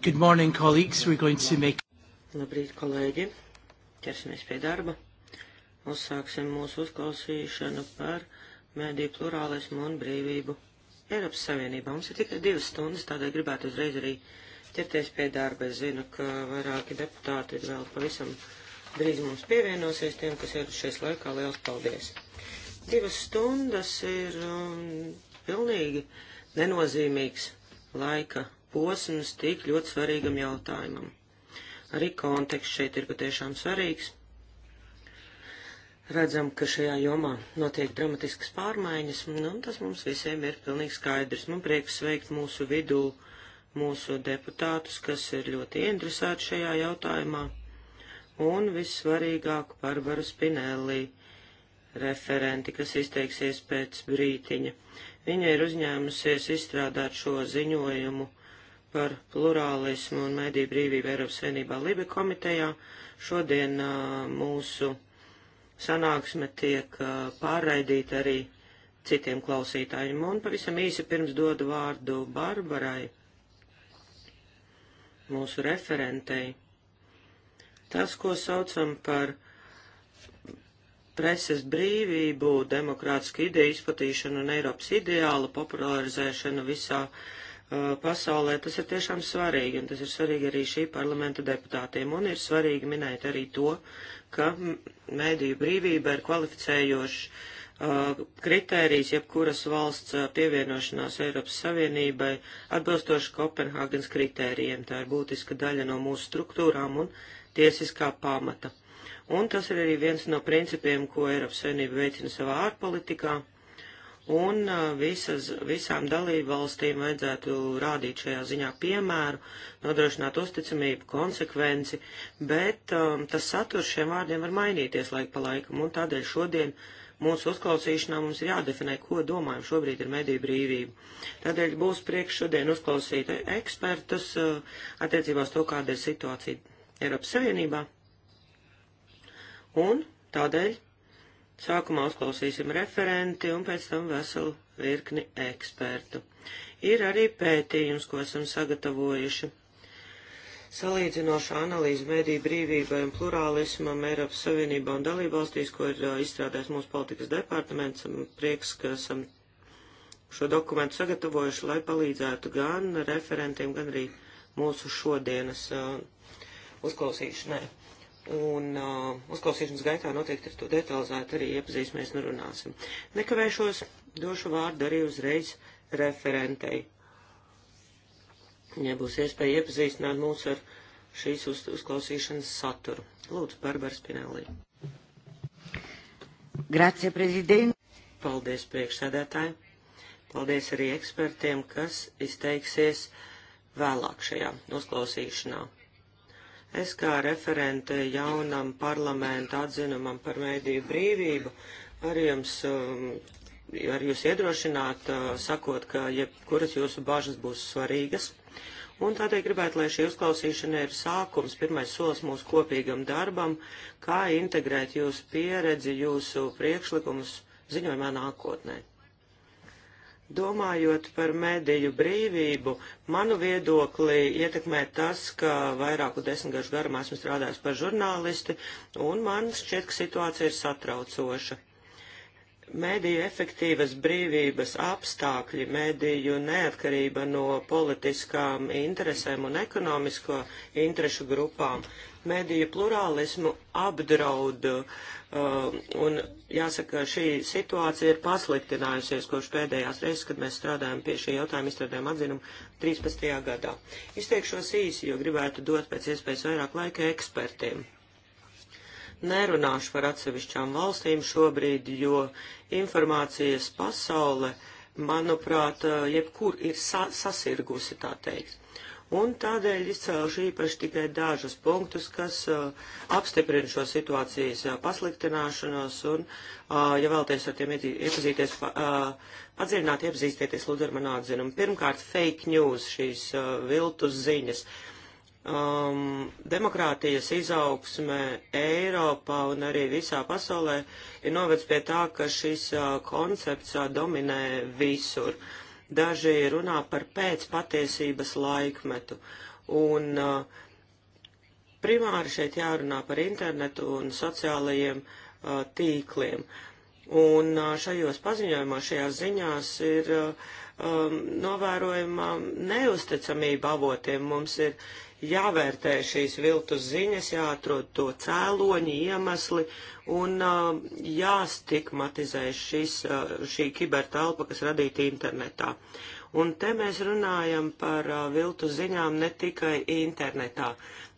Good morning, colleagues. We're going to make... Labrīt, kolēģi. Ķersimies pie darba. Uzsāksim mūsu uzklausīšanu par mēdīju plurālismu un brīvību. Eiropas Savienībā mums ir tikai divas stundas, tādēļ gribētu uzreiz arī ķerties pie darba. Es zinu, ka vairāki deputāti vēl pavisam drīz mums pievienosies tiem, kas ieradušies laikā. Liels paldies! Divas stundas ir um, pilnīgi nenozīmīgs laika posms tik ļoti svarīgam jautājumam. Arī konteksts šeit ir patiešām svarīgs. Redzam, ka šajā jomā notiek dramatiskas pārmaiņas, un nu, tas mums visiem ir pilnīgi skaidrs. Man prieks sveikt mūsu vidū mūsu deputātus, kas ir ļoti interesēti šajā jautājumā, un vissvarīgāk Barbaru Spinelli referenti, kas izteiksies pēc brītiņa. Viņa ir uzņēmusies izstrādāt šo ziņojumu par plurālismu un mediju brīvību Eiropas Savienībā Libe komitejā. Šodien uh, mūsu sanāksme tiek uh, pārraidīta arī citiem klausītājiem. Un pavisam īsi pirms dodu vārdu Barbarai, mūsu referentei. Tas, ko saucam par preses brīvību, demokrātisku ideju izplatīšanu un Eiropas ideālu popularizēšanu visā uh, Uh, pasaulē, tas ir tiešām svarīgi, un tas ir svarīgi arī šī parlamenta deputātiem, un ir svarīgi minēt arī to, ka mēdīju brīvība ir kvalificējošs uh, kritērijs jebkuras valsts uh, pievienošanās Eiropas Savienībai atbilstoši Kopenhāgens kritērijiem. Tā ir būtiska daļa no mūsu struktūrām un tiesiskā pamata. Un tas ir arī viens no principiem, ko Eiropas Savienība veicina savā ārpolitikā un visas, visām dalībvalstīm vajadzētu rādīt šajā ziņā piemēru, nodrošināt uzticamību, konsekvenci, bet um, tas saturs šiem vārdiem var mainīties laika pa laikam, un tādēļ šodien mūsu uzklausīšanā mums ir jādefinē, ko domājam šobrīd ir mediju brīvība. Tādēļ būs priekš šodien uzklausīt ekspertus uh, attiecībā uz to, kāda ir situācija Eiropas Savienībā, un tādēļ Sākumā uzklausīsim referenti un pēc tam veselu virkni ekspertu. Ir arī pētījums, ko esam sagatavojuši. Salīdzinoša analīze mediju brīvībai un plurālismam Eiropas Savienībā un dalībvalstīs, ko ir izstrādājis mūsu politikas departaments, prieks, ka esam šo dokumentu sagatavojuši, lai palīdzētu gan referentiem, gan arī mūsu šodienas uh, uzklausīšanai. Un uh, uzklausīšanas gaitā noteikti ar to detalizēt arī iepazīsimies un runāsim. Nekavēšos, došu vārdu arī uzreiz referentei. Ja būs iespēja iepazīstināt mūs ar šīs uz, uzklausīšanas saturu. Lūdzu, Barbara Spinelli. Grazie, prezident. Paldies, priekšsēdētāji. Paldies arī ekspertiem, kas izteiksies vēlāk šajā uzklausīšanā. Es kā referente jaunam parlamenta atzinumam par mēdīju brīvību arī jums, um, ar jūs iedrošināt, uh, sakot, ka jebkuras jūsu bažas būs svarīgas. Un tādēļ gribētu, lai šī uzklausīšana ir sākums, pirmais solis mūsu kopīgam darbam, kā integrēt jūsu pieredzi, jūsu priekšlikumus ziņojumā nākotnē. Domājot par mediju brīvību, manu viedokli ietekmē tas, ka vairāku desmitgažu garumā esmu strādājis par žurnālisti, un man šķiet, ka situācija ir satraucoša. Mēdīju efektīvas brīvības apstākļi, mēdīju neatkarība no politiskām interesēm un ekonomisko interešu grupām, mēdīju plurālismu apdraud, uh, un jāsaka, šī situācija ir pasliktinājusies kopš pēdējās reizes, kad mēs strādājam pie šī jautājuma, izstrādājam atzinumu 13. gadā. Izteikšos īsi, jo gribētu dot pēc iespējas vairāk laika ekspertiem nerunāšu par atsevišķām valstīm šobrīd, jo informācijas pasaule, manuprāt, jebkur ir sa sasirgusi, tā teikt. Un tādēļ izcēlšu īpaši tikai dažus punktus, kas uh, apstiprina šo situācijas uh, pasliktināšanos, un, uh, ja vēlaties ar tiem iepazīties, uh, padziļināt, iepazīstieties lūdzu ar manu atzinumu. Pirmkārt, fake news, šīs uh, viltus ziņas. Uh, um, demokrātijas izaugsme Eiropā un arī visā pasaulē ir novec pie tā, ka šis uh, koncepts uh, dominē visur. Daži runā par pēcpatiesības laikmetu. Un uh, primāri šeit jārunā par internetu un sociālajiem uh, tīkliem. Un uh, šajos paziņojumos, šajās ziņās ir. Uh, um, novērojama neusticamība avotiem. Mums ir jāvērtē šīs viltus ziņas, jāatrod to cēloņi, iemesli un uh, jāstigmatizē šis, uh, šī kibertelpa, kas radīta internetā. Un te mēs runājam par uh, viltus ziņām ne tikai internetā.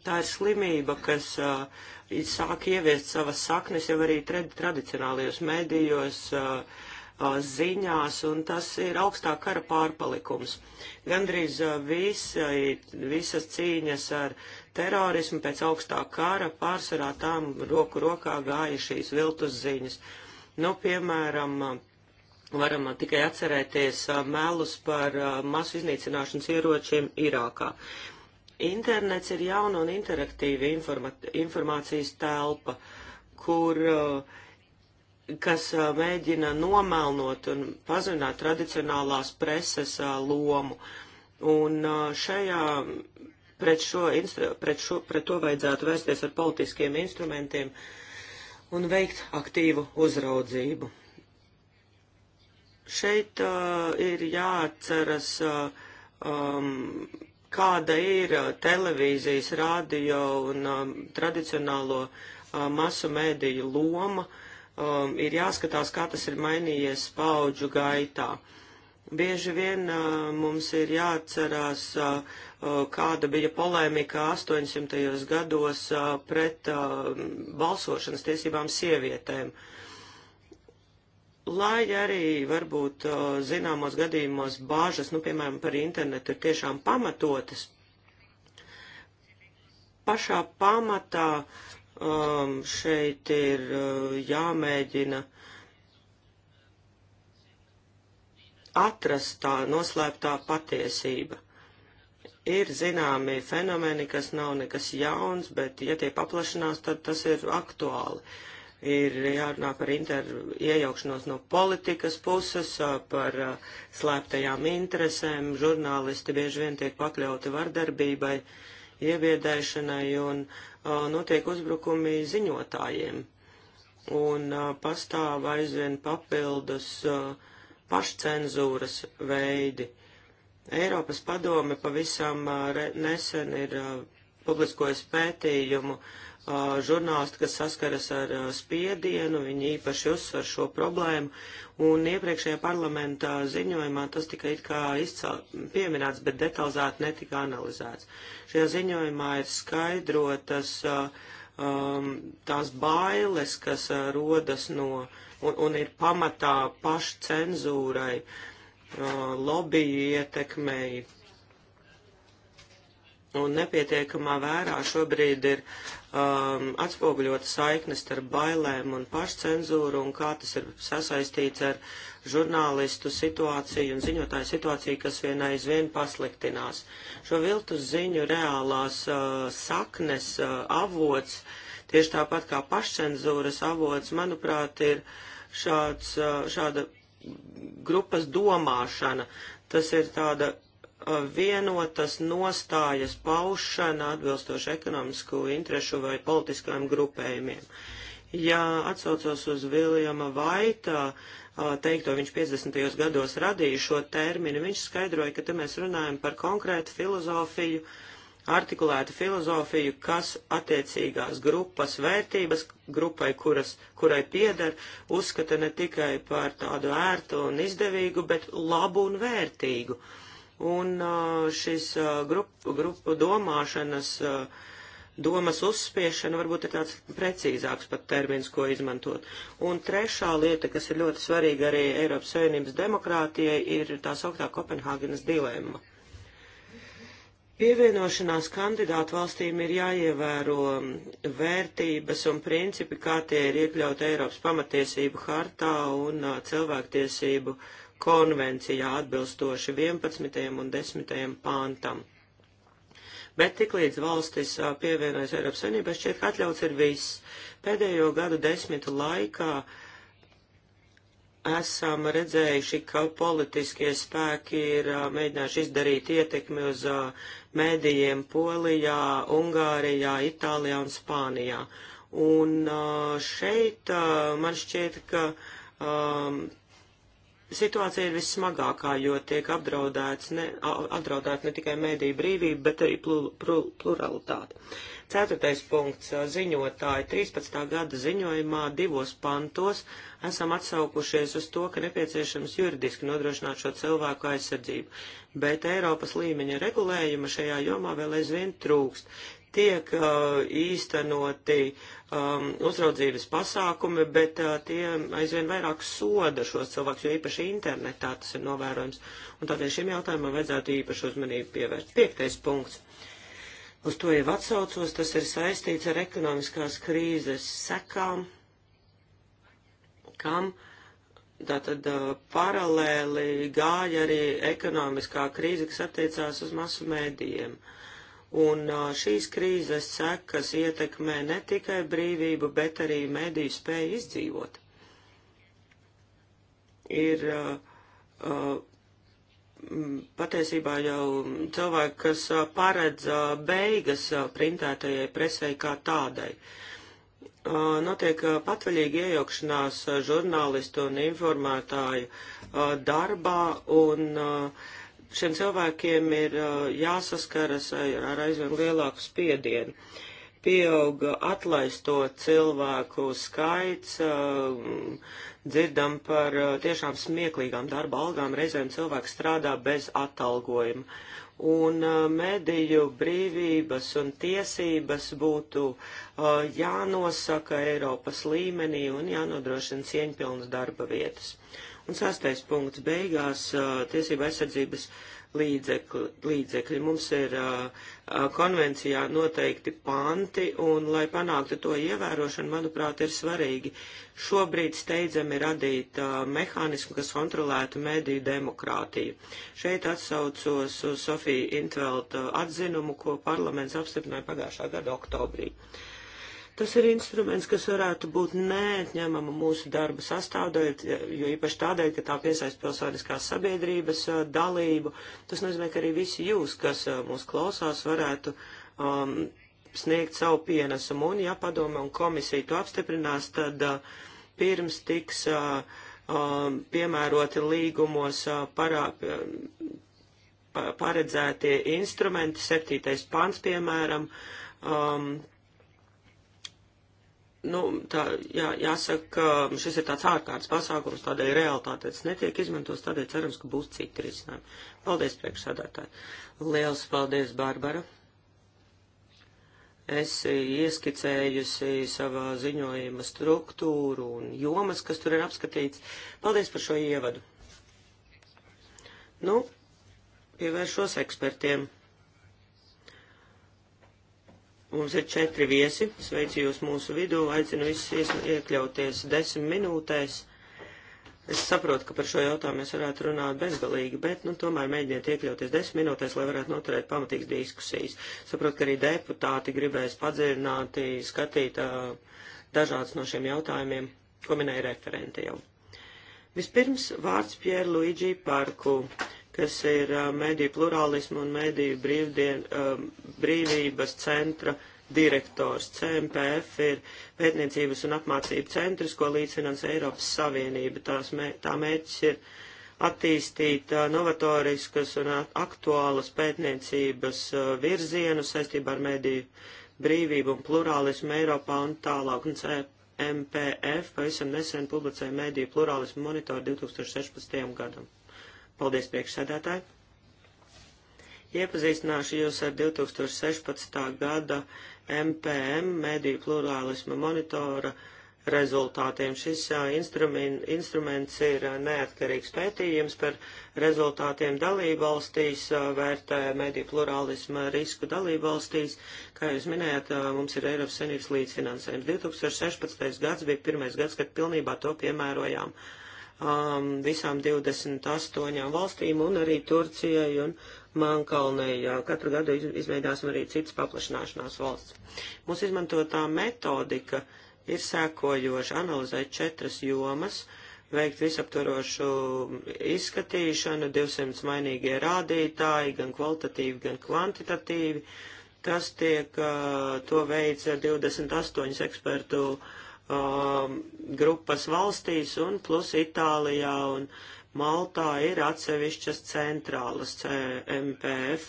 Tā ir slimība, kas uh, sāk ieviest savas saknes jau arī tradicionālajos medijos. Uh, ziņās, un tas ir augstā kara pārpalikums. Gandrīz visai, visas cīņas ar terorismu pēc augstā kara pārsvarā tām roku rokā gāja šīs viltus ziņas. Nu, piemēram, varam tikai atcerēties melus par masu iznīcināšanas ieročiem Irākā. Internets ir jauna un interaktīva informācijas telpa, kur uh, kas mēģina nomelnot un pazināt tradicionālās preses lomu. Un šajā pret, šo, pret, šo, pret to vajadzētu vērsties ar politiskiem instrumentiem un veikt aktīvu uzraudzību. Šeit uh, ir jāatceras, uh, um, kāda ir televīzijas, radio un um, tradicionālo uh, masu mēdīju loma uh, um, ir jāskatās, kā tas ir mainījies paudžu gaitā. Bieži vien uh, mums ir jāatcerās, uh, uh, kāda bija polēmika 800. gados uh, pret uh, balsošanas tiesībām sievietēm. Lai arī varbūt uh, zināmos gadījumos bāžas, nu, piemēram, par internetu ir tiešām pamatotas, pašā pamatā uh, um, šeit ir uh, jāmēģina atrast tā noslēptā patiesība. Ir zināmi fenomeni, kas nav nekas jauns, bet ja tie paplašinās, tad tas ir aktuāli. Ir jārunā par inter, iejaukšanos no politikas puses, par uh, slēptajām interesēm. Žurnālisti bieži vien tiek pakļauti vardarbībai, iebiedēšanai un uh, notiek uzbrukumi ziņotājiem un pastāv aizvien papildus pašcenzūras veidi. Eiropas padome pavisam nesen ir publiskojas pētījumu žurnālisti, kas saskaras ar spiedienu, viņi īpaši uzsver šo problēmu, un iepriekšējā parlamentā ziņojumā tas tika it kā izcel, pieminēts, bet detalizēti netika analizēts. Šajā ziņojumā ir skaidrotas um, tās bailes, kas rodas no, un, un ir pamatā pašcenzūrai, uh, lobby ietekmei, un nepietiekamā vērā šobrīd ir um, atspoguļota saiknes starp bailēm un pašcenzūru un kā tas ir sasaistīts ar žurnālistu situāciju un ziņotāju situāciju, kas vienai aizvien pasliktinās. Šo viltus ziņu reālās uh, saknes uh, avots, tieši tāpat kā pašcenzūras avots, manuprāt, ir šāds, uh, šāda grupas domāšana. Tas ir tāda vienotas nostājas paušana atbilstoši ekonomisku interešu vai politiskajiem grupējumiem. Ja atsaucos uz Viljama Vaita teikto, viņš 50. gados radīja šo terminu, viņš skaidroja, ka te mēs runājam par konkrētu filozofiju, artikulētu filozofiju, kas attiecīgās grupas vērtības, grupai, kuras, kurai pieder, uzskata ne tikai par tādu ērtu un izdevīgu, bet labu un vērtīgu. Uh, un šis grupu, grupu domāšanas, domas uzspiešana varbūt ir tāds precīzāks pat termins, ko izmantot. Un trešā lieta, kas ir ļoti svarīga arī Eiropas Savienības demokrātijai, ir tā sauktā Kopenhāgenes dilemma. Pievienošanās kandidātu valstīm ir jāievēro vērtības un principi, kā tie ir iekļauti Eiropas pamatiesību hartā un cilvēktiesību uh, konvencijā atbilstoši 11. un 10. pāntam. Bet tiklīdz valstis pievienojas Eiropas Savienībai, šķiet, ka atļauts ir viss. Pēdējo gadu desmitu laikā esam redzējuši, ka politiskie spēki ir mēģinājuši izdarīt ietekmi uz mēdījiem Polijā, Ungārijā, Itālijā un Spānijā. Un šeit man šķiet, ka um, situācija ir vissmagākā, jo tiek apdraudēts ne, apdraudēt ne tikai mēdīja brīvība, bet arī plur, plur, pluralitāte. Ceturtais punkts - ziņotāji. 13. gada ziņojumā divos pantos esam atsaukušies uz to, ka nepieciešams juridiski nodrošināt šo cilvēku aizsardzību, bet Eiropas līmeņa regulējuma šajā jomā vēl aizvien trūkst, tiek uh, īstenoti um, uzraudzības pasākumi, bet uh, tie aizvien vairāk soda šos cilvēkus, jo īpaši internetā tas ir novērojams. Un tādēļ šim jautājumam vajadzētu īpašu uzmanību pievērst. Piektais punkts. Uz to jau atsaucos, tas ir saistīts ar ekonomiskās krīzes sekām, kam tātad uh, paralēli gāja arī ekonomiskā krīze, kas attiecās uz masu mēdījiem. Uh, Un šīs krīzes sekas ietekmē ne tikai brīvību, bet arī mediju spēju izdzīvot. Ir uh, patiesībā jau cilvēki, kas paredz beigas printētajai presai kā tādai. Notiek patvaļīgi iejaukšanās žurnālistu un informētāju darbā un uh, Šiem cilvēkiem ir jāsaskaras ar aizvien lielāku spiedienu. Pieauga atlaisto cilvēku skaits, dzirdam par tiešām smieklīgām darba algām, reizēm cilvēki strādā bez atalgojuma un mediju brīvības un tiesības būtu uh, jānosaka Eiropas līmenī un jānodrošina cieņpilnas darba vietas. Un sastais punkts beigās - tiesība aizsardzības līdzekļi. līdzekļi. Mums ir konvencijā noteikti panti, un lai panāktu to ievērošanu, manuprāt, ir svarīgi šobrīd steidzami radīt mehānismu, kas kontrolētu mediju demokrātiju. Šeit atsaucos uz Sofiju Intvelta atzinumu, ko parlaments apstiprināja pagājušā gada oktobrī. Uh, Tas ir instruments, kas varētu būt neatņemama mūsu darba sastāvdaļa, jo īpaši tādēļ, ka tā piesaist pilsoniskās sabiedrības dalību. Tas nozīmē, ka arī visi jūs, kas mūs klausās, varētu um, sniegt savu pienesumu. Un, ja padome un komisija to apstiprinās, tad uh, pirms tiks. Uh, um, piemēroti līgumos uh, parā, paredzētie instrumenti, septītais pants, piemēram, um, nu, tā, jā, jāsaka, ka šis ir tāds ārkārtas pasākums, tādēļ realitātes netiek izmantos, tādēļ cerams, ka būs citi risinājumi. Paldies, priekšsādātāji. Liels paldies, Bārbara. Es ieskicējusi savā ziņojuma struktūru un jomas, kas tur ir apskatīts. Paldies par šo ievadu. Nu, pievēršos ekspertiem. Mums ir četri viesi, sveicu jūs mūsu vidū, aicinu visus iekļauties desmit minūtēs. Es saprotu, ka par šo jautājumu mēs varētu runāt bezgalīgi, bet, nu, tomēr mēģiniet iekļauties desmit minūtēs, lai varētu noturēt pamatīgas diskusijas. Saprotu, ka arī deputāti gribēs padziļināti skatīt uh, dažādas no šiem jautājumiem, ko minēja referenti jau. Vispirms vārds Pierluigi Parku kas ir mediju plurālismu un mediju brīvdien, brīvības centra direktors. CMPF ir pētniecības un apmācību centrs, ko līdzfinans Eiropas Savienība. Tās, mē, tā mērķis ir attīstīt novatoriskas un aktuālas pētniecības virzienus saistībā ar mediju brīvību un plurālismu Eiropā un tālāk. Un MPF pavisam nesen publicēja mediju plurālismu monitoru 2016. gadam. Paldies, priekšsēdētāji! Iepazīstināšu jūs ar 2016. gada MPM mediju plurālisma monitora rezultātiem. Šis uh, instrument, instruments ir uh, neatkarīgs pētījums par rezultātiem dalībvalstīs, uh, vērtē mediju plurālisma risku dalībvalstīs. Kā jūs minējāt, mums ir Eiropas Savienības līdzfinansējums. 2016. gads bija pirmais gads, kad pilnībā to piemērojām. Uh, um, visām 28 valstīm un arī Turcijai un Mankalnei. Katru gadu izveidāsim arī citas paplašanāšanās valsts. Mūsu izmantotā metodika ir sēkojoša analizēt četras jomas, veikt visaptvarošu izskatīšanu, 200 mainīgie rādītāji, gan kvalitatīvi, gan kvantitatīvi. Tas tiek, uh, to veids 28 ekspertu uh, um, grupas valstīs, un plus Itālijā un Maltā ir atsevišķas centrālas MPF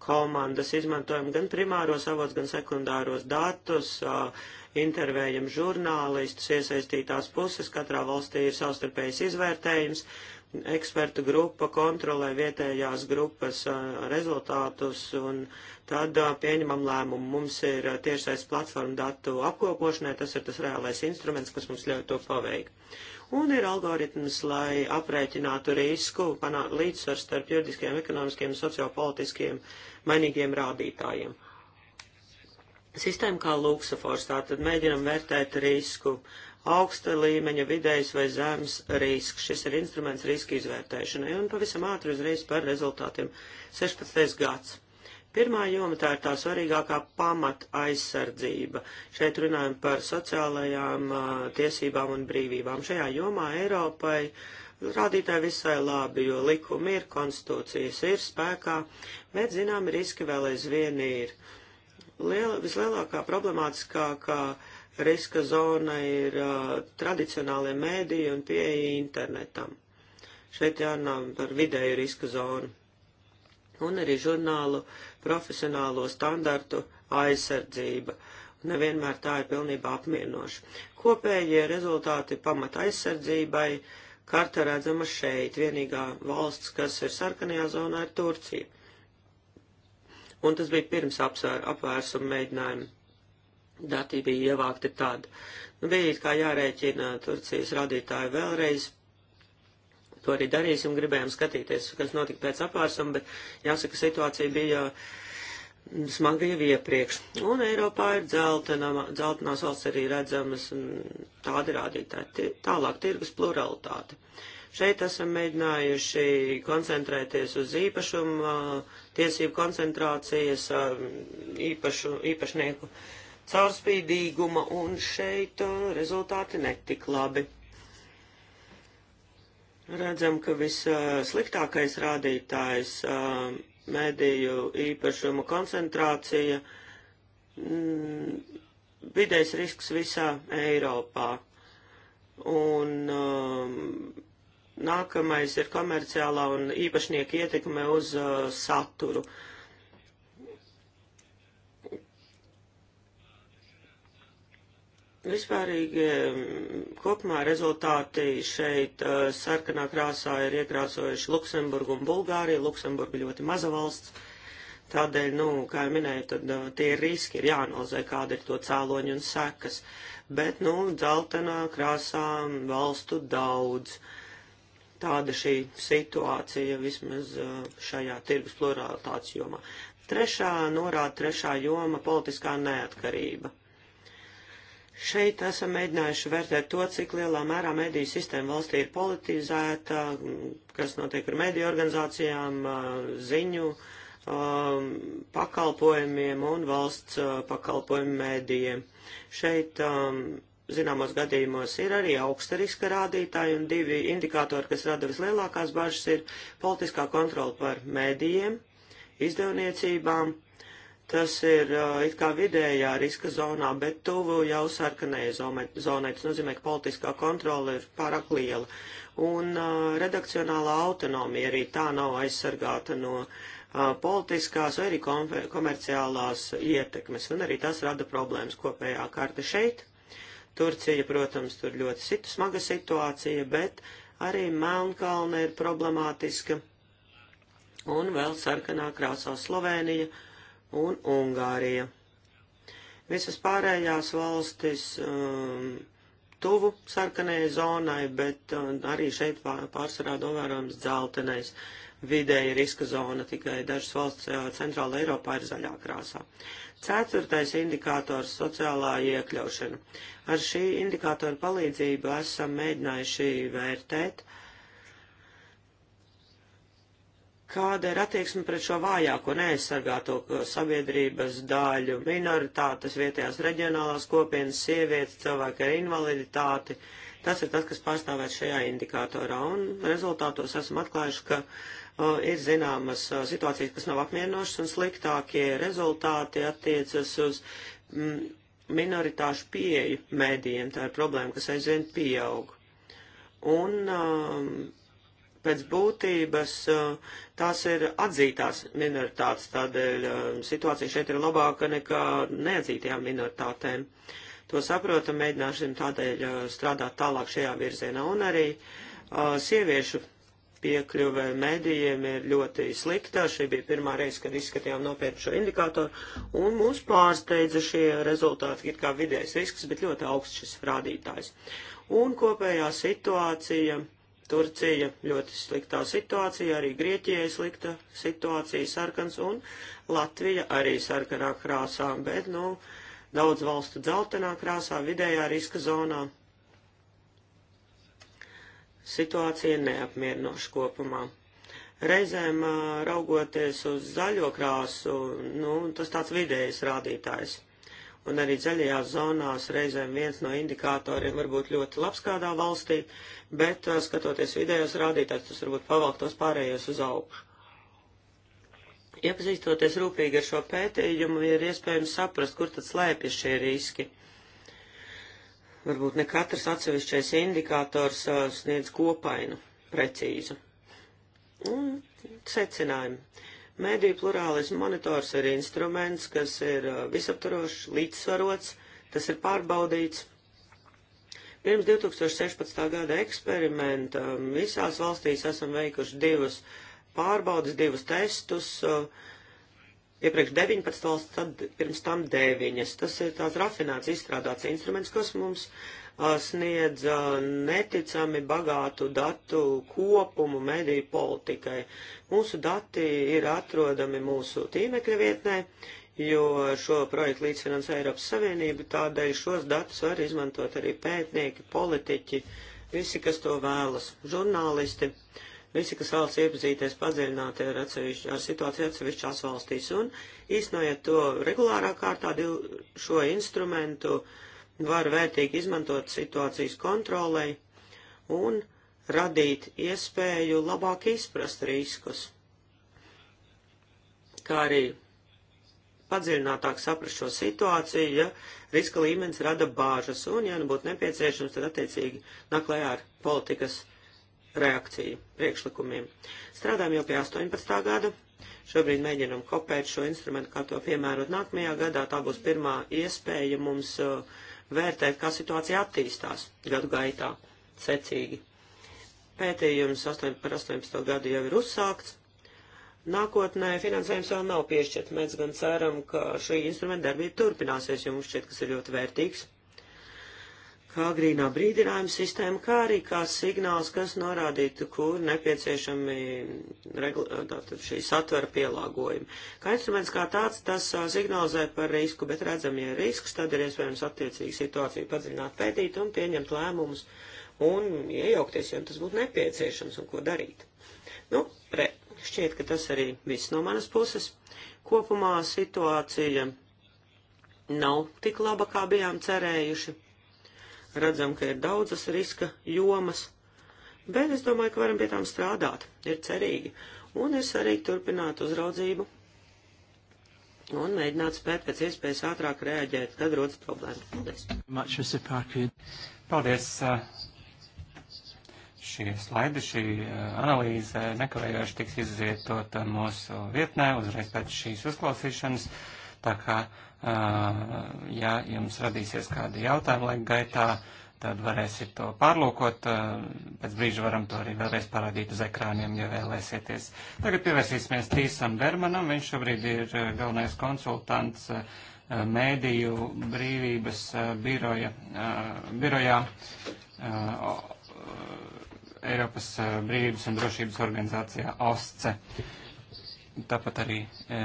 komandas. Izmantojam gan primāros avots, gan sekundāros datus, uh, intervējam žurnālistus, iesaistītās puses, katrā valstī ir savstarpējs izvērtējums, ekspertu grupa kontrolē vietējās grupas uh, rezultātus un tad pieņemam lēmumu. Mums ir tiešais platforma datu apkopošanai, tas ir tas reālais instruments, kas mums ļauj to paveikt. Un ir algoritms, lai aprēķinātu risku, panākt līdzsvars starp juridiskiem, ekonomiskiem, sociopolitiskiem mainīgiem rādītājiem. Sistēma kā luksafors, tātad mēģinam vērtēt risku, augsta līmeņa, vidējs vai zems risks. Šis ir instruments riska izvērtēšanai un pavisam ātri uzreiz par rezultātiem 16. gads. Pirmā joma tā ir tā svarīgākā pamata aizsardzība. Šeit runājam par sociālajām a, tiesībām un brīvībām. Šajā jomā Eiropai rādītāji visai labi, jo likumi ir, konstitūcijas ir spēkā, bet zinām riski vēl aizvien ir. Liel, vislielākā problemātiskākā riska zona ir uh, tradicionālie mēdīji un pieeja internetam. Šeit jārunā par vidēju riska zonu. Un arī žurnālu uh, profesionālo standartu aizsardzība. Nevienmēr tā ir pilnībā apmierinoša. Kopējie rezultāti pamata aizsardzībai karta redzama šeit. Vienīgā valsts, kas ir sarkanajā zonā, ir Turcija. Un tas bija pirms apsvēr, apvērsuma mēģinājuma. Dati bija ievākti tad. Nu, bija kā jārēķina Turcijas radītāju vēlreiz to arī darīsim, gribējām skatīties, kas notika pēc apvērsuma, bet jāsaka, situācija bija mm, smaga jau iepriekš. Un Eiropā ir dzeltenā, dzeltenās valsts arī redzamas tādi rādītāji, tālāk tirgus pluralitāte. Šeit esam mēģinājuši koncentrēties uz īpašumu, tiesību koncentrācijas, īpašu, īpašnieku caurspīdīguma, un šeit uh, rezultāti netik labi. Redzam, ka vissliktākais rādītājs mediju īpašumu koncentrācija mm, vidējs risks visā Eiropā. Un um, nākamais ir komerciālā un īpašnieka ietekme uz uh, saturu. Uh, Vispārīgi mm, kopumā rezultāti šeit uh, sarkanā krāsā ir iekrāsojuši Luksemburgu un Bulgāriju. Luksemburga ļoti maza valsts. Tādēļ, nu, kā jau minēju, tad uh, tie riski ir jāanalizē, kāda ir to cēloņi un sekas. Bet, nu, dzeltenā krāsā valstu daudz. Tāda šī situācija vismaz uh, šajā tirgus pluralitātes jomā. Trešā norāda, trešā joma - politiskā neatkarība Šeit esam mēģinājuši vērtēt to, cik lielā mērā mediju sistēma valstī ir politizēta, kas notiek ar mediju organizācijām, ziņu pakalpojumiem un valsts pakalpojumu mēdījiem. Šeit zināmos gadījumos ir arī augsta riska rādītāji, un divi indikātori, kas rada vislielākās bažas, ir politiskā kontrola par mēdījiem, izdevniecībām Tas ir uh, it kā vidējā riska zonā, bet tuvu jau sarkanai zonai. Tas nozīmē, ka politiskā kontrola ir pārāk liela. Un uh, redakcionālā autonomija arī tā nav aizsargāta no uh, politiskās vai arī komerciālās ietekmes. Un arī tas rada problēmas kopējā karta šeit. Turcija, protams, tur ļoti situ smaga situācija, bet arī Melnkalne ir problemātiska. Un vēl sarkanā krāsā Slovēnija un Ungārija. Visas pārējās valstis um, tuvu sarkanai zonai, bet um, arī šeit pārsvarā novērojams dzeltenais. Vidēja riska zona tikai dažas valsts uh, centrāla Eiropā ir zaļā krāsā. Ceturtais indikators - sociālā iekļaušana. Ar šī indikatora palīdzību esam mēģinājuši vērtēt uh, Kāda ir attieksme pret šo vājāko neaizsargāto uh, sabiedrības daļu, minoritātes, vietējās reģionālās kopienas, sievietes, cilvēki ar invaliditāti? Tas ir tas, kas pārstāvēts šajā indikātorā, un rezultātos esam atklājuši, ka uh, ir zināmas uh, situācijas, kas nav apmierinošas, un sliktākie rezultāti attiecas uz mm, minoritāšu pieeju mēdījiem. Tā ir problēma, kas aizvien pieaug. Un um, pēc būtības uh, tās ir atzītās minoritātes, tādēļ um, situācija šeit ir labāka nekā neatzītajām minoritātēm. To saprotam, mēģināsim tādēļ uh, strādāt tālāk šajā virzienā. Un arī a, uh, sieviešu piekļuve medijiem ir ļoti slikta. Šī bija pirmā reize, kad izskatījām nopietnu šo indikātoru, un mūs pārsteidza šie rezultāti, it kā vidējais risks, bet ļoti augsts šis rādītājs. Un kopējā situācija Turcija ļoti sliktā situācija, arī Grieķijai slikta situācija, sarkans, un Latvija arī sarkanā krāsā, bet, nu, daudz valstu dzeltenā krāsā, vidējā riska zonā. Situācija neapmierinoša kopumā. Reizēm raugoties uz zaļo krāsu, nu, tas tāds vidējs rādītājs un arī zaļajās zonās reizēm viens no indikatoriem var būt ļoti labs kādā valstī, bet skatoties vidējos rādītājs, tas varbūt pavalktos pārējos uz augšu. Iepazīstoties rūpīgi ar šo pētījumu, ir iespējams saprast, kur tad slēpjas šie riski. Varbūt ne katrs atsevišķais indikators sniedz kopainu precīzu. Un secinājumi. Mēdīju plurālismu monitors ir instruments, kas ir uh, visaptarošs, līdzsvarots, tas ir pārbaudīts. Pirms 2016. gada eksperimenta visās valstīs esam veikuši divus pārbaudas, divus testus. Uh, iepriekš 19 valsts, tad pirms tam 9. Tas ir tāds rafinēts, izstrādāts instruments, kas mums uh, sniedz neticami bagātu datu kopumu mediju politikai. Mūsu dati ir atrodami mūsu tīmekļa vietnē, jo šo projektu līdzfinansē Eiropas Savienība, tādēļ šos datus var izmantot arī pētnieki, politiķi, visi, kas to vēlas, žurnālisti, visi, kas vēlas iepazīties padziļināti ar, atsevišķi, ar situāciju atsevišķās valstīs un īstenojot to regulārā kārtā šo instrumentu uh, var vērtīgi izmantot situācijas kontrolei un radīt iespēju labāk izprast riskus, kā arī padziļinātāk saprast šo situāciju, ja riska līmenis rada bāžas, un, ja nu būtu nepieciešams, tad attiecīgi naklējā ar politikas reakciju priekšlikumiem. Strādājam jau pie 18. gada. Šobrīd mēģinam kopēt šo instrumentu, kā to piemērot nākamajā gadā. Tā būs pirmā iespēja mums uh, vērtēt, kā situācija attīstās gadu gaitā secīgi. Pētījums 8, par 18. gadu jau ir uzsākts. Nākotnē finansējums vēl nav piešķirt, mēs gan ceram, ka šī instrumenta darbība turpināsies, jo mums šķiet, kas ir ļoti vērtīgs kā grīnā brīdinājuma sistēma, kā arī kā signāls, kas norādītu, kur nepieciešami regla, šī satvera pielāgojumi. Kā instruments kā tāds, tas signalizē par risku, bet redzam, ja ir risks, tad ir iespējams attiecīgi situāciju padziļināt pētīt un pieņemt lēmumus un iejaukties, ja tas būtu nepieciešams un ko darīt. Nu, re, šķiet, ka tas arī viss no manas puses. Kopumā situācija nav tik laba, kā bijām cerējuši Redzam, ka ir daudzas riska jomas, bet es domāju, ka varam pie tām strādāt. Ir cerīgi. Un ir svarīgi turpināt uzraudzību un mēģināt spēt pēc iespējas ātrāk reaģēt, kad rodas problēmas. Paldies! Paldies! Uh, šie slaidi, šī uh, analīze nekavējoši tiks izvietota uh, mūsu vietnē uzreiz pēc šīs uzklausīšanas, tā kā Ja jums radīsies kādi jautājumi laika gaitā, tad varēsiet to pārlūkot. Pēc brīža varam to arī vēlreiz parādīt uz ekrāniem, ja vēlēsieties. Tagad pievērsīsimies Tīsam Bermanam. Viņš šobrīd ir galvenais konsultants mēdīju brīvības biroja, birojā Eiropas brīvības un drošības organizācijā OSCE. Tāpat arī e,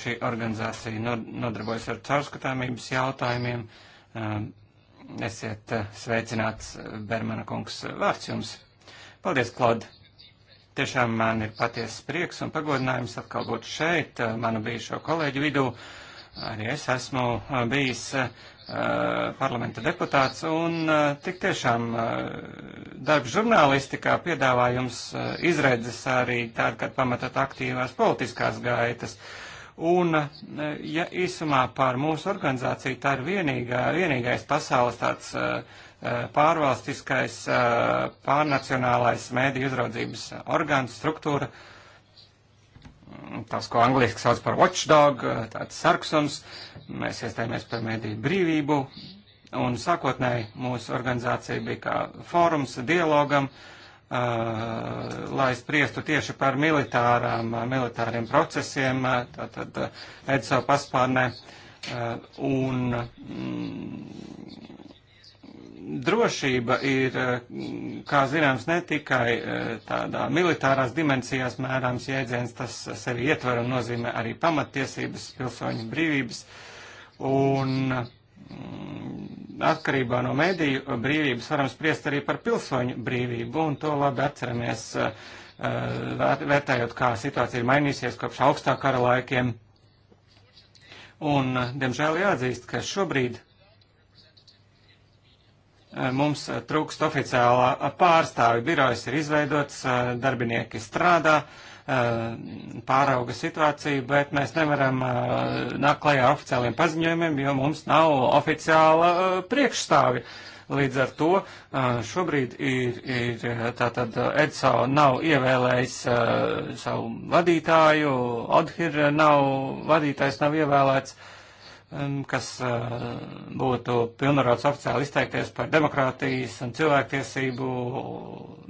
šī organizācija nodarbojas ar caurskatāmības jautājumiem. E, esiet e, sveicināts, Bermana kungs, vārds jums. Paldies, Klod! Tiešām man ir patiesa prieks un pagodinājums atkal būt šeit, manu bijušo kolēģu vidū. Arī es esmu bijis Eh, parlamenta deputāts, un eh, tik tiešām eh, darbs žurnālistikā piedāvā jums izredzes arī tādu, kad pamatot aktīvās politiskās gaitas. Un, ja īsumā par mūsu organizāciju, tā ir vienīgā, vienīgais pasaules tāds pārvalstiskais, pārnacionālais mēdīju uzraudzības orgāns, struktūra, mm, tas, ko angliski sauc par watchdog, tāds sarksums, uh, Mēs iestājāmies par mediju brīvību, un sākotnēji mūsu organizācija bija kā fórums dialogam, uh, lai spriestu tieši par militārām, militāriem procesiem, tātad EDSO paspārnē. Uh, un mm, drošība ir, kā zināms, ne tikai tādā militārās dimensijās mērāms jēdziens, tas sevi ietver un nozīmē arī pamattiesības, pilsoņu brīvības. Uh, Un mm, atkarībā no mediju brīvības varam spriest arī par pilsoņu brīvību, un to labi atceramies, eh, vērtējot, kā situācija ir mainīsies kopš augstā kara laikiem. Un, diemžēl, jāatzīst, ka šobrīd eh, mums trūkst oficiālā pārstāvi. Birojas ir izveidots, eh, darbinieki strādā, uh, Uh, pārauga situāciju, bet mēs nevaram uh, nākt klajā ar oficiāliem paziņojumiem, jo mums nav oficiāla uh, priekšstāvi. Līdz ar to šobrīd ir, ir tātad EDSO nav ievēlējis savu vadītāju, ODHIR nav vadītājs, nav ievēlēts. Uh, kas e, būtu pilnvarots oficiāli izteikties par demokrātijas un cilvēktiesību,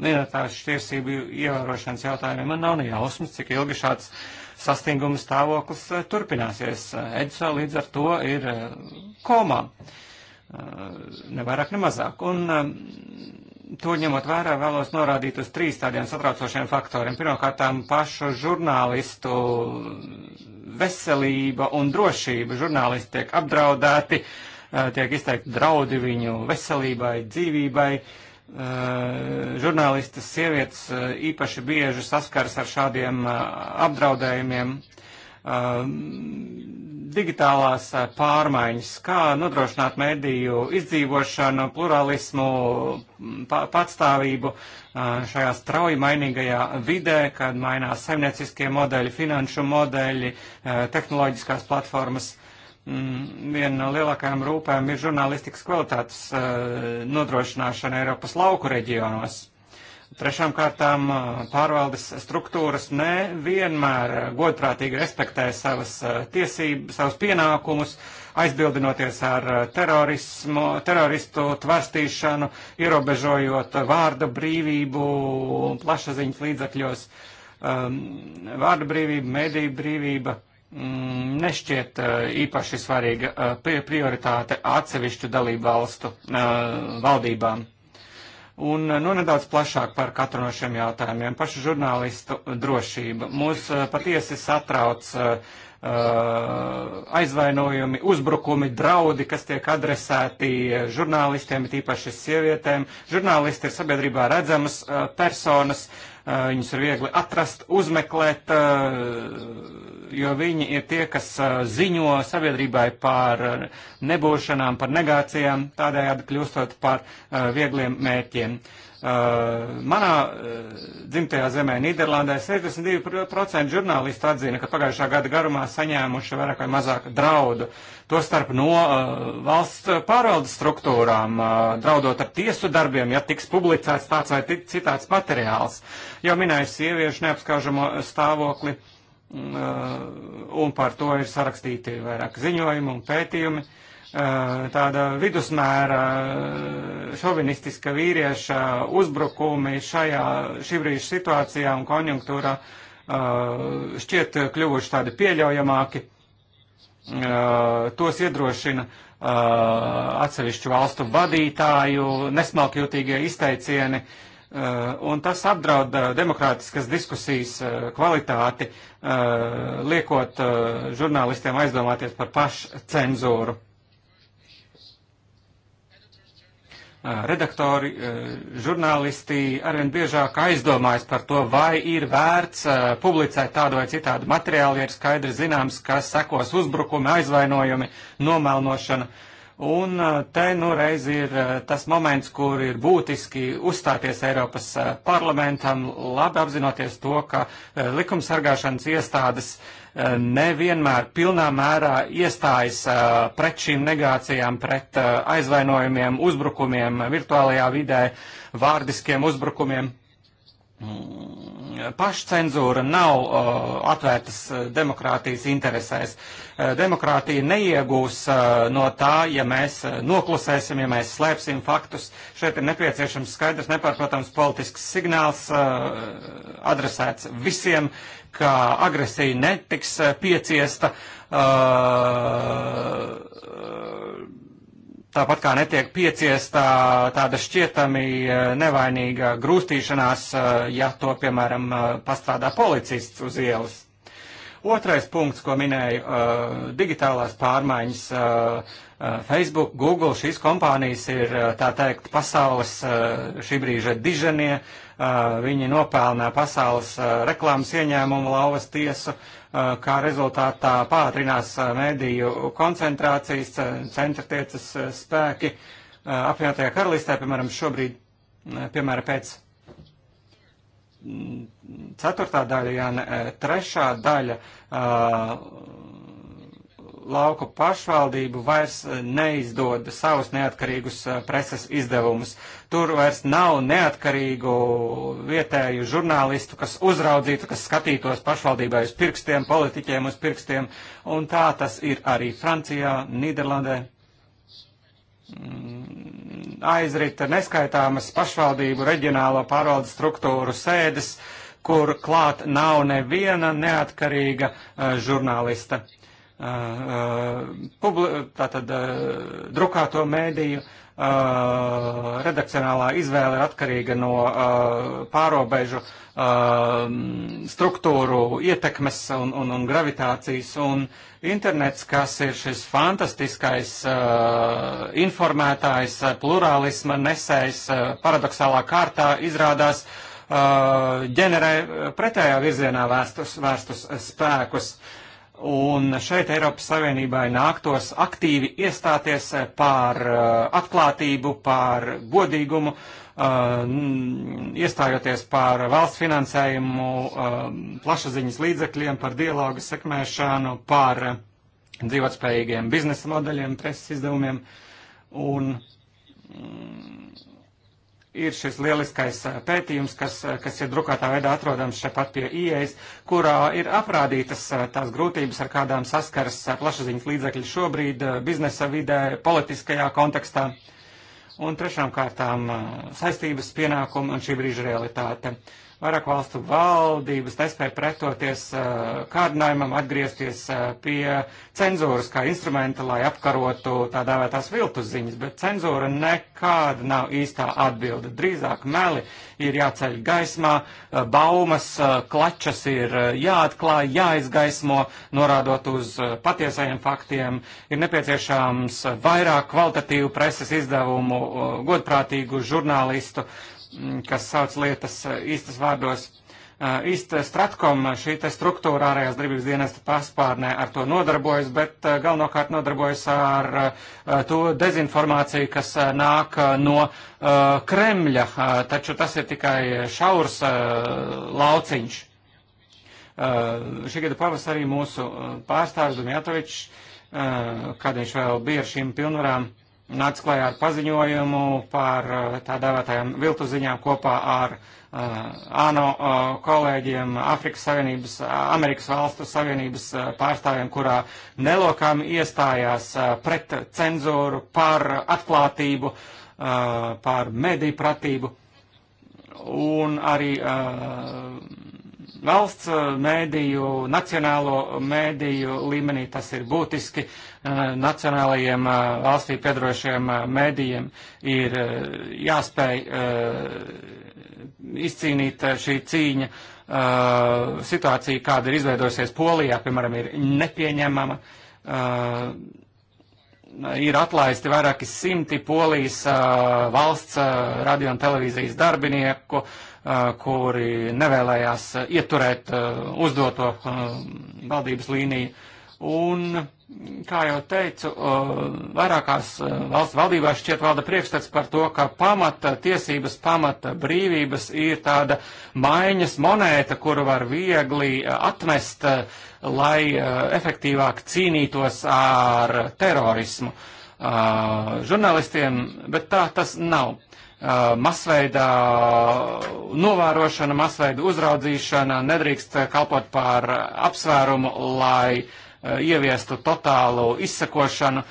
minoritāšu tiesību ievērošanas jautājumiem. Man nav ne jausmas, cik ilgi šāds sastinguma stāvoklis e, turpināsies. Edisā līdz ar to ir e, komā. Nevairāk, ne mazāk. Un to ņemot vērā, vēlos norādīt uz trīs tādiem satraucošiem faktoriem. Pirmkārt, pašu žurnālistu veselība un drošība. Žurnālisti tiek apdraudēti, eh, tiek izteikti draudi viņu veselībai, dzīvībai. Eh, žurnālistas sievietes eh, īpaši bieži saskars ar šādiem apdraudējumiem Um, digitālās uh, pārmaiņas, kā nodrošināt mediju izdzīvošanu, pluralismu, mm, patstāvību uh, šajā strauji mainīgajā vidē, kad mainās saimnieciskie modeļi, finanšu modeļi, uh, tehnoloģiskās platformas. Mm, viena no lielākajām rūpēm ir žurnālistikas kvalitātes nodrošināšana Eiropas lauku reģionos Trešām kārtām pārvaldes struktūras nevienmēr godprātīgi respektē savas tiesības, savus pienākumus, aizbildinoties ar terorismu, teroristu tvarstīšanu, ierobežojot vārda brīvību plašaziņas līdzakļos. Vārda brīvība, mediju brīvība mm, nešķiet īpaši svarīga prioritāte atsevišķu dalību valstu valdībām. Un eh, nu, nedaudz plašāk par katru no šiem jautājumiem. Pašu žurnālistu drošība. Mūs eh, patiesi satrauc uh, aizvainojumi, uzbrukumi, draudi, kas tiek adresēti žurnālistiem, tīpaši sievietēm. Žurnālisti ir sabiedrībā redzamas uh, personas, uh, viņus ir viegli atrast, uzmeklēt, jo viņi ir tie, kas ziņo sabiedrībai par nebūšanām, par negācijām, tādējādi kļūstot par viegliem mērķiem. Manā dzimtajā zemē, Nīderlandē, 62% žurnālisti atzina, ka pagājušā gada garumā saņēmuši vairāk vai mazāk draudu. Tostarp no valsts pārvaldes struktūrām, draudot ar tiesu darbiem, ja tiks publicēts tāds vai citāds materiāls. Jau minēju sieviešu neapskaužamo stāvokli. Uh, Mm, uh, un par to ir sarakstīti vairāk ziņojumi un pētījumi. Uh, tāda vidusmēra uh, šovinistiska vīrieša uzbrukumi šajā šī brīža situācijā un konjunktūrā šķiet kļuvuši tādi pieļaujamāki. Tos iedrošina atsevišķu valstu vadītāju nesmalkjūtīgie izteicieni, uh, Eh, un tas apdraud eh, demokrātiskas diskusijas eh, kvalitāti, liekot žurnālistiem aizdomāties par pašcenzūru. Redaktori, žurnālisti arvien biežāk aizdomājas par to, vai ir vērts publicēt tādu vai citādu materiālu, ja ir skaidri zināms, ka sekos uzbrukumi, aizvainojumi, nomelnošana. Uh, Un uh, te nu reiz ir uh, tas moments, kur ir būtiski uzstāties Eiropas uh, parlamentam, labi apzinoties to, ka likumsargāšanas iestādes nevienmēr pilnā mērā iestājas pret šīm negācijām, pret aizvainojumiem, uzbrukumiem virtuālajā vidē, vārdiskiem uzbrukumiem. Mm pašcenzūra nav uh, atvērtas uh, demokrātijas interesēs. Uh, demokrātija neiegūs uh, no tā, ja mēs uh, noklusēsim, ja mēs slēpsim faktus. Šeit ir nepieciešams skaidrs, nepārprotams politisks signāls uh, adresēts visiem, ka agresija netiks pieciesta. Uh, Tāpat kā netiek pieciestā tāda šķietami e, nevainīga grūstīšanās, e, ja to, piemēram, e, pastrādā policists uz ielas. Otrais punkts, ko minēju, digitālās pārmaiņas. Facebook, Google, šīs kompānijas ir, tā teikt, pasaules šī brīža diženie, Viņi nopelnā pasaules reklāmas ieņēmumu lauvas tiesu, kā rezultātā pātrinās mediju koncentrācijas, centra tiecas spēki. Apvienotajā karalistē, piemēram, šobrīd, piemēram, pēc mm, ceturtā daļa, ja ne trešā daļa uh, lauku pašvaldību vairs eh, neizdod savus neatkarīgus eh, preses izdevumus. Tur vairs nav neatkarīgu vietēju žurnālistu, kas uzraudzītu, kas skatītos pašvaldībai uz pirkstiem, politiķiem uz pirkstiem, un tā tas ir arī Francijā, Nīderlandē. Mm, aizrita neskaitāmas pašvaldību reģionālo pārvaldes struktūru sēdes, kur klāt nav neviena neatkarīga uh, žurnālista. Uh, uh, tātad uh, drukāto mēdīju redakcionālā izvēle ir atkarīga no pārobežu um, struktūru ietekmes un, un, un gravitācijas, un internets, kas ir šis fantastiskais informētājs, plurālisma nesējs, paradoxālā kārtā izrādās ģenerē pretējā virzienā vērstus, vērstus spēkus. Uh, Un šeit Eiropas Savienībai nāktos aktīvi iestāties par eh, atklātību, par godīgumu, eh, iestājoties par valsts finansējumu, eh, plašsaziņas līdzekļiem, par dialogu sekmēšanu, par dzīvotspējīgiem biznesa modeļiem, preses izdevumiem. Un mm, ir šis lieliskais pētījums, kas, kas ir drukātā veidā atrodams šepat pie ieejas, kurā ir aprādītas tās grūtības, ar kādām saskaras plašsaziņas līdzekļi šobrīd biznesa vidē, politiskajā kontekstā. Un trešām kārtām saistības pienākumi un šī brīža realitāte. Uh, Vairāk valstu valdības nespēja pretoties eh, kārdinājumam atgriezties eh, pie cenzūras kā instrumenta, lai apkarotu tā dēvētās viltus ziņas, bet cenzūra nekāda nav īstā atbilde. Drīzāk meli ir jāceļ gaismā, eh, baumas, klačas ir jāatklāj, jāizgaismo, norādot uz patiesajiem faktiem. Ir nepieciešams vairāk kvalitatīvu preses izdevumu, godprātīgu žurnālistu Mm, kas sauc lietas eh, īstas vārdos. Eh, īsta Stratkom eh, šī te struktūra ārējās darbības dienesta paspārnē ar to nodarbojas, bet galvenokārt nodarbojas ar to dezinformāciju, kas nāk no Kremļa, taču tas ir tikai šaurs lauciņš. Šī gada pavasarī mūsu pārstāvis Dumjatovičs, kad viņš vēl bija ar šīm pilnvarām, nāca klajā ar paziņojumu par eh, tā dēvētajām viltu ziņām kopā ar uh, ANO uh, kolēģiem, Afrikas Savienības, Amerikas valstu savienības uh, pārstāvjiem, kurā nelokām iestājās uh, pret cenzūru, par atklātību, uh, par mediju pratību un arī uh, valsts eh, mēdīju, nacionālo mēdīju līmenī. Tas ir būtiski. Eh, nacionālajiem eh, valstī piedarošiem mēdījiem ir jāspēj izcīnīt šī cīņa. Situācija, kāda ir izveidojusies Polijā, piemēram, ir nepieņemama. Ir atlaisti vairāki simti Polijas valsts radio un televīzijas darbinieku. Uh, kuri nevēlējās ieturēt uzdoto valdības līniju. Un, kā jau teicu, vairākās valsts valdībās šķiet valda priekšstats par to, ka pamata tiesības, pamata brīvības ir tāda maiņas monēta, kuru var viegli atmest, lai efektīvāk cīnītos ar terorismu žurnālistiem, bet tā tas nav masveida novērošana, masveida uzraudzīšana nedrīkst kalpot par apsvērumu, lai ieviestu totālu izsakošanu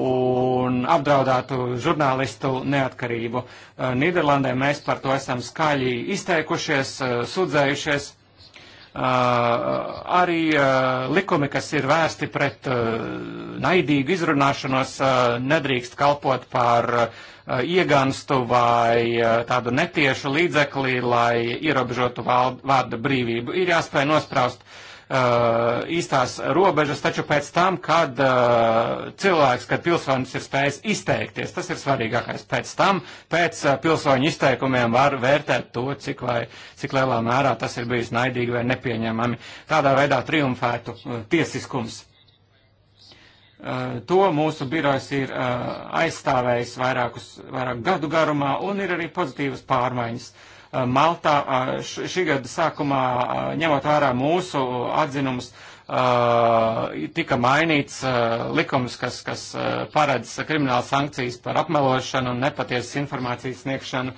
un apdraudētu žurnālistu neatkarību. Nīderlandē mēs par to esam skaļi izteikušies, sudzējušies Uh, arī uh, likumi, kas ir vērsti pret uh, naidīgu izrunāšanos, nedrīkst kalpot par iegānstu vai tādu netiešu līdzekli, lai ierobežotu vārda brīvību. Ir jāspēj nospraust uh, Uh, īstās robežas, taču pēc tam, kad uh, cilvēks, kad pilsonis ir spējis izteikties, tas ir svarīgākais. Pēc tam, pēc uh, pilsoņu izteikumiem var vērtēt to, cik vai cik lielā mērā tas ir bijis naidīgi vai nepieņemami. Tādā veidā triumfētu tiesiskums. To mūsu birojs ir aizstāvējis vairākus, vairāk gadu garumā un ir arī pozitīvas pārmaiņas. Uh, Eh, Maltā eh, šī gada sākumā, eh, ņemot vērā mūsu atzinumus, tika mainīts likums, kas, kas paredz kriminālu sankcijas par apmelošanu un nepatiesas informācijas sniegšanu.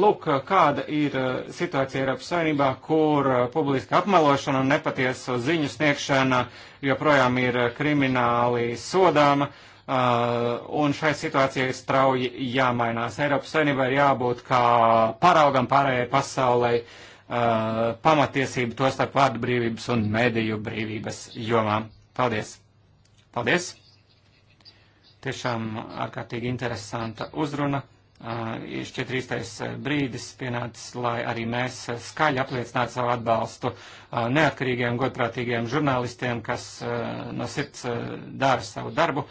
Lūk, kāda ir situācija Eiropas Savienībā, kur publiska apmelošana un nepatiesu ziņu sniegšana joprojām ir krimināli sodāma. Uh, Uh, un šai situācijai strauji jāmainās. Eiropas Savienībai ir jābūt kā paraugam pārējai pasaulē uh, pamatiesību, tostarp vārdu brīvības un mediju brīvības jomām. Paldies! Paldies! Tiešām ārkārtīgi interesanta uzruna. Uh, ir šķiet īstais brīdis pienācis, lai arī mēs skaļi apliecinātu savu atbalstu neatkarīgiem, godprātīgiem žurnālistiem, kas no sirds dara savu darbu.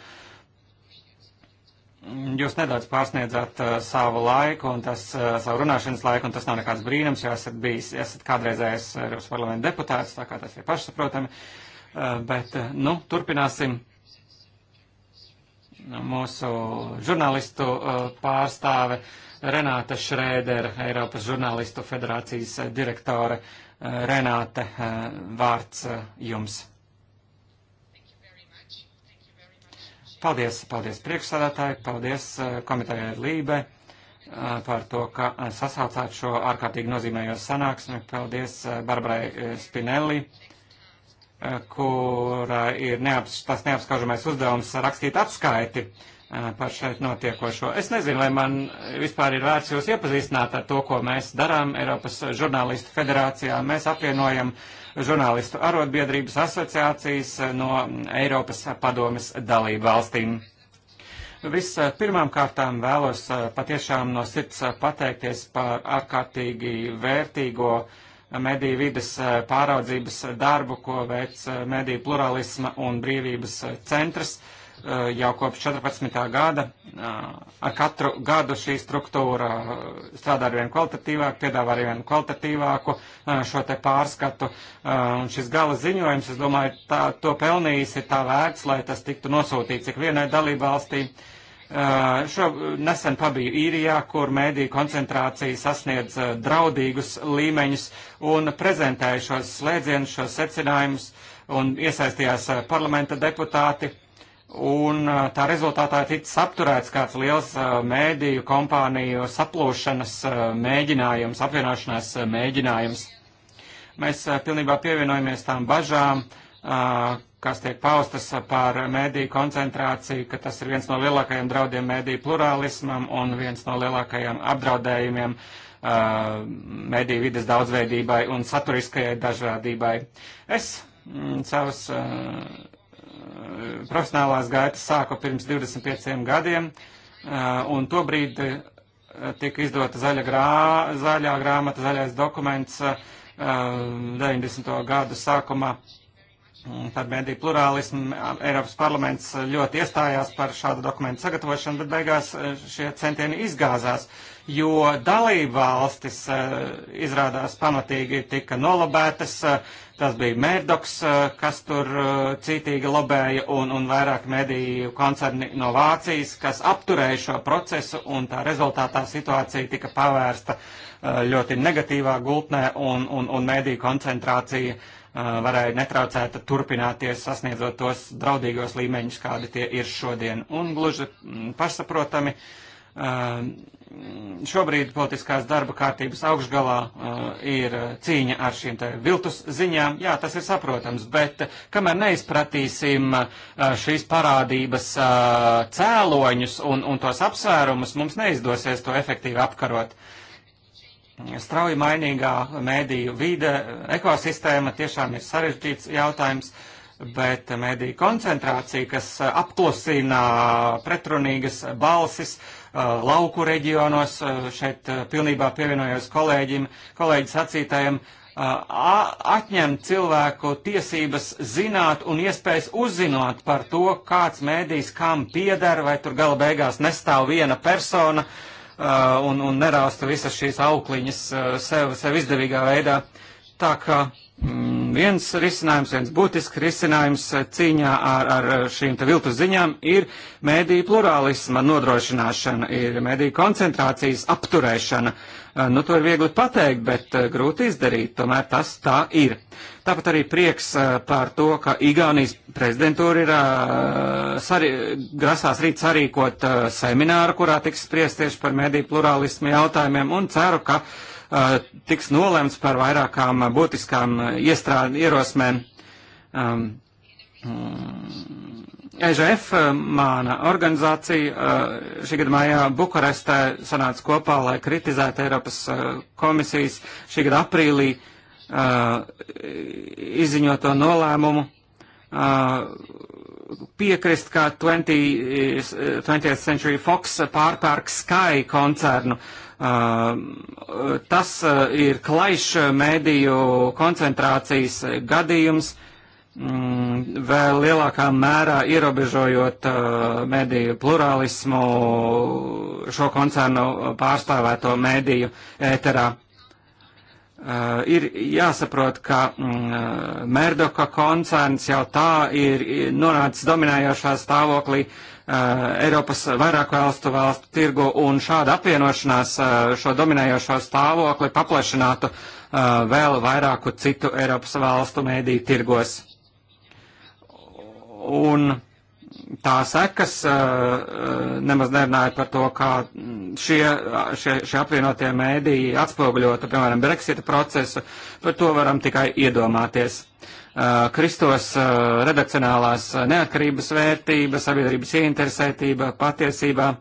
Mm, jūs nedaudz pārsniedzāt uh, savu laiku, un tas, uh, savu runāšanas laiku, un tas nav nekāds brīnums, jo esat bijis, esat kādreizējais Eiropas parlamenta deputāts, tā kā tas ir pašsaprotami. Uh, bet, uh, nu, turpināsim nu, mūsu žurnālistu uh, pārstāve Renāta Šrēdera, Eiropas žurnālistu federācijas direktore. Uh, Renāte, uh, vārds uh, jums. Paldies, paldies priekšsādātāji, paldies eh, komitējai Lībe eh, par to, ka eh, sasaucāt šo ārkārtīgi nozīmējo sanāksmi. Paldies Barbarai Spinelli, kur ir neaps, tas neapskaužamais uzdevums rakstīt atskaiti par šeit notiekošo. Es nezinu, vai man vispār ir vērts jūs iepazīstināt ar to, ko mēs darām Eiropas žurnālistu federācijā. Mēs apvienojam uh, žurnālistu arotbiedrības asociācijas no Eiropas padomes dalību valstīm. Vispirmām kārtām vēlos eh, patiešām no sirds eh, pateikties par ārkārtīgi vērtīgo mediju vides eh, pāraudzības darbu, ko veic mediju pluralisma un brīvības centrs. Uh, Eh, jau kopš 14. gada. Eh, ar katru gadu šī struktūra eh, strādā ar vien kvalitatīvāk, piedāvā ar vien kvalitatīvāku šo te pārskatu. Un šis gala ziņojums, es domāju, tā, to pelnījis ir tā vērts, lai tas tiktu nosūtīts ik vienai dalībvalstī. Uh, šo nesen pabiju īrijā, kur mēdīja koncentrācija sasniedz uh, draudīgus līmeņus un prezentēja šos slēdzienus, šos secinājumus un iesaistījās uh, parlamenta deputāti. Un tā rezultātā ir ticis apturēts kāds liels mēdīju kompāniju saplūšanas mēģinājums, apvienošanās mēģinājums. Mēs pilnībā pievienojamies tām bažām, kas tiek paustas par mēdīju koncentrāciju, ka tas ir viens no lielākajiem draudiem mēdīju plurālismam un viens no lielākajiem apdraudējumiem mēdīju vides daudzveidībai un saturiskajai dažādībai. Es mm, savas profesionālās gaitas sāku pirms 25 gadiem, eh, un tobrīd eh, tika izdota zaļa, grā, zaļā grāmata, zaļais dokuments 90. Eh, gadu sākumā mm, par mediju plurālismu. Eiropas parlaments ļoti iestājās par šādu dokumentu sagatavošanu, bet beigās šie centieni izgāzās. Uh, jo dalībvalstis eh, izrādās pamatīgi tika nolabētas. Eh, tas bija Mērdoks, eh, kas tur cītīgi lobēja, un, un vairāk mediju koncerni no Vācijas, kas apturēja šo procesu, un tā rezultātā situācija tika pavērsta ļoti negatīvā gultnē, un, un, un mediju koncentrācija varēja netraucēta turpināties, sasniedzot tos draudīgos līmeņus, kādi tie ir šodien. Un gluži mm, pašsaprotami, Mm, šobrīd politiskās darba kārtības augšgalā uh, ir cīņa ar šīm viltus ziņām. Jā, tas ir saprotams, bet eh, kamēr neizpratīsim uh, šīs parādības uh, cēloņus un, un tos apsvērumus, mums neizdosies to efektīvi apkarot. Strauji mainīgā mēdīju vide, ekosistēma tiešām ir sarežģīts jautājums bet mediju koncentrācija, kas apklusina pretrunīgas balsis, Uh, lauku reģionos. Uh, šeit uh, pilnībā pievienojos kolēģim, kolēģi sacītajiem. Atņemt cilvēku tiesības zināt un iespējas uzzināt par to, kāds mēdīs kam pieder, vai tur gala beigās nestāv viena persona un, un nerāsta visas šīs aukliņas sev, sev izdevīgā veidā. Tā kā uh, Mm, viens risinājums, viens būtisks risinājums cīņā ar, ar šīm te viltus ziņām ir mēdīju plurālisma nodrošināšana, ir mēdīju koncentrācijas apturēšana. Eh, nu, to ir viegli pateikt, bet eh, grūti izdarīt, tomēr tas tā ir. Tāpat arī prieks eh, par to, ka Igaunijas prezidentūra ir sari, grasās rīt sarīkot semināru, kurā tiks spriest tieši par mēdīju plurālismu jautājumiem un ceru, ka uh, tiks nolemts par vairākām būtiskām iestrād, ierosmēm. Um, mm, EŽF, mana organizācija, šī gada maijā Bukarestē sanāca kopā, lai kritizētu Eiropas komisijas šī gada aprīlī izziņoto nolēmumu piekrist, ka 20, 20th Century Fox pārpērk Sky koncernu. Uh, Tas ir klajš mēdīju koncentrācijas gadījums, mm, vēl lielākā mērā ierobežojot mēdīju plurālismu šo koncernu pārstāvēto mēdīju ēterā. Uh, ir jāsaprot, ka mm, eh, Merdoka koncerns jau tā ir nonācis dominējošā stāvoklī uh, Eiropas vairāku valstu valstu tirgu, un šāda apvienošanās uh, šo dominējošo stāvokli paplašinātu uh, vēl vairāku citu Eiropas valstu mēdīju tirgos. Un, uh, tā sekas uh, uh, nemaz nerunāja par to, kā šie, šie, šie apvienotie mēdīji atspoguļota, piemēram, Brexita procesu, par to varam tikai iedomāties. Uh, Kristos redakcionālās neatkarības vērtība, sabiedrības ieinteresētība, patiesībā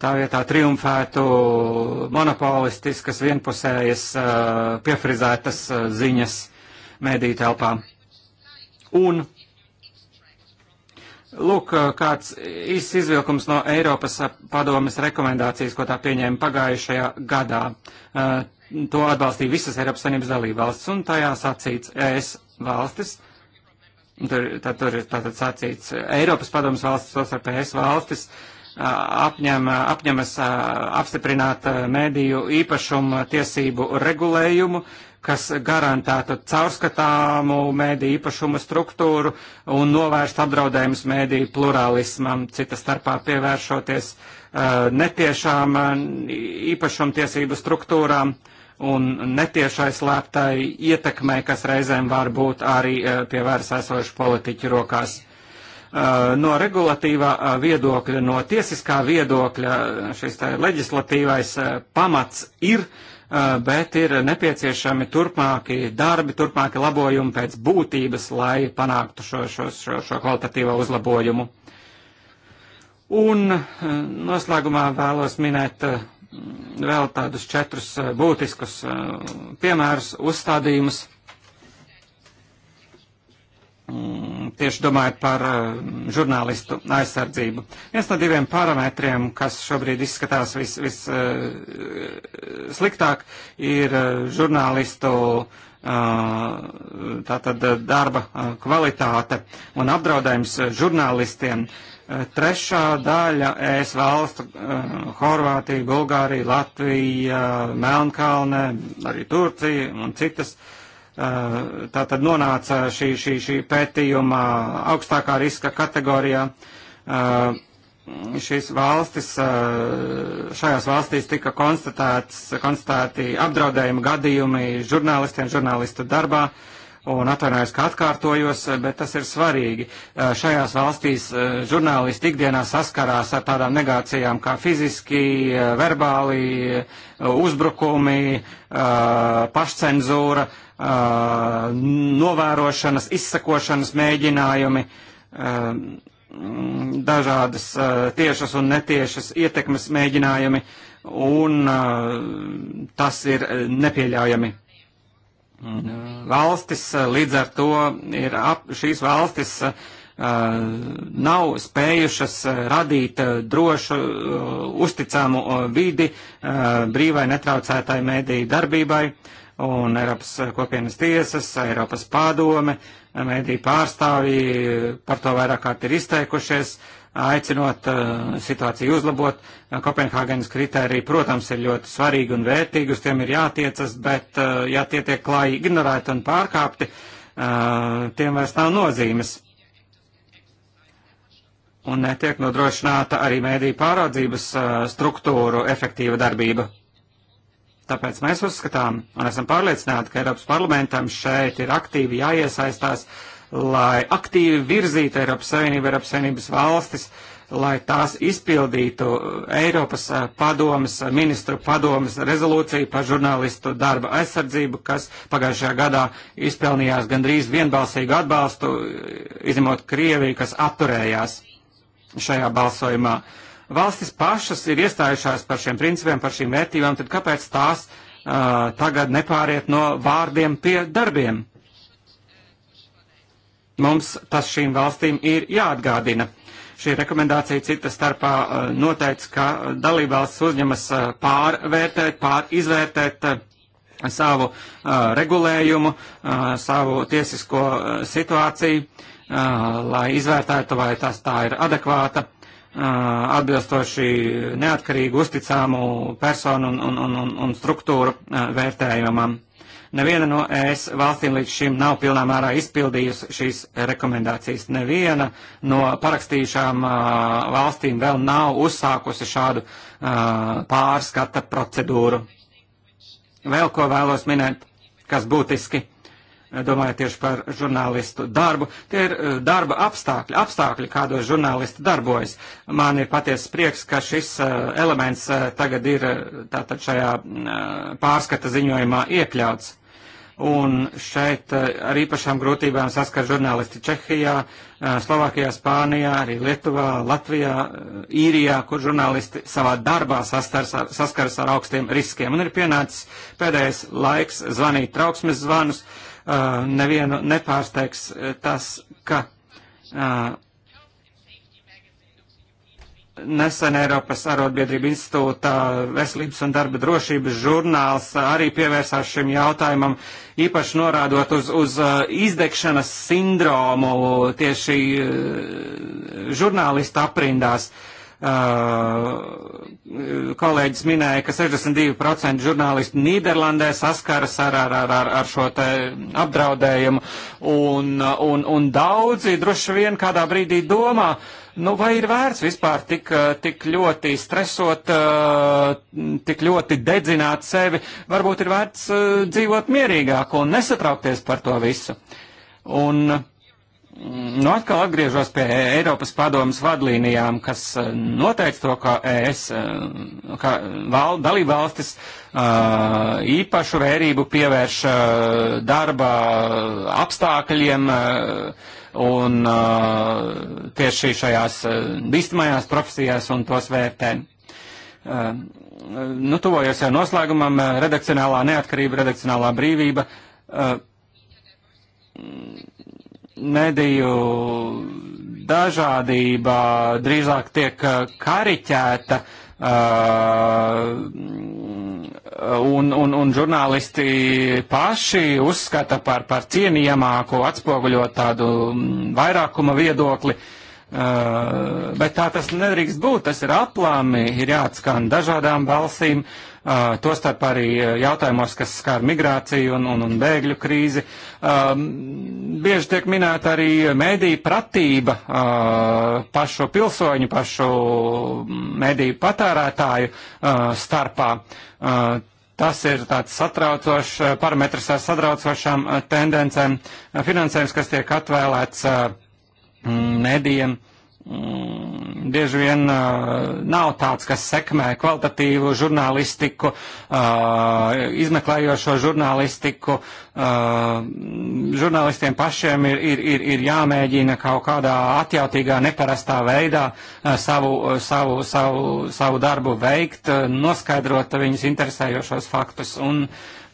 tā vietā triumfētu monopolistiskas vienpusējas piefrizētas ziņas mēdī telpā. Un Lūk, kāds īsts izvilkums no Eiropas padomes rekomendācijas, ko tā pieņēma pagājušajā gadā. To atbalstīja visas Eiropas Savienības dalībvalstis, un tajā sacīts ES valstis. Tur, tā, tur ir tātad sacīts Eiropas padomes valstis, tos ar PS e valstis apņem, apņemas apstiprināt mēdīju īpašumu tiesību regulējumu, kas garantētu caurskatāmu mēdīju īpašuma struktūru un novērst apdraudējumus mēdīju plurālismam, cita starpā pievēršoties uh, netiešām eh, īpašumtiesību struktūrām un netiešai slēptai ietekmei, kas reizēm var būt arī uh, eh, pievērs esošu politiķu rokās no regulatīvā viedokļa, no tiesiskā viedokļa šis leģislatīvais pamats ir Uh, bet ir nepieciešami turpmāki darbi, turpmāki labojumi pēc būtības, lai panāktu šo, šo, šo, šo kvalitatīvo uzlabojumu. Un uh, noslēgumā vēlos minēt uh, vēl tādus četrus būtiskus piemērus, uzstādījumus Mm, tieši domājot par mm, žurnālistu aizsardzību. Viens no diviem parametriem, kas šobrīd izskatās vissliktāk, vis, eh, ir eh, žurnālistu eh, tātad darba kvalitāte un apdraudējums žurnālistiem. Trešā daļa ES valstu - Horvātija, Bulgārija, Latvija, Melnkalne, arī Turcija un citas uh, Eh, tā tad nonāca šī, šī, šī pētījuma augstākā riska kategorijā. Eh, šīs valstis, eh, šajās valstīs tika konstatēti apdraudējumi gadījumi žurnālistiem, žurnālistu darbā, un atvainojos, ka atkārtojos, bet tas ir svarīgi. Šajās valstīs žurnālisti ikdienā saskarās ar tādām negācijām kā fiziski, verbāli, uzbrukumi, pašcenzūra, novērošanas, izsakošanas mēģinājumi, dažādas tiešas un netiešas ietekmes mēģinājumi, un tas ir nepieļaujami. Valstis līdz ar to ir ap, šīs valstis nav spējušas radīt drošu, uzticamu vidi brīvai netraucētai mēdīju darbībai. Uh, un Eiropas kopienas tiesas, Eiropas padome, mediju pārstāvji par to vairāk kārt ir izteikušies, aicinot uh, situāciju uzlabot. Kopenhāgenes kritērija, protams, ir ļoti svarīgi un vērtīgi, uz tiem ir jātiecas, bet uh, ja tie tiek klāji ignorēti un pārkāpti, uh, tiem vairs nav nozīmes. Un netiek nodrošināta arī mēdī pāraudzības struktūru efektīva darbība. Tāpēc mēs uzskatām un esam pārliecināti, ka Eiropas parlamentam šeit ir aktīvi jāiesaistās, lai aktīvi virzītu Eiropas Savienību, Eiropas Savienības valstis, lai tās izpildītu Eiropas eh, padomas, eh, ministru padomas rezolūciju par žurnālistu darba aizsardzību, kas pagājušajā gadā izpelnījās gandrīz vienbalsīgu atbalstu, eh, izņemot Krieviju, kas atturējās šajā balsojumā. Uh, valstis pašas ir iestājušās par šiem principiem, par šīm vērtībām, tad kāpēc tās uh, tagad nepāriet no vārdiem pie darbiem? Mums tas šīm valstīm ir jāatgādina. Šī rekomendācija cita starpā uh, noteica, ka dalībvalsts uzņemas uh, pārvērtēt, pārizvērtēt uh, savu uh, regulējumu, uh, savu tiesisko uh, situāciju, uh, lai izvērtētu, vai tas tā ir adekvāta atbilstoši neatkarīgu uzticāmu personu un, un, un, un struktūru vērtējumam. Neviena no ES valstīm līdz šim nav pilnā mērā izpildījusi šīs rekomendācijas. Neviena no parakstījušām valstīm vēl nav uzsākusi šādu pārskata procedūru. Vēl ko vēlos minēt, kas būtiski domāju tieši par žurnālistu darbu. Tie ir eh, darba apstākļi, apstākļi, kādos žurnālisti darbojas. Man ir patiesa prieks, ka šis eh, elements eh, tagad ir tātad šajā pārskata ziņojumā iekļauts. Un šeit ar īpašām grūtībām saskar žurnālisti Čehijā, Slovākijā, Spānijā, arī Lietuvā, Latvijā, Īrijā, kur žurnālisti savā darbā sastars, ar, saskars ar augstiem riskiem. Un ir pienācis pēdējais laiks zvanīt trauksmes zvanus, uh, Eh, nevienu nepārsteigs eh, tas, ka eh, nesen Eiropas arotbiedrība institūta veselības un darba drošības žurnāls arī pievērsās šim jautājumam, īpaši norādot uz, uz izdegšanas sindromu tieši žurnālistu aprindās. Uh, kolēģis minēja, ka 62% žurnālisti Nīderlandē saskaras ar, ar, ar, ar šo te apdraudējumu, un, un, un daudzi droši vien kādā brīdī domā, nu vai ir vērts vispār tik, tik ļoti stresot, tik ļoti dedzināt sevi, varbūt ir vērts dzīvot mierīgāk un nesatraukties par to visu. Un, uh, Mm, nu atkal atgriežos pie Eiropas padomas vadlīnijām, kas eh, noteica to, ka ES, eh, ka val, dalībvalstis eh, īpašu vērību pievērš darba apstākļiem un tieši šajās bīstamajās profesijās un tos vērtē nu, tuvojas jau noslēgumam, redakcionālā neatkarība, redakcionālā brīvība. Uh, mediju dažādība drīzāk tiek uh, kariķēta. Uh, un, un, un žurnālisti paši uzskata par, par cienījamāko atspoguļot tādu mm, vairākuma viedokli. Uh, bet tā tas nedrīkst būt, tas ir aplāmi, ir jāatskan dažādām balsīm. Uh, Uh, tostarp arī uh, jautājumos, kas skār migrāciju un, un, un bēgļu krīzi. Um, bieži tiek minēta arī mēdīja pratība uh, pašu pilsoņu, pašu mēdīju patērētāju starpā. Tas ir tāds satraucošs parametrs ar satraucošām tendencēm. Finansējums, kas tiek atvēlēts mēdījiem. Uh, Mm, bieži vien uh, nav tāds, kas sekmē kvalitatīvu žurnālistiku, uh, izmeklējošo žurnālistiku. Uh, žurnālistiem pašiem ir, ir, ir, ir jāmēģina kaut kādā atjautīgā, neparastā veidā uh, savu, uh, savu, savu, savu darbu veikt, uh, noskaidrot viņus interesējošos faktus. Un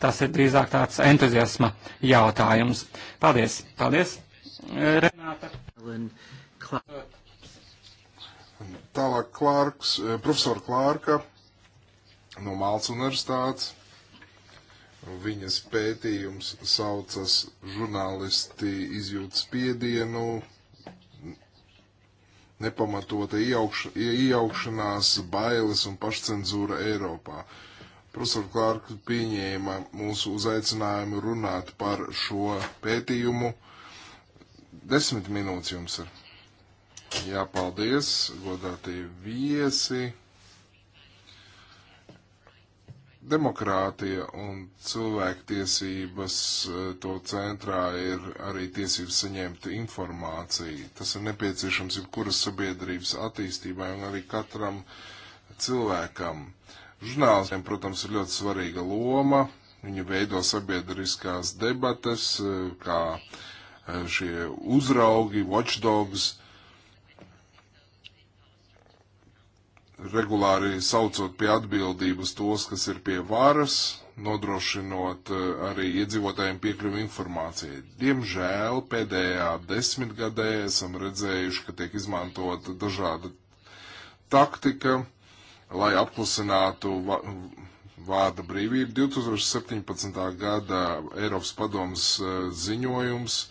tas ir drīzāk tāds entuziasma jautājums. Paldies! Paldies! Renāta. Klāt. Tālāk Klārks, eh, profesora Klārka no Māls universitātes. Viņas pētījums saucas žurnālisti izjūt spiedienu, nepamatota iejaukš, iejaukšanās, bailes un pašcenzūra Eiropā. Profesor Klārka pieņēma mūsu uzaicinājumu runāt par šo pētījumu. Desmit minūtes jums ir. Jā, paldies, godātie viesi. Demokrātija un cilvēktiesības e, to centrā ir arī tiesības saņemt informāciju. Tas ir nepieciešams jebkuras sabiedrības attīstībai un arī katram cilvēkam. Žurnālistiem, protams, ir ļoti svarīga loma. Viņi veido sabiedriskās debates, e, kā e, šie uzraugi, watchdogs regulāri saucot pie atbildības tos, kas ir pie varas, nodrošinot eh, arī iedzīvotājiem piekļuvu informācijai. Diemžēl pēdējā desmitgadē esam redzējuši, ka tiek izmantota dažāda taktika, lai apklusinātu vārda brīvību. 2017. gada Eiropas padomas eh, ziņojums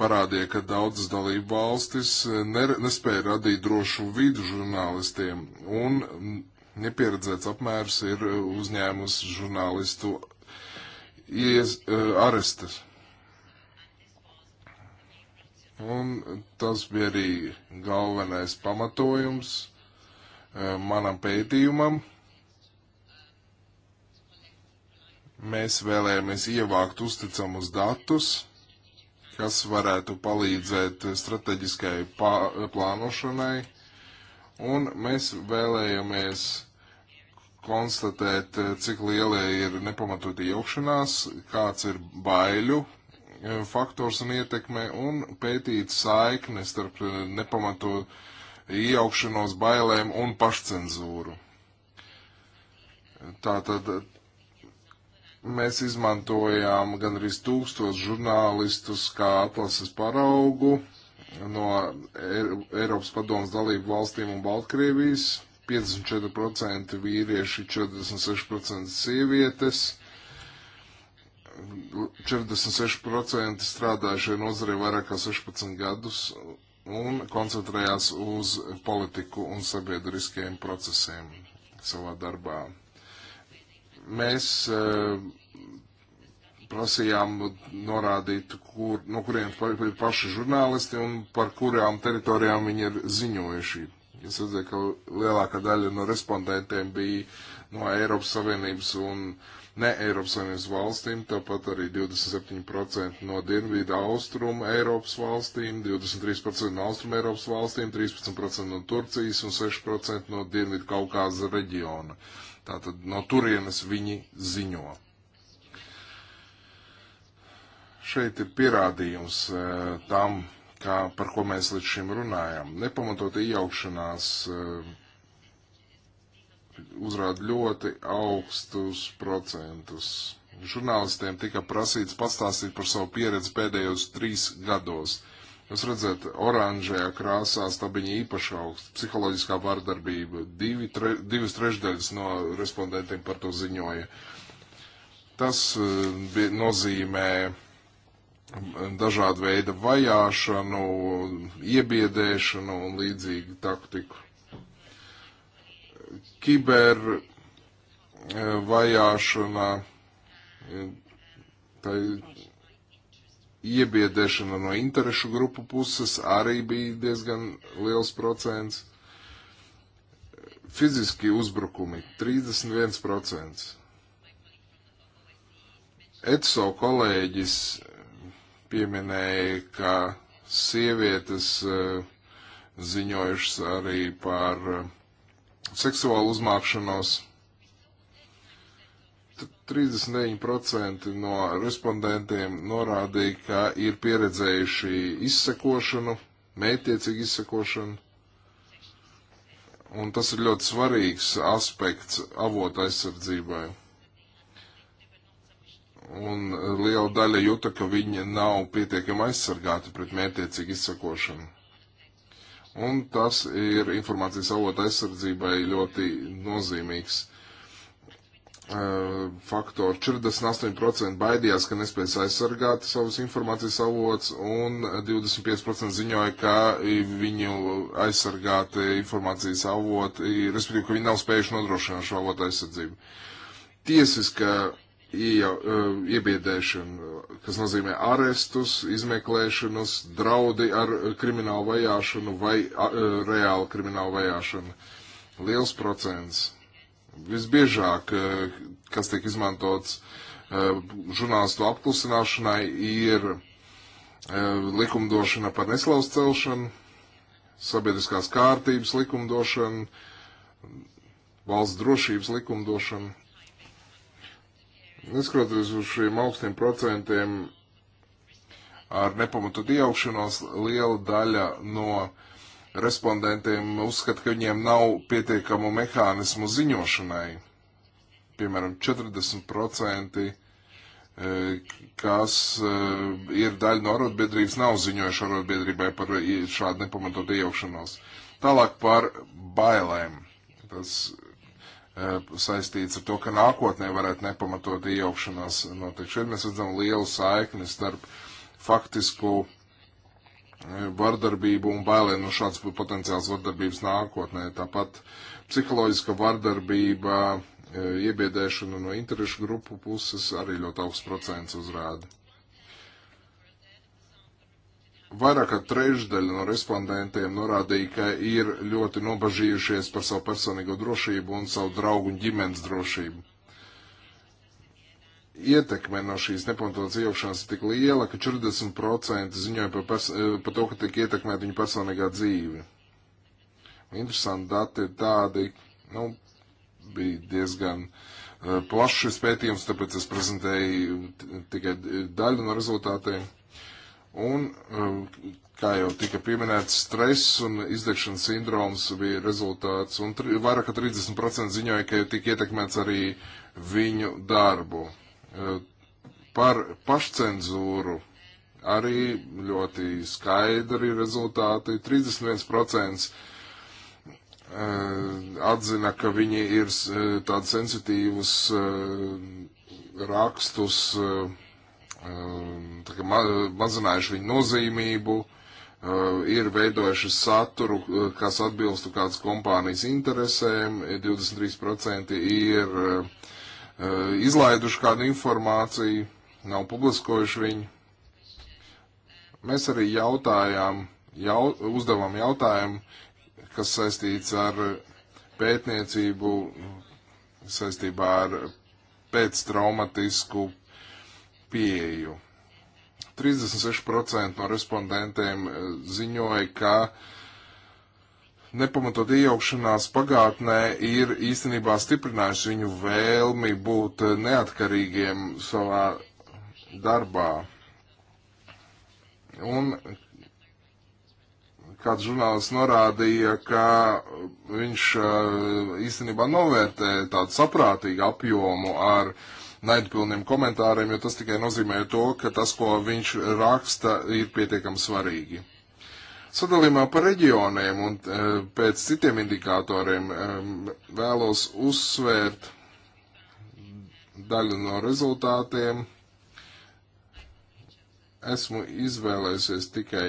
parādīja, ka daudzas dalību valstis eh, nespēja radīt drošu vidu žurnālistiem, un nepieredzēts apmērs ir eh, uzņēmus žurnālistu ies, eh, arestas. Un tas bija arī galvenais pamatojums manam pētījumam. Mēs vēlējāmies ievākt uzticamus datus kas varētu palīdzēt strateģiskai plānošanai, un mēs vēlējamies konstatēt, cik liela ir nepamatota iejaukšanās, kāds ir baiļu e, faktors un ietekme, un pētīt saikni starp e, nepamatotu iejaukšanos, bailēm un pašcensūru. Tātad Mēs izmantojām gandrīz tūkstos žurnālistus kā atlases paraugu no Eiropas padomas dalību valstīm un Baltkrievijas. 54% vīrieši, 46% sievietes. 46% strādājušie nozarē vairāk kā 16 gadus un koncentrējās uz politiku un sabiedriskajiem procesiem savā darbā. Mēs eh, prasījām norādīt, kur, no kurienes ir paši žurnālisti un par kurām teritorijām viņi ir ziņojuši. Es redzēju, ka lielākā daļa no respondentiem bija no Eiropas Savienības un ne Eiropas Savienības valstīm, tāpat arī 27% no Dienvīda Austrumu Eiropas valstīm, 23% no Austrumu Eiropas valstīm, 13% no Turcijas un 6% no Dienvīda Kaukāza reģiona. Tātad no turienes viņi ziņo. Šeit ir pierādījums e, tam, kā, par ko mēs līdz šim runājam. Nepamatot iejaukšanās e, uzrāda ļoti augstus procentus. Žurnālistiem tika prasīts pastāstīt par savu pieredzi pēdējos trīs gados. Uh, Jūs redzat, oranžajā krāsā stabiņa īpaši augsts, psiholoģiskā vardarbība, divi, tre, divas trešdaļas no respondentiem par to ziņoja. Tas uh, nozīmē dažādu veidu vajāšanu, iebiedēšanu un līdzīgu taktiku. Kiber eh, vajāšana, eh, tai iebiedēšana no interešu grupu puses arī bija diezgan liels procents. Fiziski uzbrukumi 31%. ETSO kolēģis pieminēja, ka sievietes eh, ziņojušas arī par eh, seksuālu uzmākšanos 39% no respondentiem norādīja, ka ir pieredzējuši izsekošanu, mētiecīgu izsekošanu. Un tas ir ļoti svarīgs aspekts avota aizsardzībai. Un liela daļa jūta, ka viņi nav pietiekami aizsargāti pret mētiecīgu izsakošanu. Un tas ir informācijas avota aizsardzībai ļoti nozīmīgs Eh, faktors. 48% baidījās, ka nespēs aizsargāt savus informācijas avots, un 25% ziņoja, ka viņu aizsargāti informācijas avoti, respektīvi, ka viņi nav spējuši nodrošināt šo avotu aizsardzību. Tiesiska ie, eh, iebiedēšana, kas nozīmē arestus, izmeklēšanas, draudi ar kriminālu vajāšanu vai a, eh, reālu kriminālu vajāšanu. Liels procents Visbiežāk, eh, kas tiek izmantots eh, žurnālistu apklusināšanai, ir eh, likumdošana par neslauz celšanu, sabiedriskās kārtības likumdošana, valsts drošības likumdošana. Neskatoties uz šiem augstiem procentiem ar nepamatu pieaugšanos, liela daļa no uh, respondentiem uzskata, ka viņiem nav pietiekamu mehānismu ziņošanai. Piemēram, 40% e, kas e, ir daļa no arotbiedrības, nav ziņojuši arotbiedrībai par šādu nepamatotu iejaukšanos. Tālāk par bailēm. Tas e, saistīts ar to, ka nākotnē varētu nepamatot iejaukšanās notikt. Šeit mēs redzam lielu saikni starp faktisku vardarbību un bailēm no šādas potenciāls vardarbības nākotnē. Tāpat psiholoģiska vardarbība, e, iebiedēšana no interešu grupu puses arī ļoti augsts procents uzrāda. Vairāk kā trešdaļa no respondentiem norādīja, ka ir ļoti nobažījušies par savu personīgo drošību un savu draugu un ģimenes drošību ietekme no šīs nepamatotas iejaukšanās ir tik liela, ka 40% ziņoja par, pers, eh, par to, ka tiek ietekmēta viņa personīgā dzīve. Interesanti dati ir tādi, nu, bija diezgan uh, plašs šis pētījums, tāpēc es prezentēju tikai daļu no rezultātiem. Un, uh, kā jau tika pieminēts, stress un izdegšanas sindroms bija rezultāts, un vairāk kā 30% ziņoja, ka tika ietekmēts arī viņu darbu. Eh, par pašcenzūru arī ļoti skaidri rezultāti. 31% eh, atzina, ka viņi ir eh, tādus sensitīvus rakstus, tā kā ma mazinājuši viņu nozīmību, ir veidojuši saturu, kas atbilstu kādas kompānijas interesēm, 23% ir Eh, izlaiduši kādu informāciju, nav publiskojuši viņu. Mēs arī jautājām, jau, uzdevām jautājumu, kas saistīts ar pētniecību, saistībā ar pēctraumatisku pieeju. 36% no respondentiem eh, ziņoja, ka nepamatot iejaukšanās pagātnē ir īstenībā stiprinājuši viņu vēlmi būt neatkarīgiem savā darbā. Un kāds žurnālists norādīja, ka viņš eh, īstenībā novērtē tādu saprātīgu apjomu ar naidpilniem komentāriem, jo tas tikai nozīmē to, ka tas, ko viņš raksta, ir pietiekami svarīgi sadalījumā par reģioniem un eh, pēc citiem indikatoriem vēlos uzsvērt daļu no rezultātiem. Esmu izvēlējusies tikai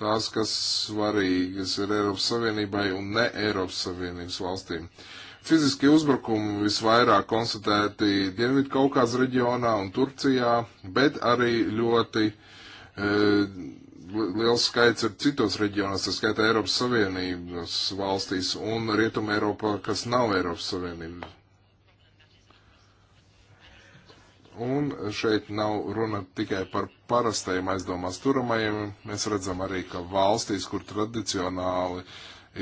tās, kas svarīgas ir Eiropas Savienībai un ne Eiropas Savienības valstīm. Fiziskie uzbrukumi visvairāk konstatēti Dienvidu Kaukās reģionā un Turcijā, bet arī ļoti e, liels skaits ir citos reģionos, tas skaitā Eiropas Savienības valstīs un Rietuma Eiropā, kas nav Eiropas Savienības. Un šeit nav runa tikai par parastajiem aizdomās turamajiem. Mēs redzam arī, ka valstīs, kur tradicionāli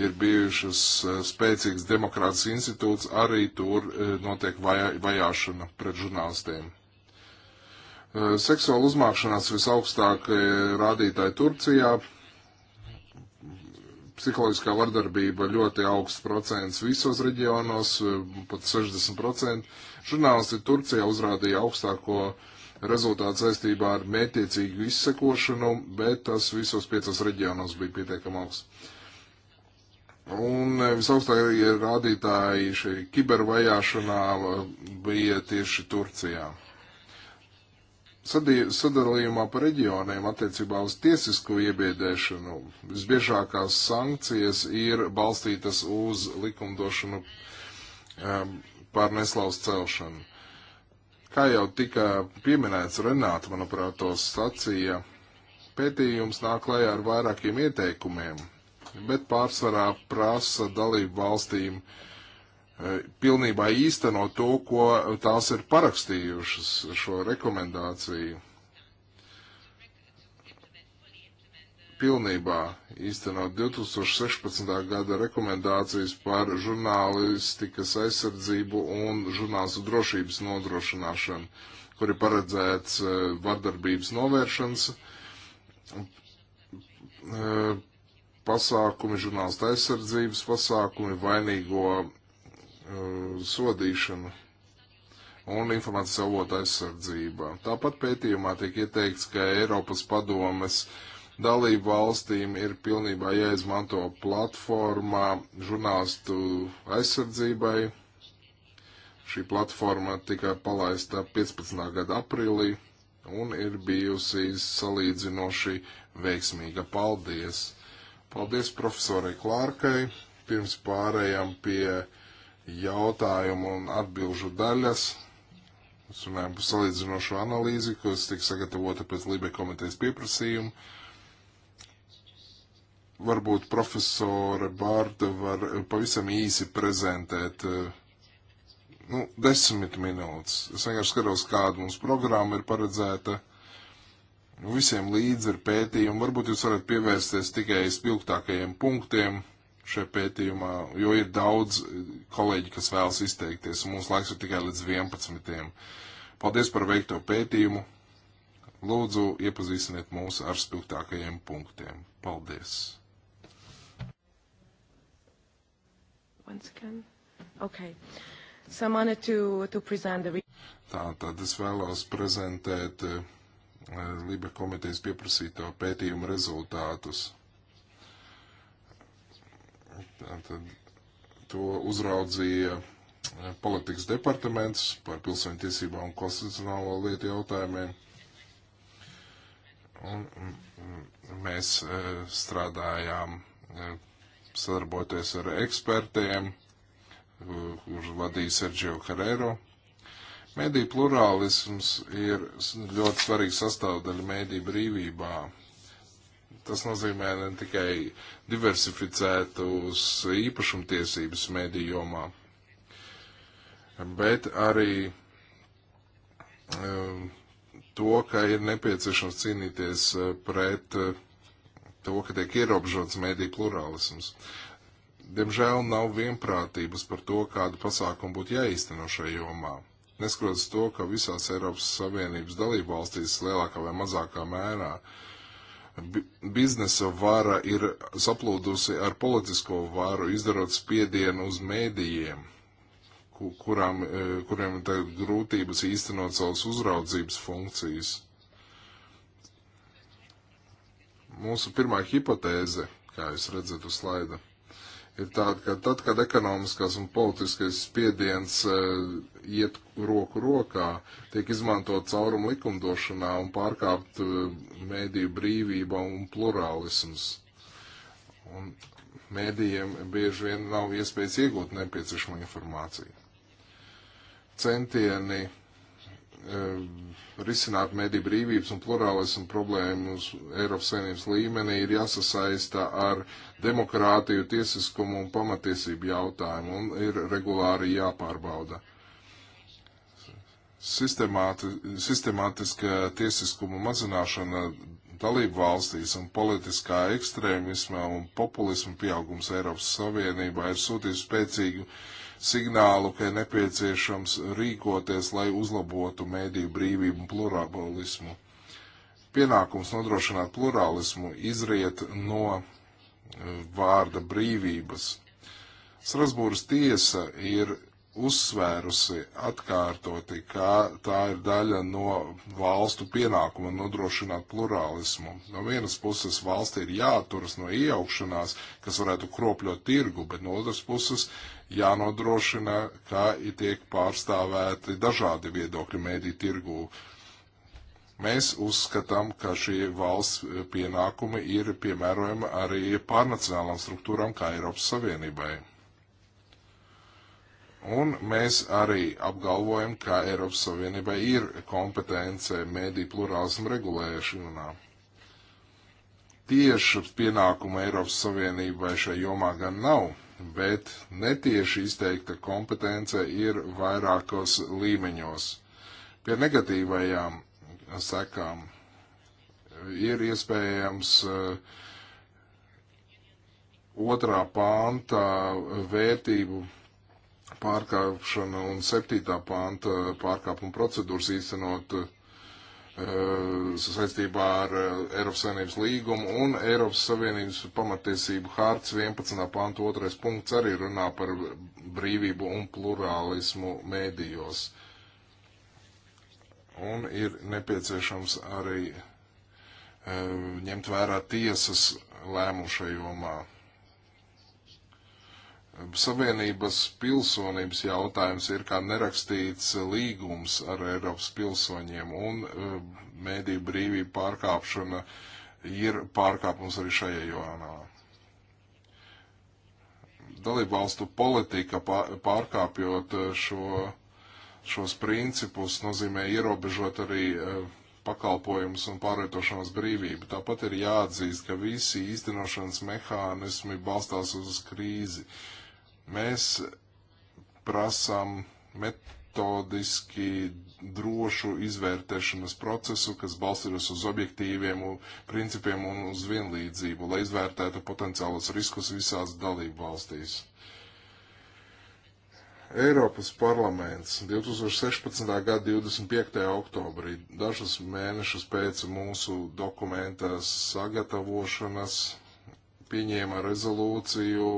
ir bijušas eh, spēcīgas demokrātas institūts, arī tur eh, notiek vajā, vajāšana pret žurnālistiem. Uh, seksuāla uzmākšanās visaugstākie rādītāji Turcijā. Psiholoģiskā vardarbība ļoti augsts procents visos reģionos, uh, pat 60%. Žurnālisti Turcijā uzrādīja augstāko rezultātu saistībā ar mētiecīgu izsekošanu, bet tas visos piecos reģionos bija pietiekami augsts. Un uh, visaugstākie rādītāji šī kibervajāšanā bija tieši Turcijā sadalījumā pa reģioniem attiecībā uz tiesisko iebiedēšanu visbiežākās sankcijas ir balstītas uz likumdošanu um, pār neslaus celšanu. Kā jau tika pieminēts, Renāta, manuprāt, to sacīja, pētījums nāk klajā ar vairākiem ieteikumiem, bet pārsvarā prasa dalību valstīm uh, Eh, pilnībā īstenot to, ko tās ir parakstījušas šo rekomendāciju. Pilnībā īstenot 2016. gada rekomendācijas par žurnālistikas aizsardzību un žurnālistu drošības nodrošināšanu, kur ir paredzēts eh, vardarbības novēršanas eh, pasākumi, žurnālista aizsardzības pasākumi, vainīgo Um, sodīšanu un informācijas avotu aizsardzība. Tāpat pētījumā tiek ieteikts, ka Eiropas padomes dalību valstīm ir pilnībā jāizmanto platformā žurnālistu aizsardzībai. Šī platforma tika palaista 15. gada aprīlī un ir bijusi salīdzinoši veiksmīga. Paldies! Paldies profesorai Klārkai! Pirms pārējām pie jautājumu un atbilžu daļas. Mēs runājam par salīdzinošu analīzi, kas tika sagatavota pēc Libe komitejas pieprasījuma. Varbūt profesore Bārda var pavisam īsi prezentēt eh, nu, desmit minūtes. Es vienkārši skatos, kāda mums programma ir paredzēta. Visiem līdzi ir pētījumi. Varbūt jūs varat pievērsties tikai spilgtākajiem punktiem šajā pētījumā, jo ir daudz eh, kolēģi, kas vēlas izteikties, un mums laiks ir tikai līdz 11. Paldies par veikto pētījumu. Lūdzu, iepazīstiniet mūs ar spilgtākajiem punktiem. Paldies! Once again. Okay. So I wanted to, to present the... Tātad es vēlos prezentēt uh, Libe komitejas pieprasīto pētījumu rezultātus. Tātad to uzraudzīja eh, politikas departaments par pilsoņu tiesībām un konstitucionālo lietu jautājumiem. Un mm, mm, mēs eh, strādājām eh, sadarboties ar ekspertiem, kurus vadīja Sergio Carrero. Mēdī plurālisms ir ļoti svarīga sastāvdaļa mēdī brīvībā. Tas nozīmē ne tikai diversificētus īpašumtiesības mediju jomā, bet arī um, to, ka ir nepieciešams cīnīties uh, pret uh, to, ka tiek ierobežots mediju plurālisms. Diemžēl nav vienprātības par to, kādu pasākumu būtu jāīsteno šajā jomā. Neskatoties to, ka visās Eiropas Savienības dalībvalstīs lielākā vai mazākā mērā uh, biznesa vara ir saplūdusi ar politisko varu, izdarot spiedienu uz mēdījiem, kurām, e, kuriem ir grūtības īstenot savas uzraudzības funkcijas. Mūsu pirmā hipotēze, kā jūs redzat uz slaida, ir tāda, ka tad, kad ekonomiskās un politiskais spiediens e, iet roku rokā, tiek izmantot caurumu likumdošanā un pārkāpt eh, mēdīju brīvība un plurālisms. Un mēdījiem bieži vien nav iespējas iegūt nepieciešamo informāciju. Centieni e, risināt mediju brīvības un plurālismu problēmas Eiropas saimnības līmenī ir jāsasaista ar demokrātiju, tiesiskumu un pamatiesību jautājumu un ir regulāri jāpārbauda sistemāti, sistemātiska tiesiskuma mazināšana dalību valstīs un politiskā ekstrēmisma un populisma pieaugums Eiropas Savienībā ir sūtījis spēcīgu signālu, ka ir nepieciešams rīkoties, lai uzlabotu mēdīju brīvību un plurālismu. Pienākums nodrošināt plurālismu izriet no eh, vārda brīvības. Strasbūras tiesa ir uzsvērusi atkārtoti, ka tā ir daļa no valstu pienākuma nodrošināt plurālismu. No vienas puses valsti ir jāturas no iejaukšanās, kas varētu kropļot tirgu, bet no otras puses jānodrošina, ka tiek pārstāvēti dažādi viedokļi mēdī tirgū. Mēs uzskatām, ka šie valsts pienākumi ir piemērojami arī pārnacionālām struktūrām kā Eiropas Savienībai. Un mēs arī apgalvojam, ka Eiropas Savienībai ir kompetence mēdī plurālismu regulēšanā. Tieši pienākuma Eiropas Savienībai šai jomā gan nav, bet netieši izteikta kompetence ir vairākos līmeņos. Pie negatīvajām sekām ir iespējams uh, otrā pānta vērtību pārkāpšana un 7. panta pārkāpuma procedūras īstenot uh, saistībā ar eh, Eiropas Savienības līgumu un Eiropas Savienības pamatiesību hārts 11. panta 2. punkts arī runā par brīvību un plurālismu mēdījos. Un ir nepieciešams arī uh, ņemt vērā tiesas lēmumu šajomā. Savienības pilsonības jautājums ir kā nerakstīts līgums ar Eiropas pilsoņiem, un eh, mēdīju brīvība pārkāpšana ir pārkāpums arī šajā jomā. Dalībvalstu politika pārkāpjot eh, šo, šos principus nozīmē ierobežot arī eh, pakalpojumus un pārvietošanās brīvību. Tāpat ir jāatzīst, ka visi īstenošanas mehānismi balstās uz krīzi. Uh, Mēs prasām metodiski drošu izvērtēšanas procesu, kas balstītos uz objektīviem principiem un uz vienlīdzību, lai izvērtētu potenciālos riskus visās dalību valstīs. Eiropas parlaments 2016. gada 25. oktobrī, dažus mēnešus pēc mūsu dokumenta sagatavošanas, pieņēma rezolūciju,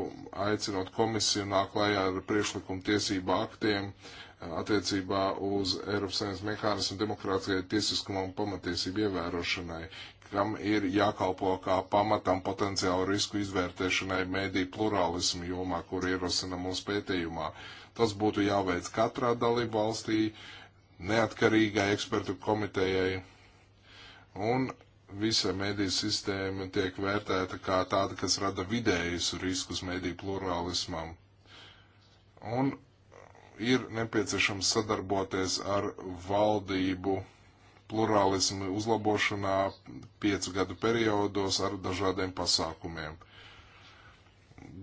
aicinot komisiju nāk klājā ar priekšlikumu tiesību aktiem eh, attiecībā uz Eiropas Savienības mehānismu demokrātiskajai tiesiskumam un pamatiesību ievērošanai, kam ir jākalpo kā pamatam potenciālu risku izvērtēšanai mēdī plurālismu jomā, kur ierosina mūsu pētījumā. Tas būtu jāveic katrā dalību valstī, neatkarīgai ekspertu komitejai, un visa mediju sistēma tiek vērtēta kā tāda, kas rada vidējus riskus mediju plurālismam. Un ir nepieciešams sadarboties ar valdību plurālismu uzlabošanā piecu gadu periodos ar dažādiem pasākumiem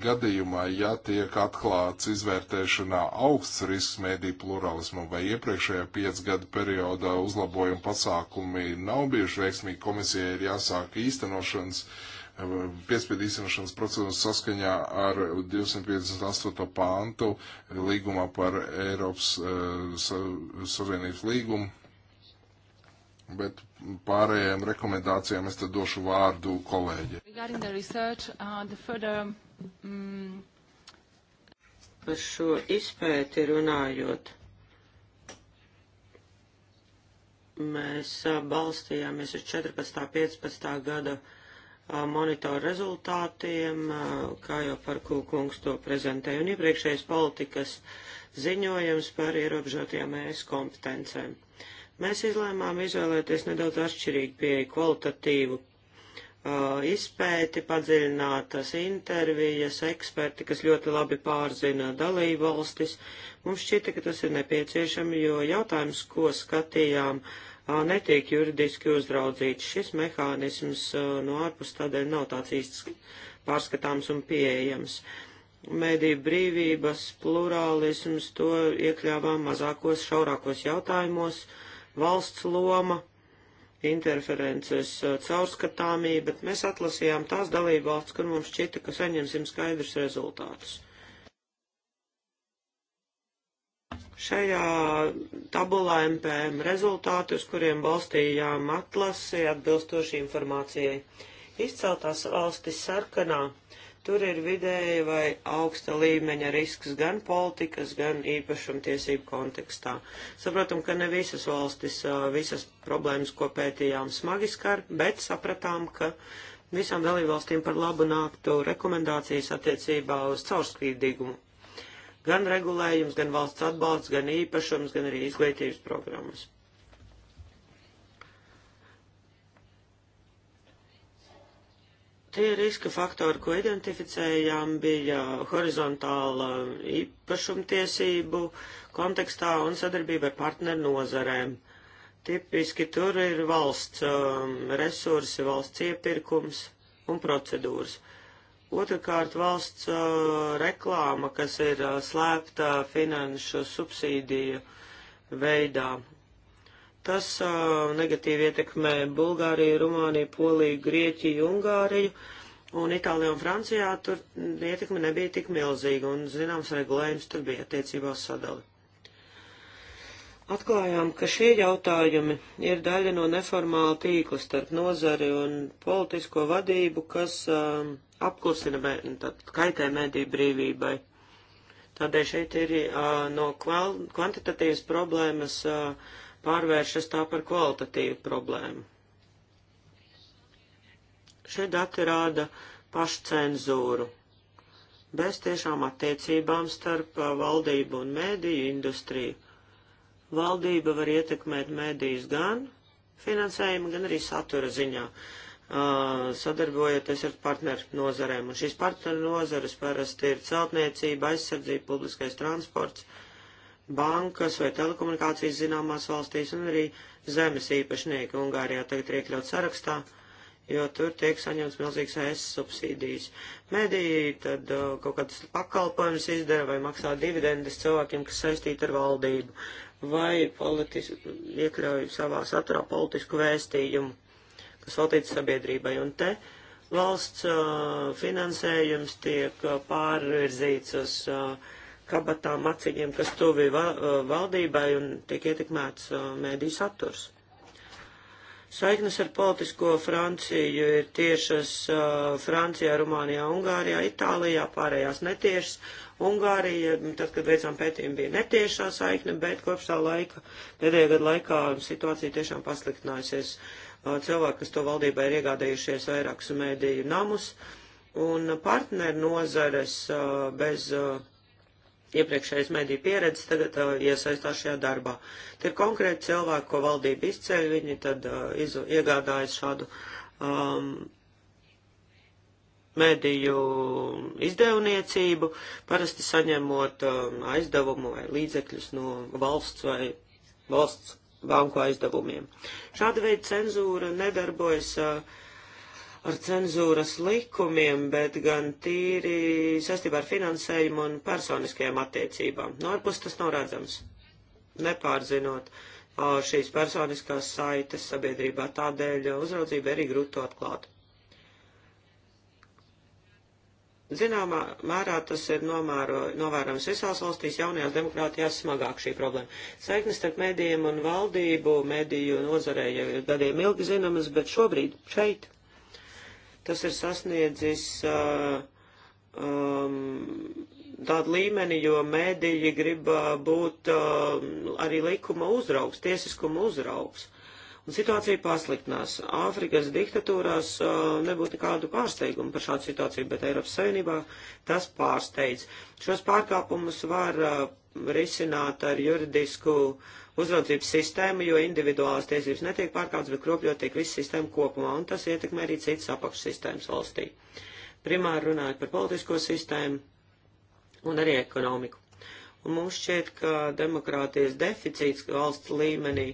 gadījumā, ja tiek atklāts izvērtēšanā augsts risks mēdīju pluralismam vai iepriekšējā piecgada periodā uzlabojuma pasākumi nav bijuši veiksmīgi, komisija ir jāsāk īstenošanas, piespiedu īstenošanas procedūras saskaņā ar 258. pāntu līgumā par Eiropas uh, Savienības līgumu. Bet pārējiem rekomendācijām es tad došu vārdu kolēģi. Regarding the research, uh, the further Mm. Par šo izpēti runājot, mēs balstījāmies uz 14. 15. gada monitoru rezultātiem, kā jau par kūkungs to prezentēja, un iepriekšējais politikas ziņojums par ierobežotajām ES kompetencēm. Mēs izlēmām izvēlēties nedaudz atšķirīgu pieeju kvalitatīvu Uh, izpēti, padziļinātas intervijas, eksperti, kas ļoti labi pārzina dalību valstis. Mums šķita, ka tas ir nepieciešami, jo jautājums, ko skatījām, uh, netiek juridiski uzraudzīts. Šis mehānisms uh, no ārpus tādēļ nav tāds īsts pārskatāms un pieejams. Mediju brīvības, plurālisms, to iekļāvām mazākos, šaurākos jautājumos, valsts loma interferences, eh, caurskatāmība, bet mēs atlasījām tās dalībvalsts, kur mums šķita, ka saņemsim skaidrus rezultātus. Šajā tabulā MPM rezultāti, uz kuriem balstījām atlasi atbilstoši informācijai. Izceltās valstis sarkanā Tur ir vidēji vai augsta līmeņa risks gan politikas, gan īpašumtiesību kontekstā. Saprotam, ka ne visas valstis, visas problēmas, ko pētījām, smagi skar, bet sapratām, ka visām dalībvalstīm par labu nāktu rekomendācijas attiecībā uz caurspīdīgumu. Gan regulējums, gan valsts atbalsts, gan īpašums, gan arī izglītības programmas. Tie riska faktori, ko identificējām, bija horizontāla īpašumtiesību kontekstā un sadarbība ar partneru nozarēm. Tipiski tur ir valsts um, resursi, valsts iepirkums un procedūras. Otrakārt, valsts uh, reklāma, kas ir uh, slēpta finanšu subsīdiju veidā Tas uh, negatīvi ietekmē Bulgāriju, Rumāniju, Poliju, Grieķiju, Ungāriju. Un Itālijā un Francijā tur ietekme nebija tik milzīga, un zināms regulējums tur bija attiecībā uz sadali. Atklājām, ka šie jautājumi ir daļa no neformāla tīkla starp nozari un politisko vadību, kas um, apklusina, tad kaitē mediju brīvībai. Tādēļ šeit ir uh, no kval, kvantitatīvas problēmas uh, pārvēršas tā par kvalitatīvu problēmu. Šie dati rāda pašcenzūru, bez tiešām attiecībām starp uh, valdību un mēdīju industriju. Valdība var ietekmēt mēdījus gan finansējuma, gan arī satura ziņā, uh, sadarbojoties ar partneru nozarēm. Un šīs partneru nozares parasti ir celtniecība, aizsardzība, publiskais transports bankas vai telekomunikācijas zināmās valstīs un arī zemes īpašnieki Ungārijā tagad ir iekļaut sarakstā, jo tur tiek saņemts milzīgs ES subsīdijas. Mediji tad uh, kaut kādas pakalpojumus izdara vai maksā dividendes cilvēkiem, kas saistīti ar valdību, vai politis, iekļauj savā saturā politisku vēstījumu, kas veltīts sabiedrībai. Un te valsts uh, finansējums tiek uh, pārvirzīts uz uh, kabatām maciņiem, kas tuvi valdībai un tiek ietekmēts mēdī saturs. Saiknes ar politisko Franciju ir tiešas Francijā, Rumānijā, Ungārijā, Itālijā, pārējās netiešas. Ungārija, tad, kad veicām pētījumu, bija netiešā saikne, bet kopš tā laika, pēdējā gada laikā situācija tiešām pasliktinājusies. Cilvēki, kas to valdībā ir iegādējušies vairākus mēdīju namus, un partneru nozares bez iepriekšējas mediju pieredzes tagad uh, iesaistās šajā darbā. Tie ir konkrēti cilvēki, ko valdība izceļ, viņi tad uh, izu, iegādājas šādu um, mediju izdevniecību, parasti saņemot um, aizdevumu vai līdzekļus no valsts vai valsts banku aizdevumiem. Šāda veida cenzūra nedarbojas uh, ar cenzūras likumiem, bet gan tīri saistībā ar finansējumu un personiskajām attiecībām. No ārpus tas nav redzams, nepārzinot šīs personiskās saites sabiedrībā. Tādēļ uzraudzība arī grūti to atklāt. Zināmā mērā tas ir nomēro, novērams visās valstīs, jaunajās demokrātijās smagāk šī problēma. Saiknes starp mēdījiem un valdību, mēdīju nozarē jau ir gadiem ilgi zinamas, bet šobrīd šeit tas ir sasniedzis uh, um, tādu līmeni, jo mēdīji grib uh, būt uh, arī likuma uzraugs, tiesiskuma uzraugs. Un situācija pasliktinās. Āfrikas diktatūrās uh, nebūtu nekādu pārsteigumu par šādu situāciju, bet Eiropas Savienībā tas pārsteidz. Šos pārkāpumus var uh, risināt ar juridisku uh, uzraudzības sistēmu, jo individuālās tiesības netiek pārkāptas, bet kropļot tiek visa sistēma kopumā, un tas ietekmē arī citas apakšsistēmas valstī. Primāri runājot par politisko sistēmu un arī ekonomiku. Un mums šķiet, ka demokrātijas deficīts valsts līmenī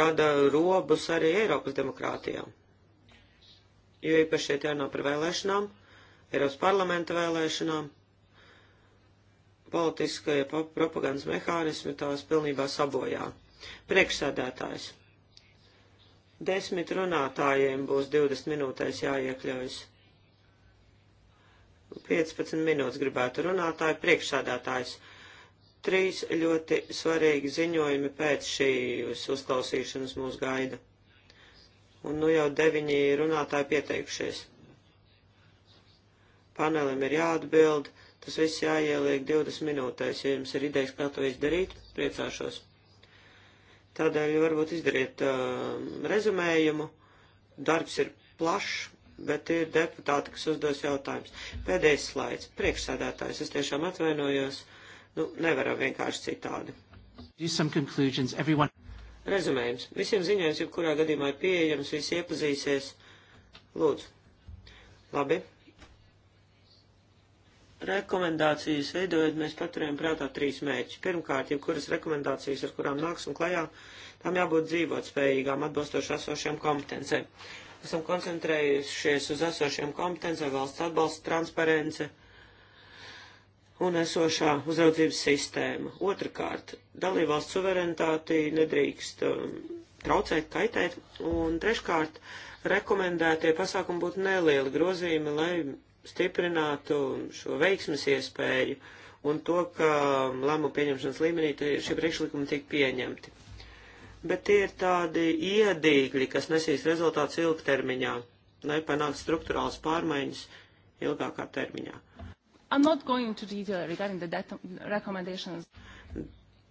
rada robus arī Eiropas demokrātijām. Jo īpaši šeit jārunā par vēlēšanām, Eiropas parlamenta vēlēšanām, politiskie propagandas mehānismi tās pilnībā sabojā. Priekšsēdētājs. Desmit runātājiem būs 20 minūtēs jāiekļaujas. 15 minūtes gribētu runātāji, priekšsādātājs. Trīs ļoti svarīgi ziņojumi pēc šīs uzklausīšanas mūs gaida. Un nu jau deviņi runātāji pieteikušies. Panelim ir jāatbild. Uh, Tas viss jāieliek 20 minūtēs. Ja jums ir idejas, kā to izdarīt, priecāšos. Tādēļ varbūt izdariet uh, rezumējumu. Darbs ir plašs, bet ir deputāti, kas uzdos jautājumus. Pēdējais slaids. Priekšsēdētājs, es tiešām atvainojos. Nu, nevaram vienkārši citādi. Everyone... Rezumējums. Visiem ziņojums, jebkurā gadījumā ir pieejams, visi iepazīsies. Lūdzu. Labi rekomendācijas veidojot, mēs paturējam prātā trīs mērķus. Pirmkārt, jau kuras rekomendācijas, ar kurām nāksim klajā, tām jābūt dzīvot spējīgām, atbilstoši esošiem kompetencēm. Esam koncentrējušies uz esošiem kompetencēm, valsts atbalsta transparence un esošā uzraudzības sistēma. Otrakārt, dalībvalsts suverenitāti nedrīkst um, traucēt, kaitēt. Un treškārt, rekomendētie pasākumi būtu nelieli grozījumi, lai stiprinātu šo veiksmes iespēju un to, ka lēmumu pieņemšanas līmenī šie priekšlikumi tiek pieņemti. Bet tie ir tādi iedīgļi, kas nesīs rezultāts ilgtermiņā, lai panāktu struktūrāls pārmaiņas ilgākā termiņā.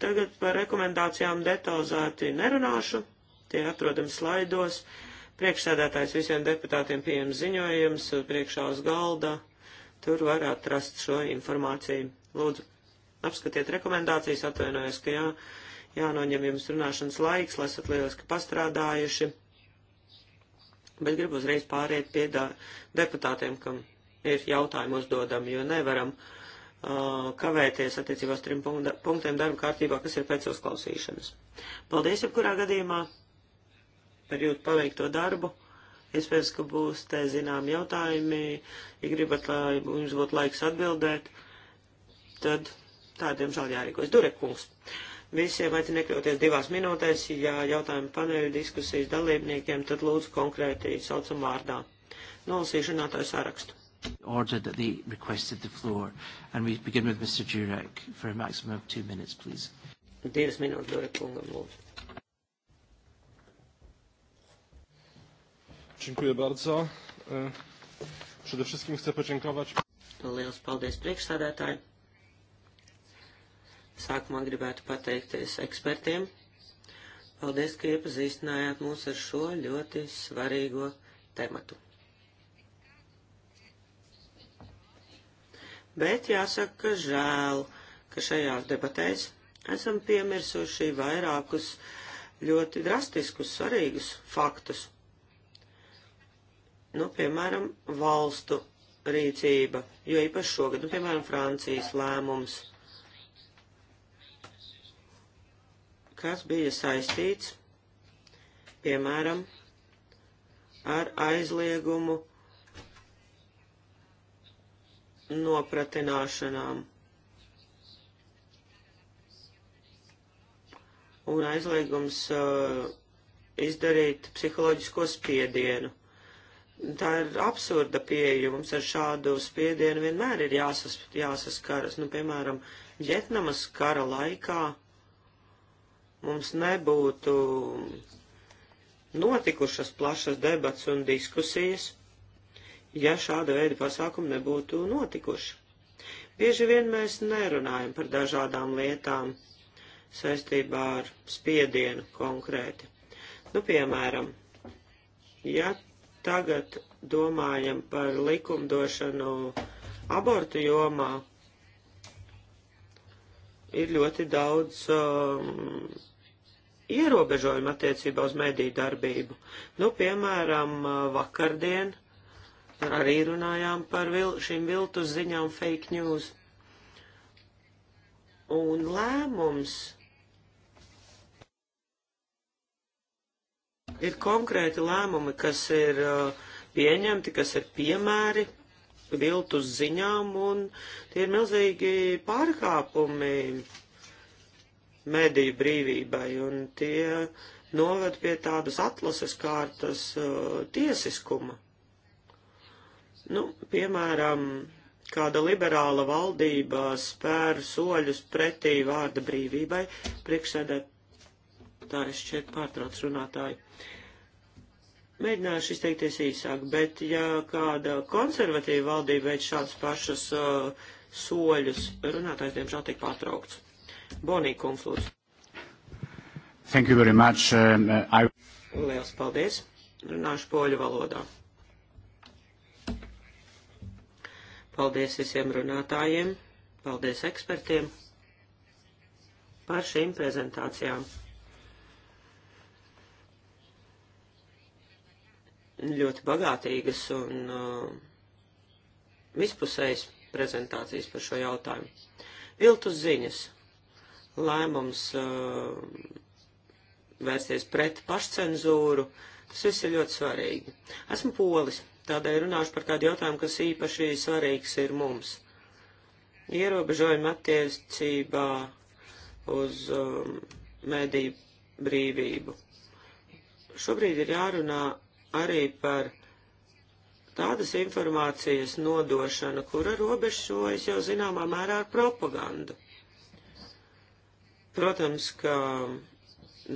Tagad par rekomendācijām detalizēti nerunāšu, tie atrodami slaidos. Uh, Priekšsēdētājs visiem deputātiem pieejam ziņojums uh, priekšā uz galda. Tur var atrast šo informāciju. Lūdzu, apskatiet rekomendācijas, atvainojos, ka jā, jānoņem jums runāšanas laiks, lai esat lieliski pastrādājuši. Bet gribu uzreiz pāriet pie deputātiem, kam ir jautājumi uzdodami, jo nevaram uh, kavēties attiecībās trim punktiem darba kārtībā, kas ir pēc uzklausīšanas. Paldies, jebkurā gadījumā! par jūtu paveikto darbu. Iespējams, ka būs te zinām jautājumi, ja gribat, lai jums būtu laiks atbildēt, tad tādiem žēl jārīkojas. Durekungs, visiem aicinu iekļauties divās minūtēs, ja jautājumi paneļu diskusijas dalībniekiem, tad lūdzu konkrēti saucam vārdā. Nolasīšu runātāju sarakstu. Order that they requested the floor, and we begin with Mr. Jurek for a maximum of two minutes, please. Divas minūtes, Durekungam, lūdzu. Dziękuję bardzo. E, przede wszystkim chcę podziękować. Liels paldies priekšsādātāji. Sākumā gribētu pateikties ekspertiem. Paldies, ka iepazīstinājāt mūs ar šo ļoti svarīgo tematu. Bet jāsaka, ka žēl, ka šajās debatēs esam piemirsuši vairākus ļoti drastiskus, svarīgus faktus nu, piemēram, valstu rīcība, jo īpaši šogad, nu, piemēram, Francijas lēmums, kas bija saistīts, piemēram, ar aizliegumu nopratināšanām un aizliegums uh, izdarīt psiholoģisko spiedienu tā ir absurda pieeja, mums ar šādu spiedienu vienmēr ir jāsas, jāsaskaras. Nu, piemēram, Vietnamas kara laikā mums nebūtu notikušas plašas debats un diskusijas, ja šāda veida pasākumi nebūtu notikuši. Bieži vien mēs nerunājam par dažādām lietām saistībā ar spiedienu konkrēti. Nu, piemēram, ja tagad domājam par likumdošanu abortu jomā, ir ļoti daudz um, ierobežojumu attiecībā uz mediju darbību. Nu, piemēram, vakardien arī runājām par vil, šīm viltus ziņām fake news. Un lēmums Ir konkrēti lēmumi, kas ir uh, pieņemti, kas ir piemēri viltus ziņām, un tie ir milzīgi pārkāpumi mediju brīvībai, un tie noved pie tādas atlases kārtas uh, tiesiskuma. Nu, piemēram, kāda liberāla valdība spēr soļus pretī vārda brīvībai, priekšsēdēt Priekšstādātājs šķiet pārtrauc runātāju. Mēģināšu izteikties īsāk, bet ja kāda konservatīva valdība veic šādus pašus uh, soļus, runātājs diemžēl tiek pārtraukts. Bonī kungs, lūdzu. Thank you very much. Um, uh, I... Liels paldies. Runāšu poļu valodā. Paldies visiem runātājiem, paldies ekspertiem par šīm prezentācijām. ļoti bagātīgas un uh, vispusējas prezentācijas par šo jautājumu. Viltus ziņas. Lēmums uh, vērsties pret pašcenzūru. Tas viss ir ļoti svarīgi. Esmu polis, tādēļ runāšu par kādu jautājumu, kas īpaši svarīgs ir mums. Ierobežojumi attiecībā uz um, mediju brīvību. Šobrīd ir jārunā arī par tādas informācijas nodošanu, kura robežojas jau zināmā mērā ar propagandu. Protams, ka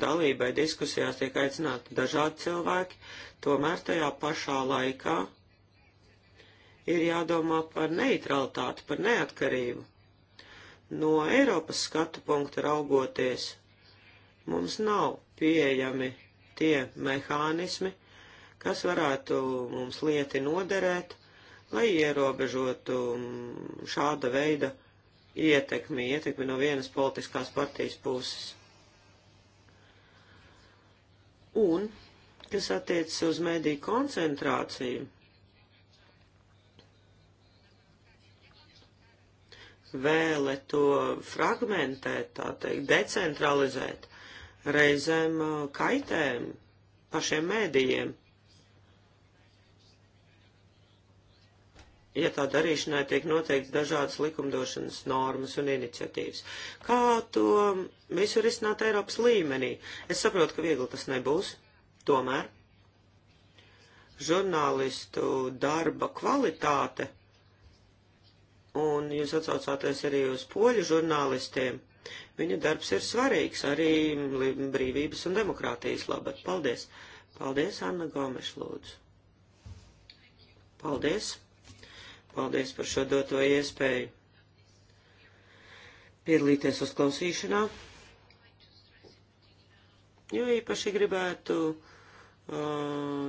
dalībai diskusijās tiek aicināti dažādi cilvēki, tomēr tajā pašā laikā ir jādomā par neutralitāti, par neatkarību. No Eiropas skatu punkta raugoties, mums nav pieejami tie mehānismi, kas varētu mums lieti noderēt, lai ierobežotu um, šāda veida ietekmi, ietekmi no vienas politiskās partijas puses. Un, kas attiecas uz mediju koncentrāciju, vēle to fragmentēt, tā teikt, decentralizēt, reizēm uh, kaitēm pašiem mēdījiem. ja tā darīšanai tiek noteikts dažādas likumdošanas normas un iniciatīvas. Kā to visu risināt Eiropas līmenī? Es saprotu, ka viegli tas nebūs. Tomēr žurnālistu darba kvalitāte, un jūs atsaucāties arī uz poļu žurnālistiem, viņa darbs ir svarīgs arī brīvības un demokrātijas labad. Paldies! Paldies, Anna Gomeša, lūdzu! Paldies! Paldies par šo doto iespēju piedalīties uzklausīšanā. Jo īpaši gribētu uh,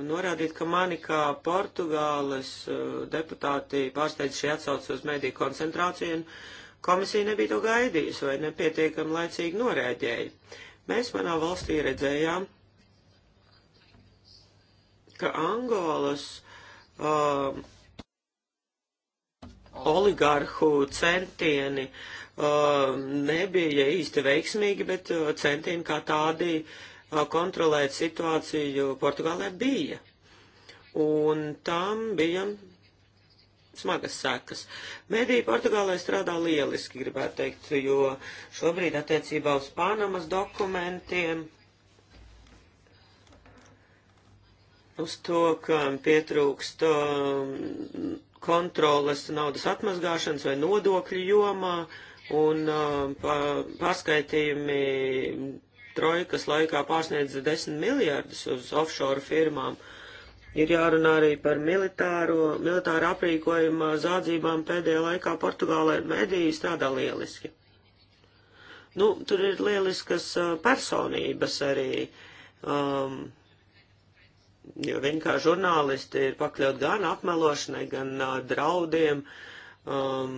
norādīt, ka mani kā Portugāles uh, deputāti pārsteidz šī atsauce uz mediju koncentrāciju, un komisija nebija to gaidījusi vai nepietiekami laicīgi norēģēja. Mēs manā valstī redzējām, ka Angolas uh, oligarhu centieni uh, nebija īsti veiksmīgi, bet uh, centieni kā tādi uh, kontrolēt situāciju Portugālē bija. Un tam bija smagas sekas. Medija Portugālē strādā lieliski, gribētu teikt, jo šobrīd attiecībā uz Panamas dokumentiem uz to, ka pietrūkst um, kontroles naudas atmazgāšanas vai nodokļu jomā un uh, pārskaitījumi trojkas laikā pārsniedz 10 miljārdus uz offshore firmām. Ir jārunā arī par militāro, militāru aprīkojumu zādzībām pēdējā laikā Portugālē mediji strādā lieliski. Nu, tur ir lieliskas uh, personības arī. Um, jo vienkārši žurnālisti ir pakļaut gan apmelošanai, gan uh, draudiem, um,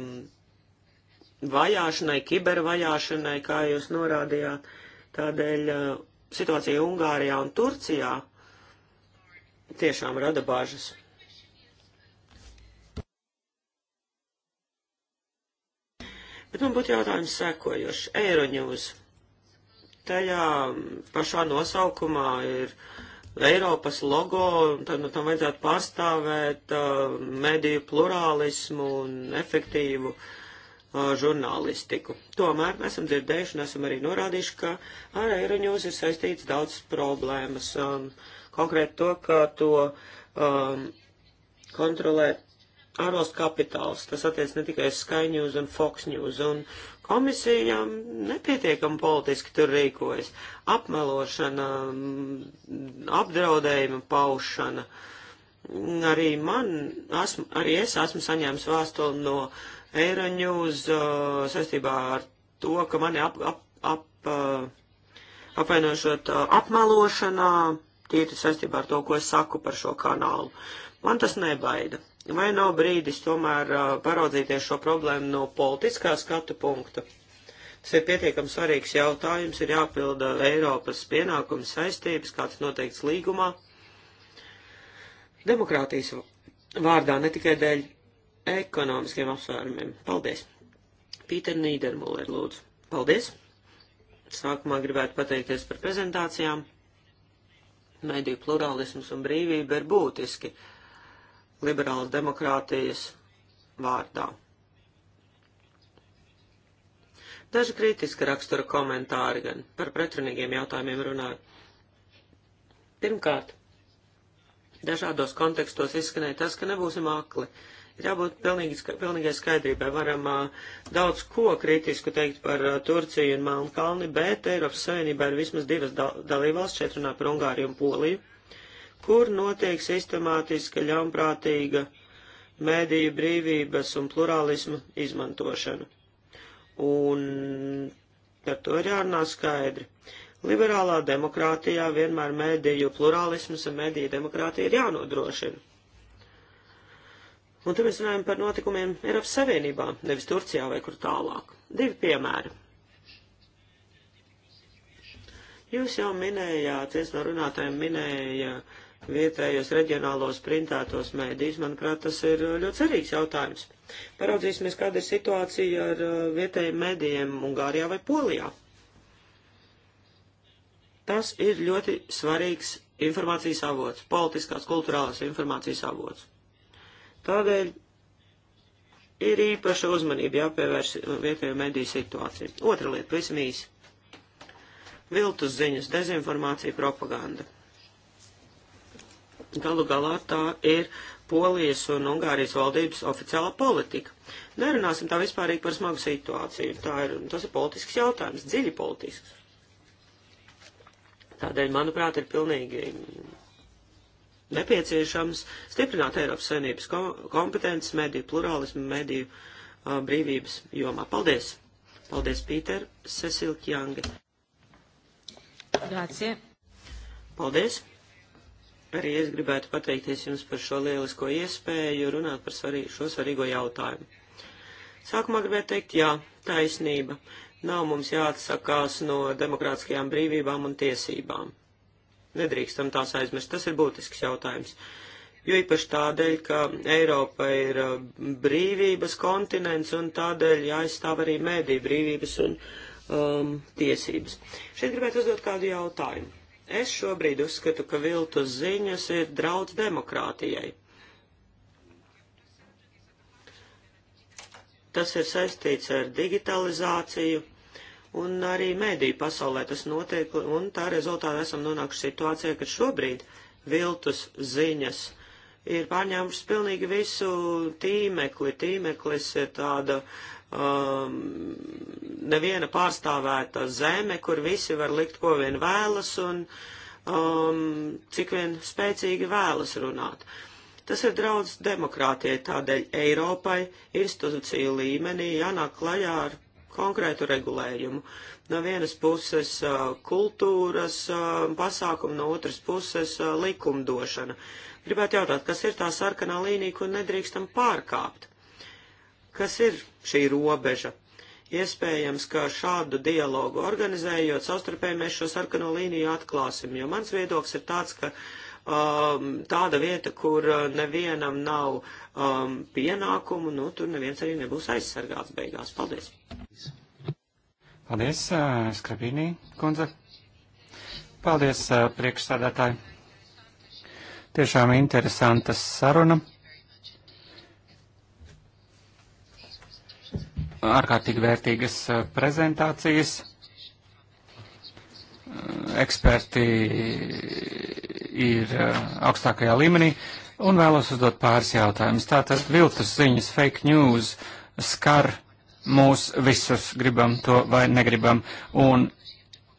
vajāšanai, kibervajāšanai, kā jūs norādījāt. Tādēļ uh, situācija Ungārijā un Turcijā tiešām rada bāžas. Bet man būtu jautājums sekojošs. Eiroņūs. Tajā pašā nosaukumā ir uh, Eiropas logo, tad nu, tam vajadzētu pārstāvēt uh, mediju plurālismu un efektīvu uh, žurnālistiku. Tomēr esam dzirdējuši un esam arī norādījuši, ka ar Eiroņūs ir saistīts daudz problēmas. Um, konkrēt to, kā to um, kontrolēt ārvalstu kapitāls. Tas attiec ne tikai uz Sky News un Fox News, un komisijām nepietiekam politiski tur rīkojas. Apmelošana, mm, apdraudējuma paušana. Arī man, esmu, arī es esmu saņēmis vēstuli no Eironews uh, saistībā ar to, ka mani ap, ap, ap, uh, apvainošot uh, apmelošanā, tīri saistībā ar to, ko es saku par šo kanālu. Man tas nebaida. Vai nav brīdis tomēr uh, paraudzīties šo problēmu no politiskā skatu punkta? Tas ir pietiekami svarīgs jautājums, ir jāpilda Eiropas pienākums saistības, kāds noteikts līgumā. Demokrātijas vārdā ne tikai dēļ ekonomiskiem apsvērumiem. Paldies! Pīter Nīdermuller, lūdzu. Paldies! Sākumā gribētu pateikties par prezentācijām. Mediju plurālisms un brīvība ir būtiski liberāla demokrātijas vārdā. Daži kritiska rakstura komentāri gan par pretrunīgiem jautājumiem runāju. Pirmkārt, dažādos kontekstos izskanēja tas, ka nebūsim akli. Ir jābūt pilnīgi, pilnīgai skaidrībai. Varam uh, daudz ko kritisku teikt par uh, Turciju un Melnkalni, bet Eiropas Savienībā ir vismaz divas dal dalībvalsts, šeit runā par Ungāriju un Poliju, kur notiek sistemātiska ļaunprātīga mēdīju brīvības un plurālisma izmantošana. Un par to ir jārunā skaidri. Liberālā demokrātijā vienmēr mēdīju plurālisms un mēdīju demokrātija ir jānodrošina. Un te mēs runājam par notikumiem Eiropas Savienībā, nevis Turcijā vai kur tālāk. Divi piemēri. Jūs jau minējāt, viens no runātājiem minēja uh, vietējos reģionālos printētos mēdīs, manuprāt, tas ir ļoti svarīgs jautājums. Paraudzīsimies, kāda ir situācija ar uh, vietējiem mēdījiem Ungārijā vai Polijā. Tas ir ļoti svarīgs informācijas avots, politiskās, kulturālās informācijas avots. Tādēļ ir īpaša uzmanība jāpievērš vietējo mediju situāciju. Otra lieta, pavisam īsi. Viltus ziņas, dezinformācija, propaganda. Galu galā tā ir Polijas un Ungārijas valdības oficiālā politika. Nerunāsim tā vispārīgi par smagu situāciju. Tā ir, tas ir politisks jautājums, dziļi politisks. Tādēļ, manuprāt, ir pilnīgi nepieciešams stiprināt Eiropas Savienības kompetences mediju plurālismu, mediju uh, brīvības jomā. Paldies! Paldies, Pīter, Cecil Kjange. Grācie. Paldies! Arī es gribētu pateikties jums par šo lielisko iespēju runāt par svarī, šo svarīgo jautājumu. Sākumā gribētu teikt, jā, taisnība. Nav mums jāatsakās no demokrātiskajām brīvībām un tiesībām. Nedrīkstam tās aizmirst. Tas ir būtisks jautājums. Jo īpaši tādēļ, ka Eiropa ir uh, brīvības kontinents un tādēļ jāizstāv arī mēdī brīvības un um, tiesības. Šeit gribētu uzdot kādu jautājumu. Es šobrīd uzskatu, ka viltus ziņas ir draudz demokrātijai. Tas ir saistīts ar digitalizāciju, un arī mediju pasaulē tas notiek, un tā rezultātā esam nonākuši situācijā, ka šobrīd viltus ziņas ir pārņēmušas pilnīgi visu tīmekli. Tīmeklis ir tāda uh, um, neviena pārstāvēta zeme, kur visi var likt, ko vien vēlas un um, cik vien spēcīgi vēlas runāt. Tas ir draudz demokrātijai, tādēļ Eiropai institūciju līmenī jānāk klajā ar konkrētu regulējumu. No vienas puses uh, kultūras uh, pasākumu, no otras puses uh, likumdošana. Gribētu jautāt, kas ir tā sarkanā līnija, ko nedrīkstam pārkāpt? kas ir šī robeža. Iespējams, ka šādu dialogu organizējot savstarpēji mēs šo sarkano līniju atklāsim, jo mans viedoklis ir tāds, ka um, tāda vieta, kur uh, nevienam nav um, pienākumu, nu, tur neviens arī nebūs aizsargāts beigās. Paldies! Paldies, uh, Skrabīnī kundze! Paldies, uh, priekšsādātāji! Tiešām interesanta saruna ārkārtīgi vērtīgas eh, prezentācijas. Eh, eksperti ir eh, augstākajā līmenī un vēlos uzdot pāris jautājumus. Tātad viltus ziņas, fake news skar mūs visus, gribam to vai negribam, un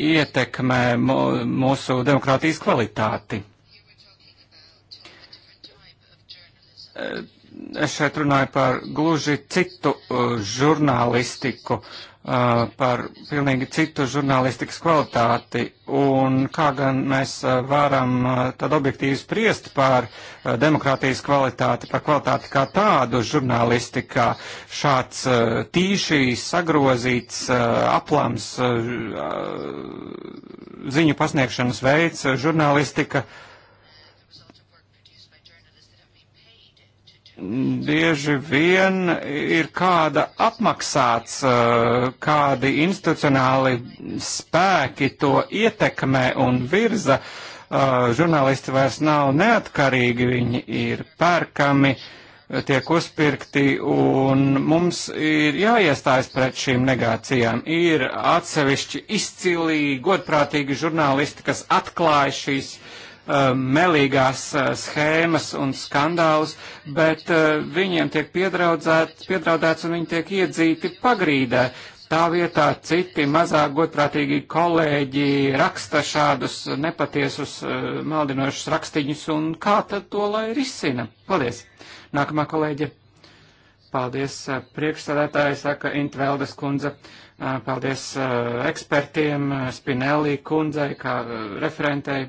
ietekmē mūsu demokrātijas kvalitāti es šeit runāju par gluži citu uh, žurnālistiku, uh, par pilnīgi citu žurnālistikas kvalitāti. Un kā gan mēs uh, varam uh, tad objektīvi spriest par uh, demokrātijas kvalitāti, par kvalitāti kā tādu žurnālistikā, šāds uh, tīši sagrozīts, uh, aplams uh, uh, ziņu pasniegšanas veids, uh, žurnālistika. Uh, bieži vien ir kāda apmaksāts, eh, kādi institucionāli spēki to ietekmē un virza. Eh, žurnālisti vairs nav neatkarīgi, viņi ir pērkami, tiek uzpirkti, un mums ir jāiestājas pret šīm negācijām. Ir atsevišķi izcilīgi, godprātīgi žurnālisti, kas atklāja šīs uh, Uh, melīgās uh, schēmas un skandālus, bet uh, viņiem tiek piedraudēts un viņi tiek iedzīti pagrīdē. Tā vietā citi mazāk godprātīgi kolēģi raksta šādus nepatiesus maldinošus rakstiņus un kā tad to lai risina? Paldies! Nākamā kolēģe. Paldies priekšsēdētāji, saka Intveldes kundze. Paldies ekspertiem, Spinelli kundzei, kā referentei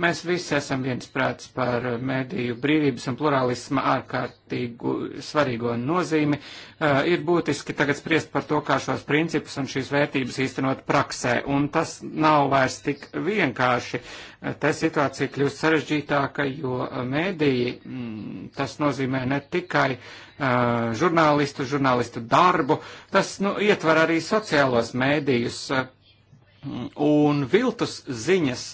Mēs visi esam viensprāts par mēdīju brīvības un plurālisma ārkārtīgu svarīgo nozīmi. Uh, ir būtiski tagad spriest par to, kā šos principus un šīs vērtības īstenot praksē, un tas nav vairs tik vienkārši. Uh, te situācija kļūst sarežģītāka, jo mēdīji, mm, tas nozīmē ne tikai uh, žurnālistu, žurnālistu darbu, tas nu, ietver arī sociālos mēdījus mm, un viltus ziņas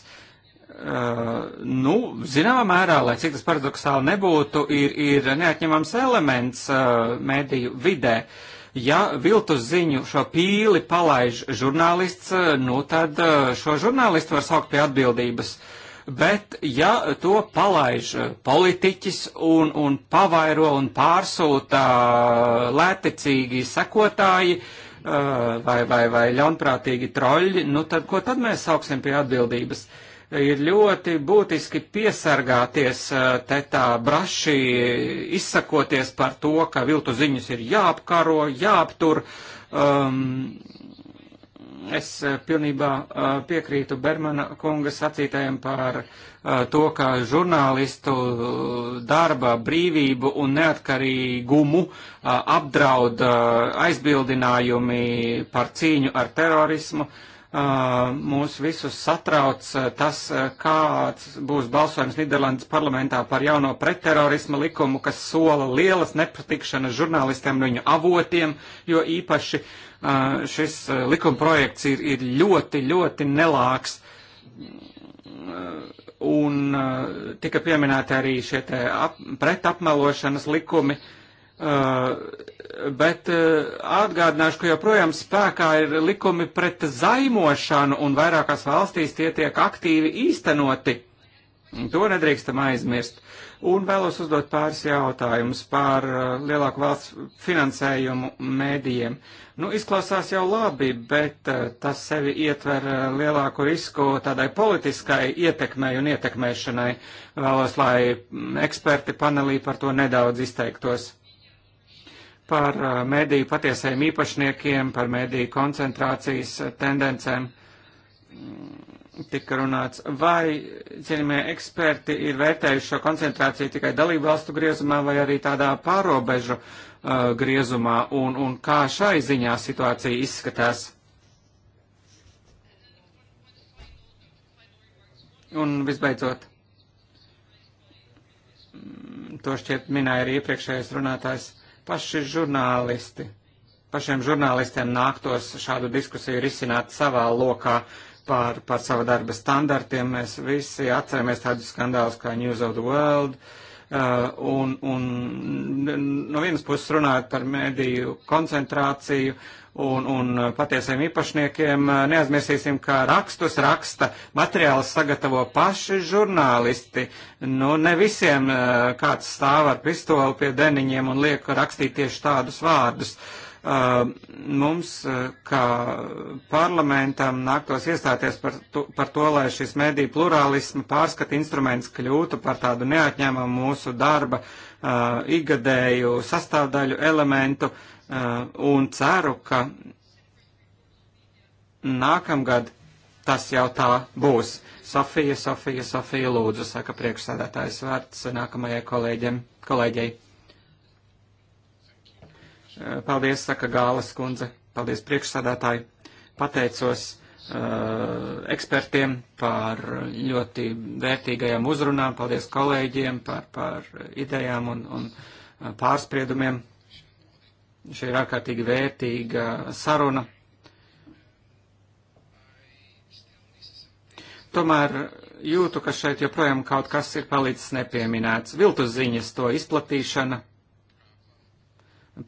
Uh, nu, zināmā mērā, lai cik tas paradoksāli nebūtu, ir, ir neatņemams elements uh, mediju vidē. Ja viltus ziņu šo pīli palaiž žurnālists, uh, nu tad uh, šo žurnālistu var saukt pie atbildības. Bet ja to palaiž politiķis un, un pavairo un pārsūta lētecīgi sekotāji, uh, vai, vai, vai ļaunprātīgi troļļi, nu tad ko tad mēs sauksim pie atbildības? Uh, ir ļoti būtiski piesargāties te tā braši, izsakoties par to, ka viltu ziņas ir jāapkaro, jāaptur. Um, es pilnībā piekrītu Bermana kunga sacītajiem par to, ka žurnālistu darba brīvību un neatkarīgumu apdraud aizbildinājumi par cīņu ar terorismu. Uh, mūs visus satrauc tas, kāds būs balsojums Nīderlandes parlamentā par jauno pretterorisma likumu, kas sola lielas nepatikšanas žurnālistiem un viņu avotiem, jo īpaši šis likuma projekts ir, ir ļoti, ļoti nelāks. Un tika pieminēti arī šie pretapmelošanas likumi. Uh, Uh, bet uh, atgādināšu, ka joprojām spēkā ir likumi pret zaimošanu un vairākās valstīs tie tiek aktīvi īstenoti. To nedrīkstam aizmirst. Un vēlos uzdot pāris jautājumus par uh, lielāku valsts finansējumu mēdījiem. Nu, izklausās jau labi, bet tas sevi ietver lielāku risku tādai politiskai ietekmei un ietekmēšanai. Vēlos, lai mm, eksperti panelī par to nedaudz izteiktos par uh, mediju patiesajiem īpašniekiem, par mediju koncentrācijas uh, tendencēm mm, tika runāts. Vai, cienījamie eksperti, ir vērtējuši šo koncentrāciju tikai dalību valstu griezumā vai arī tādā pārobežu uh, griezumā, un, un kā šai ziņā situācija izskatās? Un visbeidzot, mm, to šķiet minēja arī iepriekšējais runātājs. Uh, paši žurnālisti. Pašiem žurnālistiem nāktos šādu diskusiju risināt savā lokā par, par savu darba standartiem. Mēs visi atceramies tādus skandālus kā News of the World. Uh, un, un no vienas puses runājot par mediju koncentrāciju, uh, un, un uh, patiesiem īpašniekiem. Uh, neaizmirsīsim, ka rakstus raksta materiālus sagatavo paši žurnālisti. Nu, ne visiem uh, kāds stāv ar pistoli pie deniņiem un liek rakstīt tieši tādus vārdus. Mums, kā parlamentam, nāktos iestāties par to, par to lai šis mediju plurālisma pārskata instruments kļūtu par tādu neatņemamu mūsu darba uh, ikgadēju sastāvdaļu elementu, uh, Eh, un ceru, ka nākamgad tas jau tā būs. Sofija, Sofija, Sofija lūdzu, saka priekšsēdētājs vārds nākamajai kolēģiem, kolēģei. Eh, paldies, saka Gāles kundze. Paldies priekšsēdētāji. Pateicos uh, ekspertiem par ļoti vērtīgajām uzrunām. Paldies kolēģiem par, par idejām un, un pārspriedumiem. Šī ir ārkārtīgi vērtīga saruna. Tomēr jūtu, ka šeit joprojām kaut kas ir palicis nepieminēts. Viltus ziņas to izplatīšana,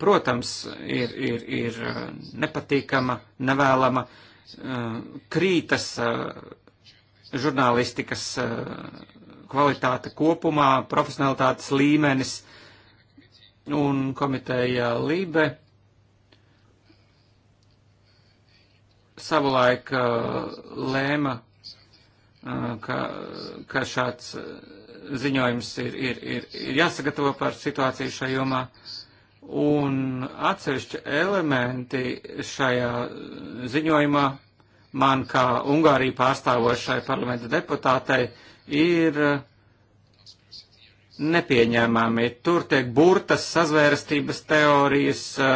protams, ir, ir, ir nepatīkama, nevēlama, eh, krītas eh, žurnālistikas eh, kvalitāte kopumā, profesionalitātes līmenis un komiteja Lībe savulaik uh, lēma, uh, ka, ka šāds uh, ziņojums ir, ir, ir, ir jāsagatavo par situāciju šajā jomā. Un atsevišķi elementi šajā ziņojumā man kā Ungāriju pārstāvošai parlamenta deputātei ir nepieņēmami. Tur tiek burtas, sazvērstības teorijas, eh,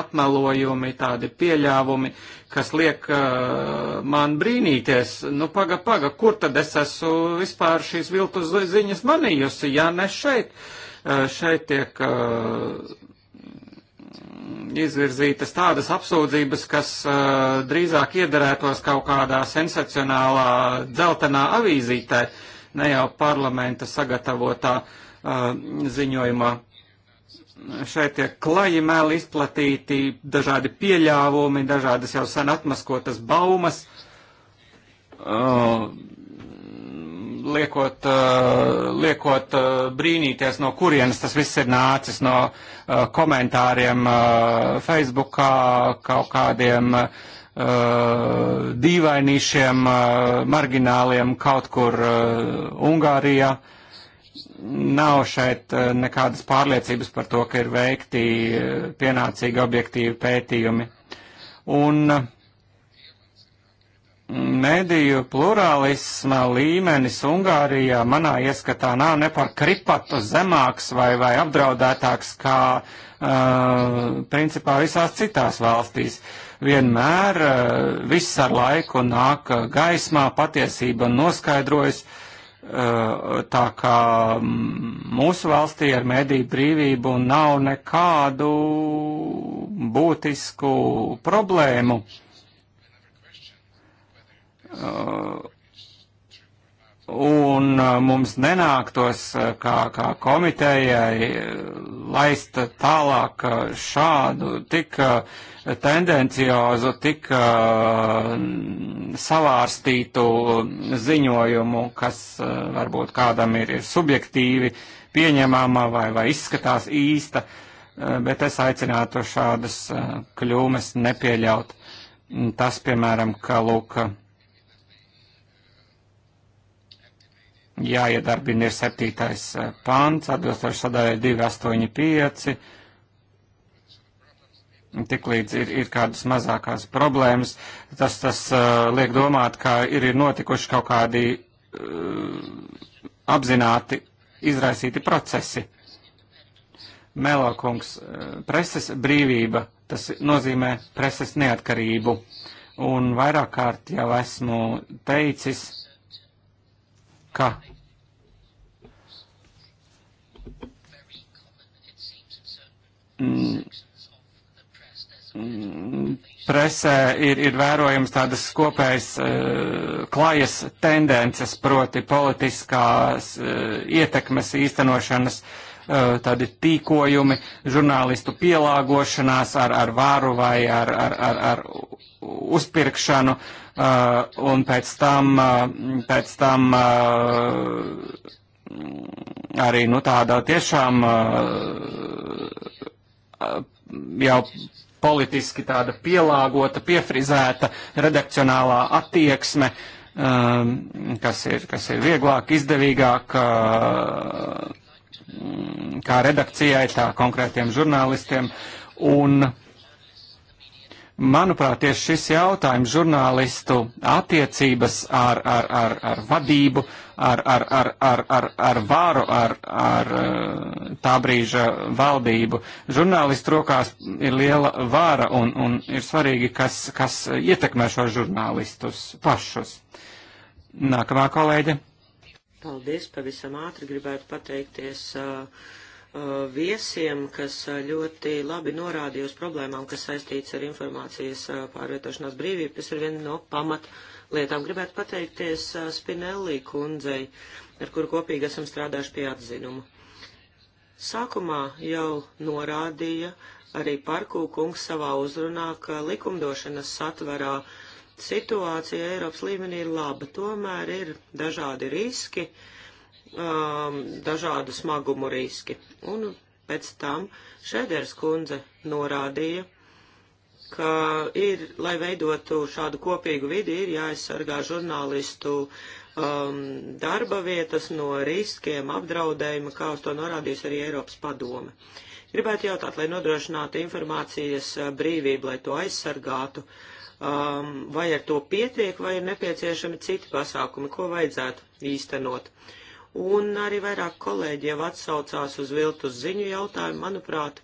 apmelojumi, tādi pieļāvumi, kas liek eh, man brīnīties. Nu, paga, paga, kur tad es esmu vispār šīs viltus ziņas manījusi, ja ne šeit? Eh, šeit tiek izvirzītas tādas apsūdzības, kas drīzāk iederētos kaut kādā sensacionālā dzeltenā avīzītē, ne jau parlamenta sagatavotā uh, ziņojumā. Šeit tiek klaji meli izplatīti, dažādi pieļāvumi, dažādas jau sen atmaskotas baumas, liekot, liekot brīnīties, no kurienes tas viss ir nācis, no komentāriem Facebookā, kaut kādiem dīvainīšiem, margināliem kaut kur Ungārijā nav šeit eh, nekādas pārliecības par to, ka ir veikti eh, pienācīgi objektīvi pētījumi. Un mm, mediju plurālisma līmenis Ungārijā manā ieskatā nav ne par kripatu zemāks vai, vai apdraudētāks kā uh, principā visās citās valstīs. Vienmēr uh, viss ar laiku nāk gaismā, patiesība noskaidrojas. Uh, Eh, tā kā mm, mūsu valstī ar mediju brīvību nav nekādu būtisku problēmu. Eh, un uh, mums nenāktos uh, kā, kā komitejai uh, laist tālāk šādu tik tendenciozu, tik savārstītu ziņojumu, kas varbūt kādam ir, ir subjektīvi pieņemama vai, vai izskatās īsta, bet es aicinātu šādas kļūmes nepieļaut. Tas, piemēram, ka, lūk, jāiedarbina ir eh, 7. pants, atbilstoši sadaļai 285. Tiklīdz ir, ir kādas mazākās problēmas, tas, tas uh, liek domāt, ka ir, ir notikuši kaut kādi uh, apzināti izraisīti procesi. Melokungs, preses brīvība, tas nozīmē preses neatkarību. Un vairāk kārt jau esmu teicis, ka mm, presē ir, ir vērojams tādas kopējas uh, klajas tendences, proti politiskās uh, ietekmes īstenošanas uh, tādi tīkojumi, žurnālistu pielāgošanās ar, ar vāru vai ar, ar, ar, ar uzpirkšanu uh, un pēc tam, uh, pēc tam uh, arī nu, tāda tiešām uh, jau politiski tāda pielāgota, piefrizēta redakcionālā attieksme, um, kas, ir, kas ir vieglāk, izdevīgāk uh, kā redakcijai, tā konkrētiem žurnālistiem. Un, uh, Manuprāt, tieši šis jautājums žurnālistu attiecības ar, ar, ar, ar vadību, ar, ar, ar, ar, ar, ar vāru, ar, ar eh, tā brīža valdību. Žurnālistu rokās ir liela vāra un, un ir svarīgi, kas, kas ietekmē šo žurnālistus pašus. Nākamā kolēģe. Paldies, pavisam ātri gribētu pateikties. Uh Uh, viesiem, kas uh, ļoti labi norādīja uz problēmām, kas saistīts ar informācijas uh, pārvietošanās brīvību. Tas ir viena no pamatlietām. Gribētu pateikties Spinelli kundzei, ar kuru kopīgi esam strādājuši pie atzinumu. Sākumā jau norādīja arī Parkū kungs savā uzrunā, ka likumdošanas satverā situācija Eiropas līmenī ir laba, tomēr ir dažādi riski. Uh, um, dažādu smagumu riski. Un pēc tam Šeders kundze norādīja, ka ir, lai veidotu šādu kopīgu vidi, ir jāaizsargā žurnālistu um, darba vietas no riskiem, apdraudējuma, kā uz to norādījusi arī Eiropas padome. Gribētu jautāt, lai nodrošinātu informācijas uh, brīvību, lai to aizsargātu, um, vai ar to pietiek, vai ir nepieciešami citi pasākumi, ko vajadzētu īstenot. Uh, Un arī vairāk kolēģi jau atsaucās uz viltus ziņu jautājumu. Manuprāt,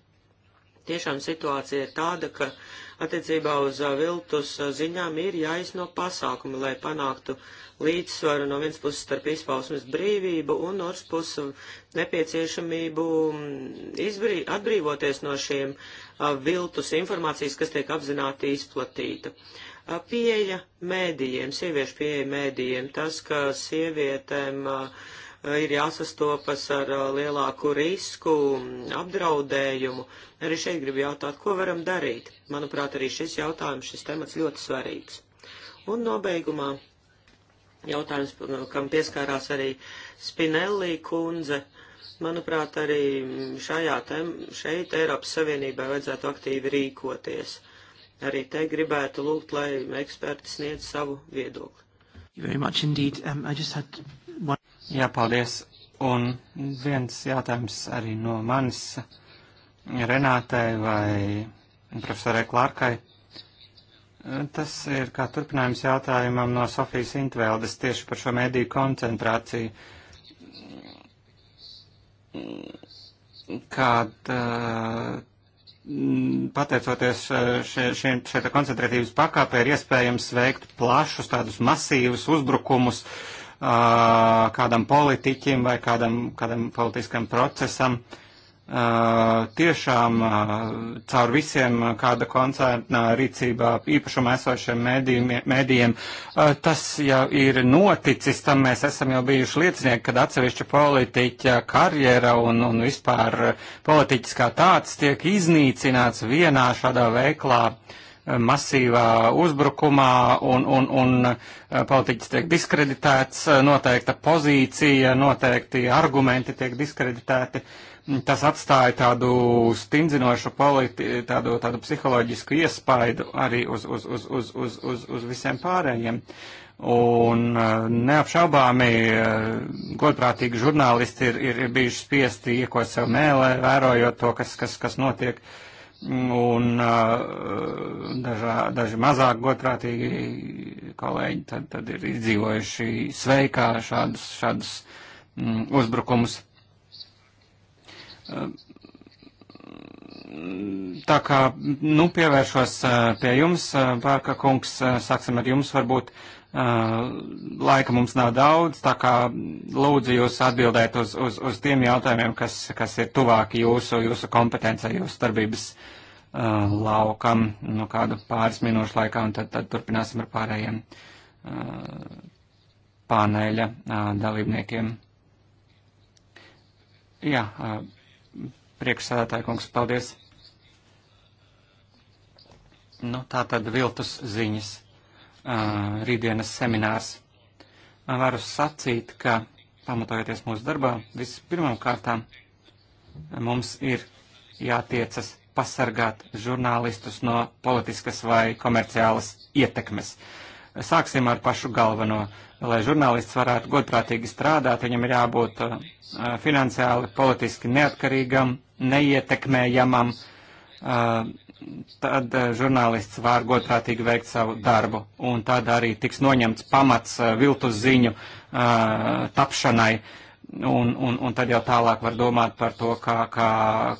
tiešām situācija ir tāda, ka attiecībā uz uh, viltus uh, ziņām ir jāizno pasākumi, lai panāktu līdzsvaru no vienas puses starp izpausmes brīvību un otras puses nepieciešamību mm, izbrī, atbrīvoties no šiem a, uh, viltus informācijas, kas tiek apzināti izplatīta. A, pieeja mēdījiem, sieviešu pieeja mēdījiem, tas, ka sievietēm uh, ir jāsastopas ar lielāku risku, apdraudējumu. Arī šeit gribu jautāt, ko varam darīt. Manuprāt, arī šis jautājums, šis temats ļoti svarīgs. Un nobeigumā jautājums, nu, kam pieskārās arī Spinelli kundze. Manuprāt, arī šajā tem, šeit Eiropas Savienībai vajadzētu aktīvi rīkoties. Arī te gribētu lūgt, lai eksperti sniedz savu viedokli. Very much indeed. Um, I just had one... Jā, paldies. Un viens jautājums arī no manis Renātei vai profesorai Klārkai. Tas ir kā turpinājums jautājumam no Sofijas Intveldes tieši par šo mediju koncentrāciju. Kad eh, pateicoties eh, šiem šeit koncentratīvas pakāpē ir iespējams veikt plašus tādus masīvus uzbrukumus uh, kādam politiķim vai kādam, kādam politiskam procesam tiešām caur visiem kāda koncerna rīcībā īpašuma esošiem mēdījiem. Tas jau ir noticis, tam mēs esam jau bijuši liecinieki, kad atsevišķa politiķa karjera un, un vispār politiķis kā tāds tiek iznīcināts vienā šādā veiklā. Uh, masīvā uzbrukumā un, un, un eh, politiķis tiek diskreditēts, eh, noteikta pozīcija, noteikti argumenti tiek diskreditēti. Mm, tas atstāja tādu stingzinošu politi, tādu, tādu psiholoģisku iespaidu arī uz, uz, uz, uz, uz, uz, uz visiem pārējiem. Un eh, neapšaubāmi godprātīgi žurnālisti ir, ir, ir bijuši spiesti iekot sev mēlē, vērojot to, kas, kas, kas notiek. Uh, un uh, dažā, daži mazāk godprātīgi kolēģi tad, tad ir izdzīvojuši sveikā šādus, šādus mm, uzbrukumus. Uh, tā kā, nu, pievēršos uh, pie jums, Pārka kungs, sāksim ar jums varbūt Eh, laika mums nav daudz, tā kā lūdzu jūs atbildēt uz, uz, uz tiem jautājumiem, kas, kas ir tuvāki jūsu, jūsu kompetencija, jūsu darbības uh, laukam, nu kādu pāris minūšu laikā, un tad, tad turpināsim ar pārējiem uh, pāneļa uh, dalībniekiem. Jā, uh, priekšsēdētāji kungs, paldies. Nu, tā tad viltus ziņas uh, rītdienas seminārs. Varu sacīt, ka pamatojoties mūsu darbā, vispirmām kārtām mums ir jātiecas pasargāt žurnālistus no politiskas vai komerciālas ietekmes. Sāksim ar pašu galveno. Lai žurnālists varētu godprātīgi strādāt, viņam ir jābūt uh, finansiāli, politiski neatkarīgam, neietekmējamam, uh, tad eh, žurnālists var godprātīgi veikt savu darbu, un tad arī tiks noņemts pamats eh, viltus ziņu eh, tapšanai, un, un, un tad jau tālāk var domāt par to, kā, kā,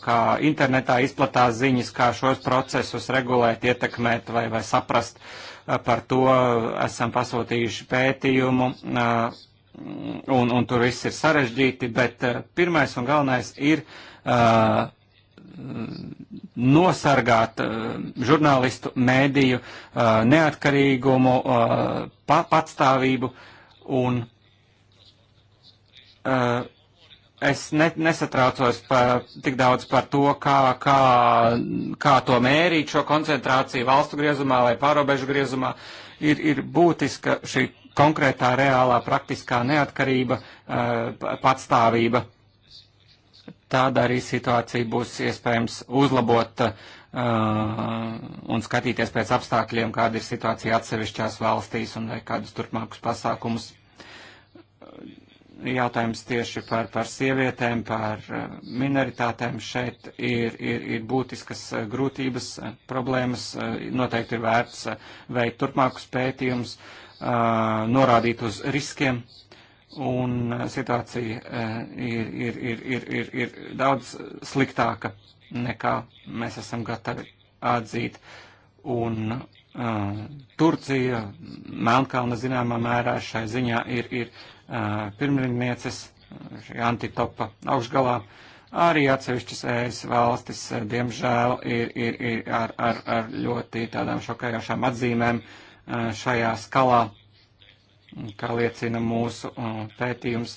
kā internetā izplatās ziņas, kā šos procesus regulēt, ietekmēt vai, vai saprast. Par to esam pasūtījuši pētījumu, un, un tur viss ir sarežģīti, bet pirmais un galvenais ir uh, Mm, nosargāt mm, žurnālistu mēdīju mm, neatkarīgumu, patstāvību un es ne, nesatraucos par, tik daudz par to, kā, kā, kā to mērīt šo koncentrāciju valstu griezumā vai pārobežu griezumā. Ir, ir būtiska šī konkrētā reālā praktiskā neatkarība, patstāvība. Uh, tad arī situācija būs iespējams uzlabota uh, un skatīties pēc apstākļiem, kāda ir situācija atsevišķās valstīs un vai kādus turpmākus pasākumus. Jautājums tieši par, par sievietēm, par uh, minoritātēm šeit ir, ir, ir būtiskas uh, grūtības, uh, problēmas. Noteikti ir vērts veikt turpmākus pētījumus, uh, norādīt uz riskiem, uh, un uh, situācija uh, ir, ir, ir, ir, ir, ir daudz sliktāka nekā mēs esam gatavi atzīt. Un uh, Turcija, Melnkalna zināmā mērā šai ziņā ir, ir uh, pirmrindnieces, uh, šī antitopa augšgalā. Arī atsevišķas ES valstis, diemžēl, ir, ir, ir ar, ar, ar ļoti tādām šokējošām atzīmēm uh, šajā skalā. Uh, kā liecina mūsu uh, pētījums,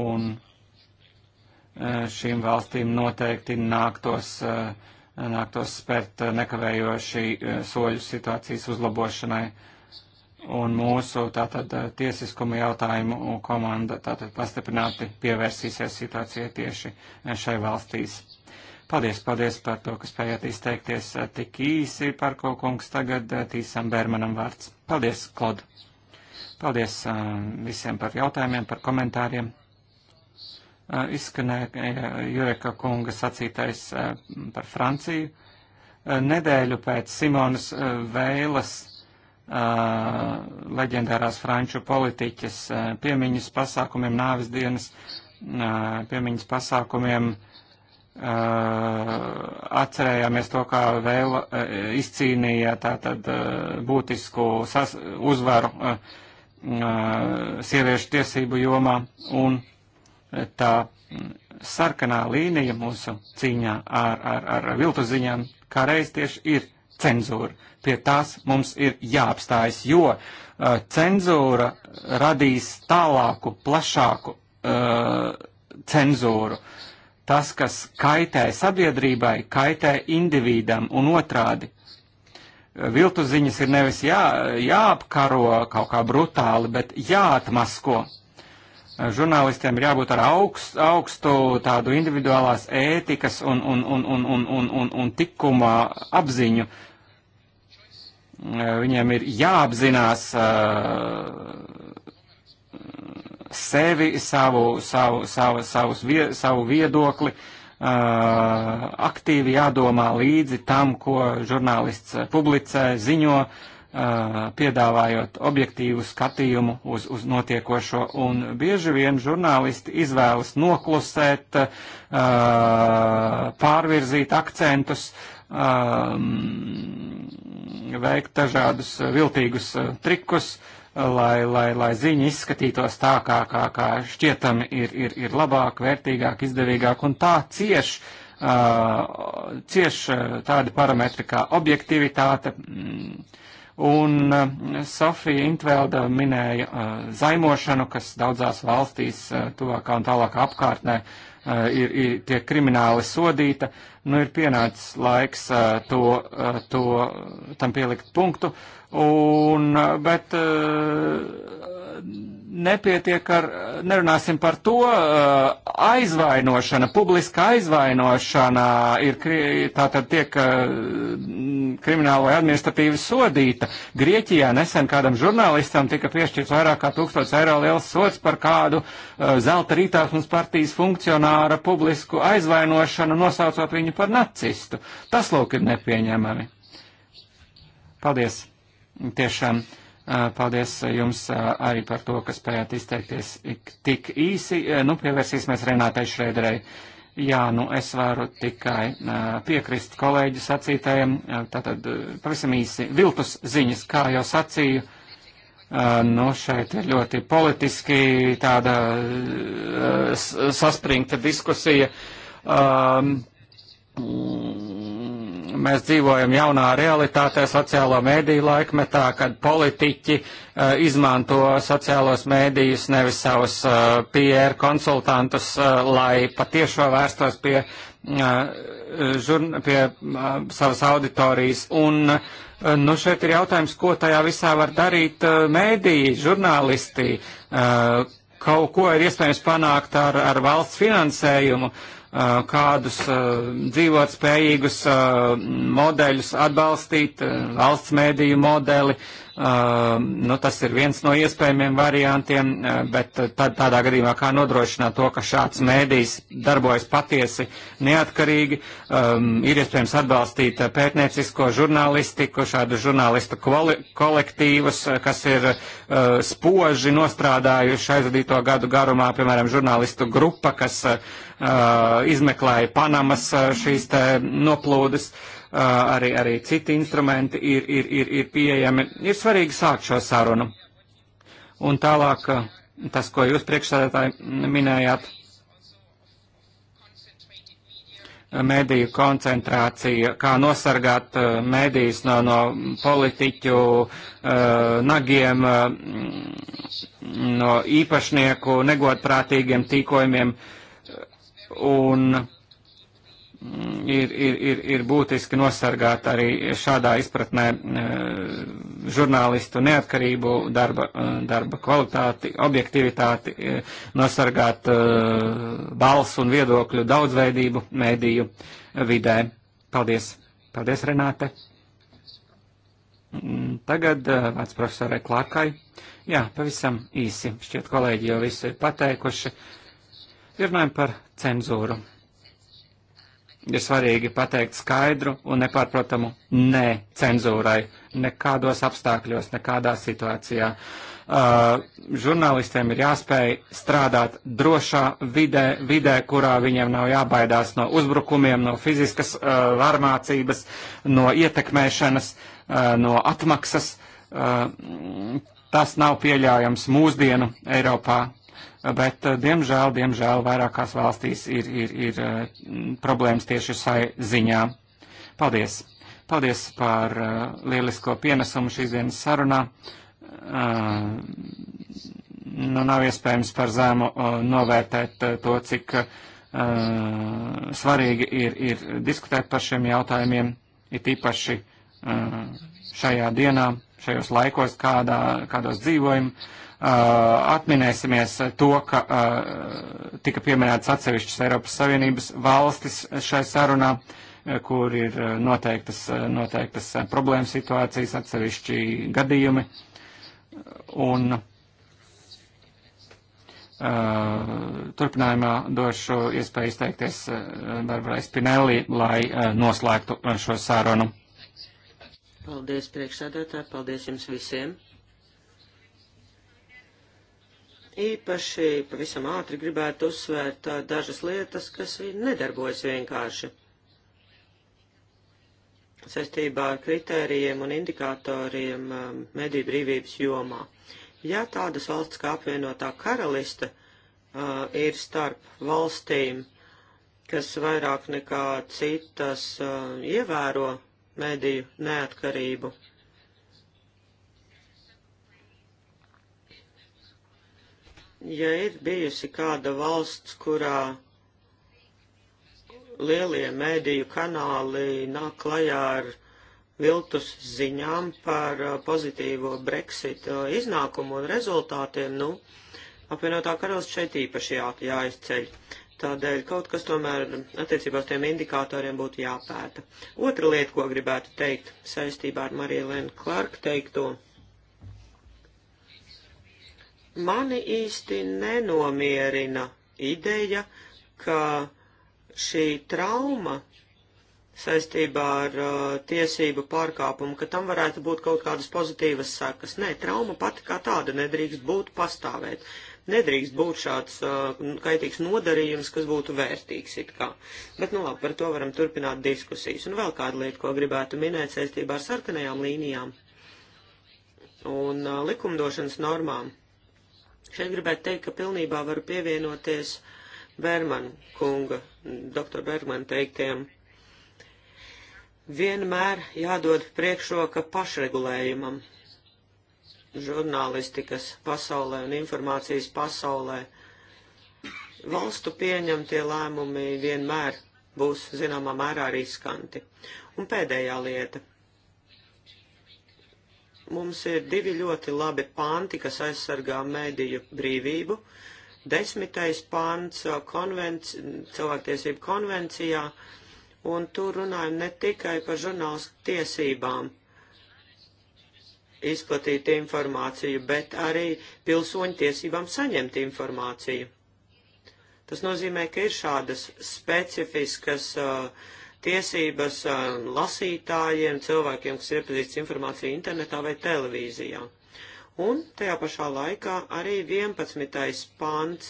un uh, šīm valstīm noteikti nāktos, uh, nāktos spērt nekavējoši soļus situācijas uzlabošanai. Un mūsu tātad tiesiskuma jautājumu komanda tātad pastiprināti pievērsīsies situācijai tieši šai valstīs. Paldies, paldies par to, ka spējāt izteikties tik īsi par ko kungs tagad tīsam Bermanam vārds. Paldies, Klod! Paldies visiem par jautājumiem, par komentāriem. Izskanēja Jureka kunga sacītais par Franciju. Nedēļu pēc Simonas Vēlas leģendārās franču politiķas piemiņas pasākumiem, nāvis dienas piemiņas pasākumiem atcerējāmies to, kā vēl izcīnīja tātad būtisku uzvaru sieviešu tiesību jomā, un tā sarkanā līnija mūsu cīņā ar, ar, ar viltu ziņām kā reiz tieši ir cenzūra. Pie tās mums ir jāapstājas, jo uh, cenzūra radīs tālāku, plašāku uh, cenzūru. Tas, kas kaitē sabiedrībai, kaitē individam un otrādi viltu ziņas ir nevis jā, jāapkaro kaut kā brutāli, bet jāatmasko. Žurnālistiem ir jābūt ar augst, augstu tādu individuālās ētikas un, un, un, un, un, un, un, un tikuma apziņu. Viņiem ir jāapzinās uh, sevi, savu, savu, savu, savu, savu viedokli, uh, Eh, aktīvi jādomā līdzi tam, ko žurnālists publicē, ziņo, eh, piedāvājot objektīvu skatījumu uz, uz notiekošo, un bieži vien žurnālisti izvēlas noklusēt, eh, pārvirzīt akcentus, ehm, veikt dažādus viltīgus trikus, lai, lai, lai ziņa izskatītos tā, kā, kā, kā šķietami ir, ir, ir labāk, vērtīgāk, izdevīgāk, un tā cieš, uh, cieš tādi parametri kā objektivitāte. Mm. Un uh, Sofija Intvelda minēja uh, zaimošanu, kas daudzās valstīs uh, tuvākā un tālākā apkārtnē uh, Eh, ir, ir tiek krimināli sodīta, nu ir pienācis laiks eh, to, eh, to tam pielikt punktu. Un, bet nepietiek ar, nerunāsim par to, eh, aizvainošana, publiska aizvainošana ir, tātad tiek eh, krimināla vai administratīvi sodīta. Grieķijā nesen kādam žurnālistam tika piešķirts vairāk kā 1000 eiro liels sots par kādu eh, zelta rītāksmes partijas funkcionāra publisku aizvainošanu, nosaucot viņu par nacistu. Tas lūk ir nepieņemami. Paldies. Tiešām. Uh, Paldies jums arī par to, ka spējāt izteikties tik īsi. Nu, pievērsīsimies Renātai Šrēderei. Jā, nu es varu tikai piekrist kolēģu sacītajiem. Tātad pavisam īsi viltus ziņas, kā jau sacīju. Nu, šeit ir ļoti politiski tāda saspringta diskusija. Um, mēs dzīvojam jaunā realitātē sociālo mēdīju laikmetā, kad politiķi eh, izmanto sociālos mēdījus nevis savus eh, PR konsultantus, eh, lai patiešo vērstos pie, žurn, pie savas auditorijas. Un, Nu, šeit ir jautājums, ko tajā visā var darīt mēdīji, žurnālisti, kaut ko ir iespējams panākt ar, ar valsts finansējumu. Uh, kādus dzīvot spējīgus modeļus atbalstīt, valsts mēdīju modeli, Uh, nu, tas ir viens no iespējamiem variantiem, uh, bet uh, tad, tādā gadījumā kā nodrošināt to, ka šāds mēdījs darbojas patiesi neatkarīgi, um, ir iespējams atbalstīt pētniecisko žurnālistiku, šādu žurnālistu kolektīvus, kas ir spoži nostrādājuši aizvadīto gadu garumā, piemēram, žurnālistu grupa, kas izmeklēja Panamas šīs te noplūdes. Uh, arī, arī citi instrumenti ir, ir, ir, ir pieejami. Ir svarīgi sākt šo sarunu. Un tālāk tas, ko jūs priekšsēdētāji minējāt, mediju koncentrācija, kā nosargāt medijas no, no politiķu nagiem, no īpašnieku negodprātīgiem tīkojumiem. Un Mm, ir, ir, ir, ir būtiski nosargāt arī šādā izpratnē e, žurnālistu neatkarību, darba, e, darba kvalitāti, objektivitāti, e, nosargāt balsu un viedokļu daudzveidību mēdīju vidē. Paldies! Paldies, Renāte! Mm, tagad vārds profesorai Klārkai. Jā, pavisam īsi. Šķiet, kolēģi jau visu ir pateikuši. Runājam par cenzūru ir svarīgi pateikt skaidru un nepārprotamu nē cenzūrai, nekādos apstākļos, nekādā situācijā. Uh, žurnālistiem ir jāspēj strādāt drošā vidē, vidē, kurā viņiem nav jābaidās no uzbrukumiem, no fiziskas uh, varmācības, no ietekmēšanas, uh, no atmaksas. Uh, tas nav pieļaujams mūsdienu Eiropā, bet eh, diemžēl, diemžēl vairākās valstīs ir, ir, ir eh, problēmas tieši šai ziņā. Paldies! Paldies par eh, lielisko pienesumu šīs dienas sarunā. Nu, nav iespējams par zēmu novērtēt to, cik uh, svarīgi ir, ir diskutēt par šiem jautājumiem, it īpaši uh, šajā dienā, šajos laikos, kādā, kādos dzīvojam. Uh, atminēsimies to, ka tika pieminētas atsevišķas Eiropas Savienības valstis šai sarunā kur ir noteiktas, noteiktas problēma situācijas, atsevišķi gadījumi. Un uh, turpinājumā došu iespēju izteikties Barbarai Spinelli, lai uh, noslēgtu šo sārunu. Paldies priekšsēdētāji, paldies jums visiem. Īpaši pavisam ātri gribētu uzsvērt dažas lietas, kas nedarbojas vienkārši saistībā ar kritērijiem un indikatoriem mediju brīvības jomā. Ja tādas valsts kā apvienotā karaliste uh, ir starp valstīm, kas vairāk nekā citas uh, ievēro mediju neatkarību, ja ir bijusi kāda valsts, kurā lielie mēdīju kanāli nāk klajā ar viltus ziņām par uh, pozitīvo Brexit uh, iznākumu un rezultātiem, nu, apvienotā karalsts šeit īpaši jā, jāizceļ. Tādēļ kaut kas tomēr attiecībā uz tiem indikatoriem būtu jāpēta. Otra lieta, ko gribētu teikt saistībā ar Marielēnu Klarku teikto Mani īsti nenomierina ideja, ka šī trauma saistībā ar uh, tiesību pārkāpumu, ka tam varētu būt kaut kādas pozitīvas sakas. Nē, trauma pati kā tāda nedrīkst būt pastāvēt. Nedrīkst būt šāds uh, kaitīgs nodarījums, kas būtu vērtīgs it kā. Bet, nu labi, par to varam turpināt diskusijas. Un vēl kāda lieta, ko gribētu minēt saistībā ar sarkanajām līnijām un uh, likumdošanas normām. Šeit gribētu teikt, ka pilnībā varu pievienoties Bermana kunga, doktor Bermana teiktiem. Vienmēr jādod priekšroka pašregulējumam. Žurnālistikas pasaulē un informācijas pasaulē valstu pieņemtie lēmumi vienmēr būs zināmā mērā riskanti. Un pēdējā lieta Mums ir divi ļoti labi panti, kas aizsargā mēdīju brīvību. Desmitais pants uh, konvenci cilvēktiesību konvencijā, un tur runājam ne tikai par žurnālistu tiesībām izplatīt informāciju, bet arī pilsoņu tiesībām saņemt informāciju. Tas nozīmē, ka ir šādas specifiskas uh, tiesības lasītājiem, cilvēkiem, kas iepazīstas informāciju internetā vai televīzijā. Un tajā pašā laikā arī 11. pants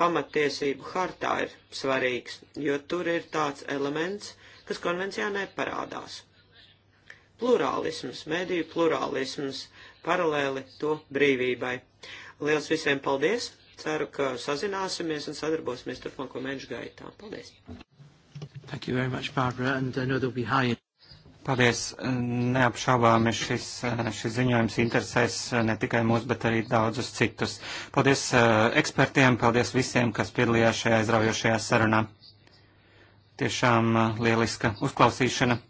pamattiesību hartā ir svarīgs, jo tur ir tāds elements, kas konvencijā neparādās. Plurālisms, mediju plurālisms, paralēli to brīvībai. Liels visiem paldies! Ceru, ka sazināsimies un sadarbosimies turpmāko mēnešu gaitā. Paldies! Thank you very much, Barbara, and I know there'll be high. Paldies. Neapšaubāmi šis, šis ziņojums interesēs eh, ne tikai mūs, bet arī daudzus citus. Paldies eh, ekspertiem, paldies visiem, kas piedalījās šajā aizraujošajā sarunā. Tiešām eh, lieliska uzklausīšana.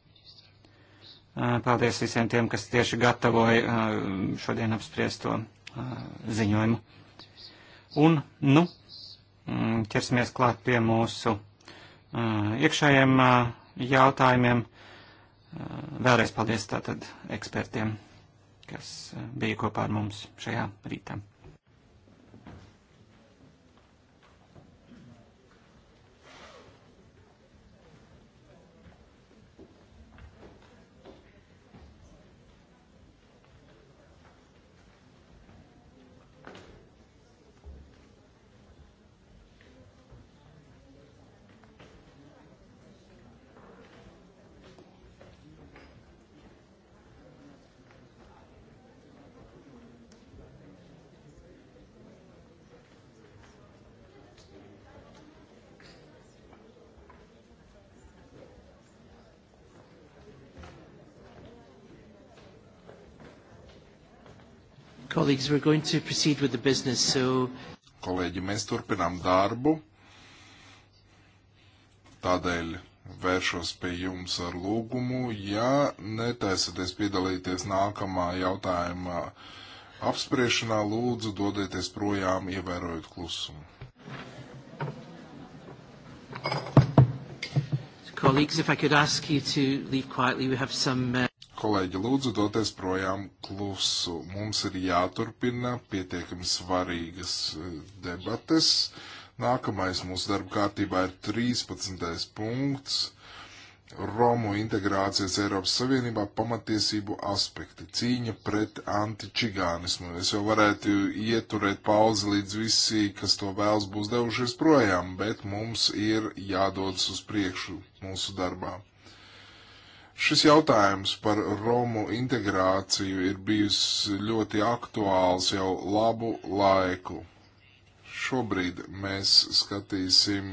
Paldies visiem tiem, kas tieši gatavoja šodien apspriesto ziņojumu. Un, nu, mm, ķersimies klāt pie mūsu iekšējiem jautājumiem. Vēlreiz paldies tātad ekspertiem, kas bija kopā ar mums šajā rītā. colleagues, we're going to proceed with the business, so... Kolēģi, mēs turpinām darbu, tādēļ vēršos pie jums ar lūgumu, ja netaisaties piedalīties nākamā jautājuma apspriešanā, lūdzu dodieties projām, ievērojot klusumu. Colleagues, if I could ask you to leave quietly, we have some... Uh... Kolēģi, lūdzu doties projām klusu. Mums ir jāturpina pietiekami svarīgas e, debates. Nākamais mūsu darba kārtībā ir 13. punkts. Romu integrācijas Eiropas Savienībā pamatiesību aspekti - cīņa pret antičigānismu. Es jau varētu ieturēt pauzi līdz visi, kas to vēlas, būs devušies projām, bet mums ir jādodas uz priekšu mūsu darbā. Šis jautājums par Romu integrāciju ir bijis ļoti aktuāls jau labu laiku. Šobrīd mēs skatīsim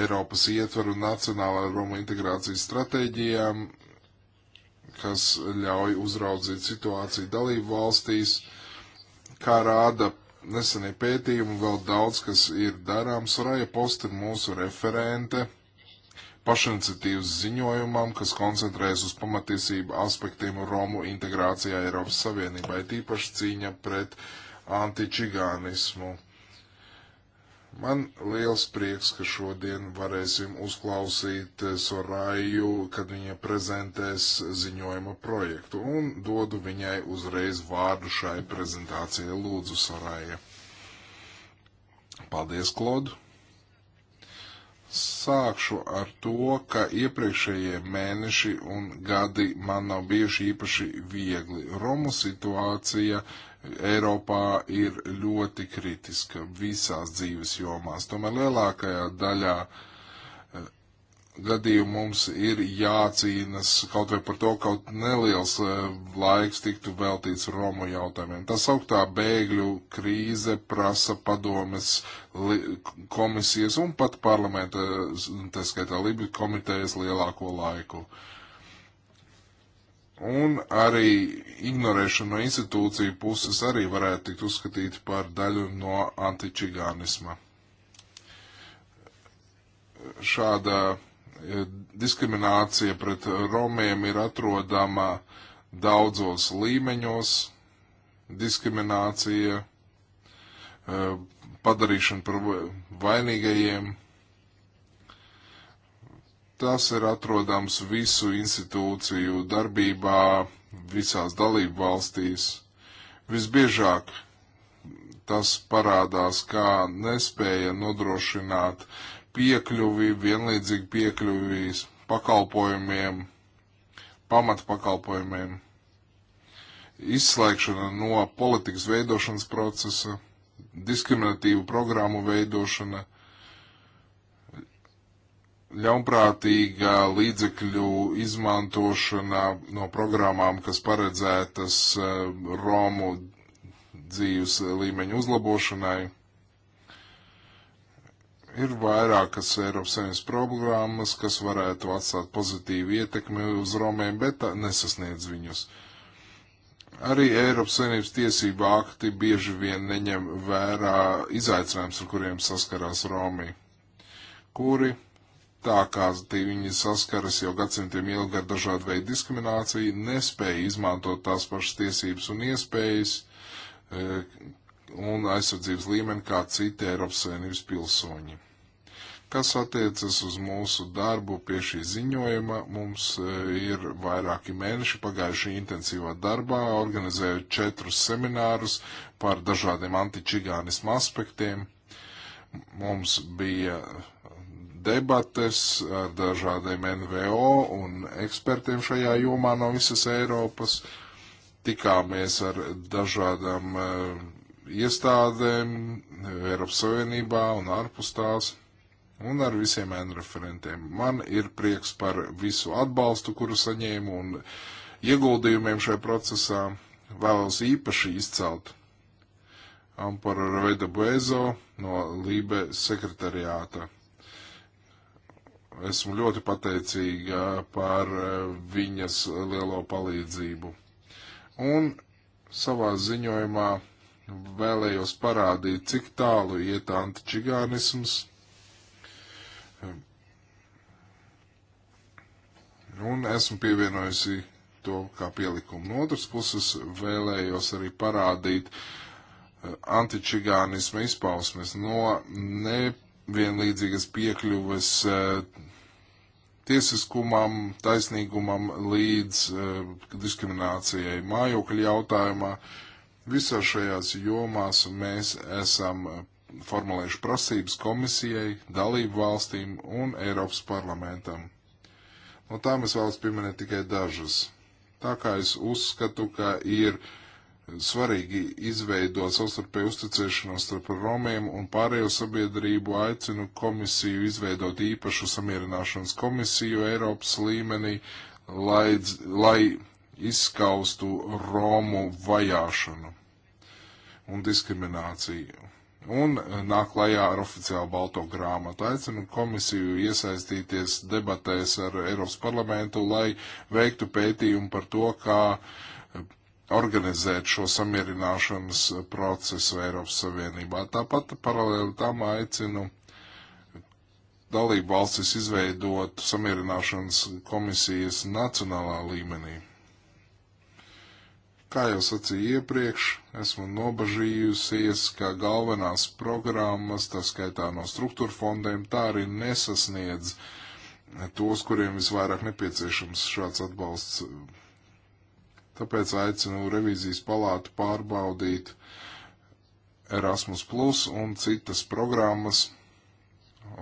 Eiropas ietvaru nacionālajā Romu integrācijas stratēģijām, kas ļauj uzraudzīt situāciju dalību valstīs, kā rāda nesenie pētījumi, vēl daudz, kas ir darāms. Raja Posta ir mūsu referente pašiniciatīvas ziņojumam, kas koncentrējas uz pamatiesību aspektiem Romu integrācijā Eiropas Savienībā, ir tīpaši cīņa pret antičigānismu. Man liels prieks, ka šodien varēsim uzklausīt Sorāju, kad viņa prezentēs ziņojuma projektu, un dodu viņai uzreiz vārdu šai prezentācijai. Lūdzu, Sorāja. Paldies, Klodu! Sākšu ar to, ka iepriekšējie mēneši un gadi man nav bijuši īpaši viegli. Romu situācija Eiropā ir ļoti kritiska visās dzīves jomās. Tomēr lielākajā daļā uh, gadījumu mums ir jācīnas kaut vai par to, kaut neliels e, laiks tiktu veltīts Romu jautājumiem. Tā sauktā bēgļu krīze prasa padomes komisijas un pat parlamenta, tā skaitā Libija komitejas lielāko laiku. Un arī ignorēšana no institūciju puses arī varētu tikt uzskatīta par daļu no antičigānisma. Šāda Eh, diskriminācija pret romiem ir atrodama daudzos līmeņos, diskriminācija, eh, padarīšana par vainīgajiem. Tas ir atrodams visu institūciju darbībā, visās dalību valstīs. Visbiežāk tas parādās kā nespēja nodrošināt uh, piekļuvi, vienlīdzīgi piekļuvis pakalpojumiem, pamatpakalpojumiem, izslēgšana no politikas veidošanas procesa, diskriminatīvu programmu veidošana, ļaunprātīga līdzekļu izmantošana no programmām, kas paredzētas eh, Romu dzīves līmeņu uzlabošanai Ir vairākas Eiropas Savienības programmas, kas varētu atstāt pozitīvu ietekmi uz Romiem, bet nesasniedz viņus. Arī Eiropas Savienības tiesība akti bieži vien neņem vērā izaicinājums, ar kuriem saskarās Romi, kuri, tā kā viņi saskaras jau gadsimtiem ilgi ar dažādu veidu diskrimināciju, nespēja izmantot tās pašas tiesības un iespējas, eh, un aizsardzības līmeni kā citi Eiropas Savienības pilsoņi. Kas attiecas uz mūsu darbu pie šī ziņojuma, mums e, ir vairāki mēneši pagājuši intensīvā darbā, organizējot četrus seminārus par dažādiem antičigānismu aspektiem. Mums bija debates ar dažādiem NVO un ekspertiem šajā jomā no visas Eiropas. Tikāmies ar dažādām e, iestādēm Eiropas Savienībā un ārpus tās un ar visiem referentiem. Man ir prieks par visu atbalstu, kuru saņēmu un ieguldījumiem šajā procesā. Vēlos īpaši izcelt Amparu Raida Buezo no Lībe sekretariāta. Esmu ļoti pateicīga par viņas lielo palīdzību. Un savā ziņojumā vēlējos parādīt, cik tālu iet antičigānisms Un esmu pievienojusi to kā pielikumu. No otras puses vēlējos arī parādīt eh, antičigānisma izpausmes no nevienlīdzīgas piekļuves eh, tiesiskumam, taisnīgumam līdz eh, diskriminācijai mājokļu jautājumā. Visā šajās jomās mēs esam formulējuši prasības komisijai, dalību valstīm un Eiropas parlamentam. No tām es vēlos pieminēt tikai dažas. Tā kā es uzskatu, ka ir svarīgi izveidot savstarpēju uzticēšanos starp Romiem un pārējo sabiedrību, aicinu komisiju izveidot īpašu samierināšanas komisiju Eiropas līmenī, lai, lai izskaustu Romu vajāšanu un diskrimināciju un eh, nāk klajā ar oficiālu balto grāmatu. Aicinu komisiju iesaistīties debatēs ar Eiropas parlamentu, lai veiktu pētījumu par to, kā eh, organizēt šo samierināšanas procesu Eiropas Savienībā. Tāpat paralēli tam aicinu dalību valstis izveidot samierināšanas komisijas nacionālā līmenī. Kā jau sacīju iepriekš, esmu nobažījusies, ka galvenās programmas, tā skaitā no struktūra fondiem, tā arī nesasniedz tos, kuriem visvairāk nepieciešams šāds atbalsts. Tāpēc aicinu revīzijas palātu pārbaudīt Erasmus Plus un citas programmas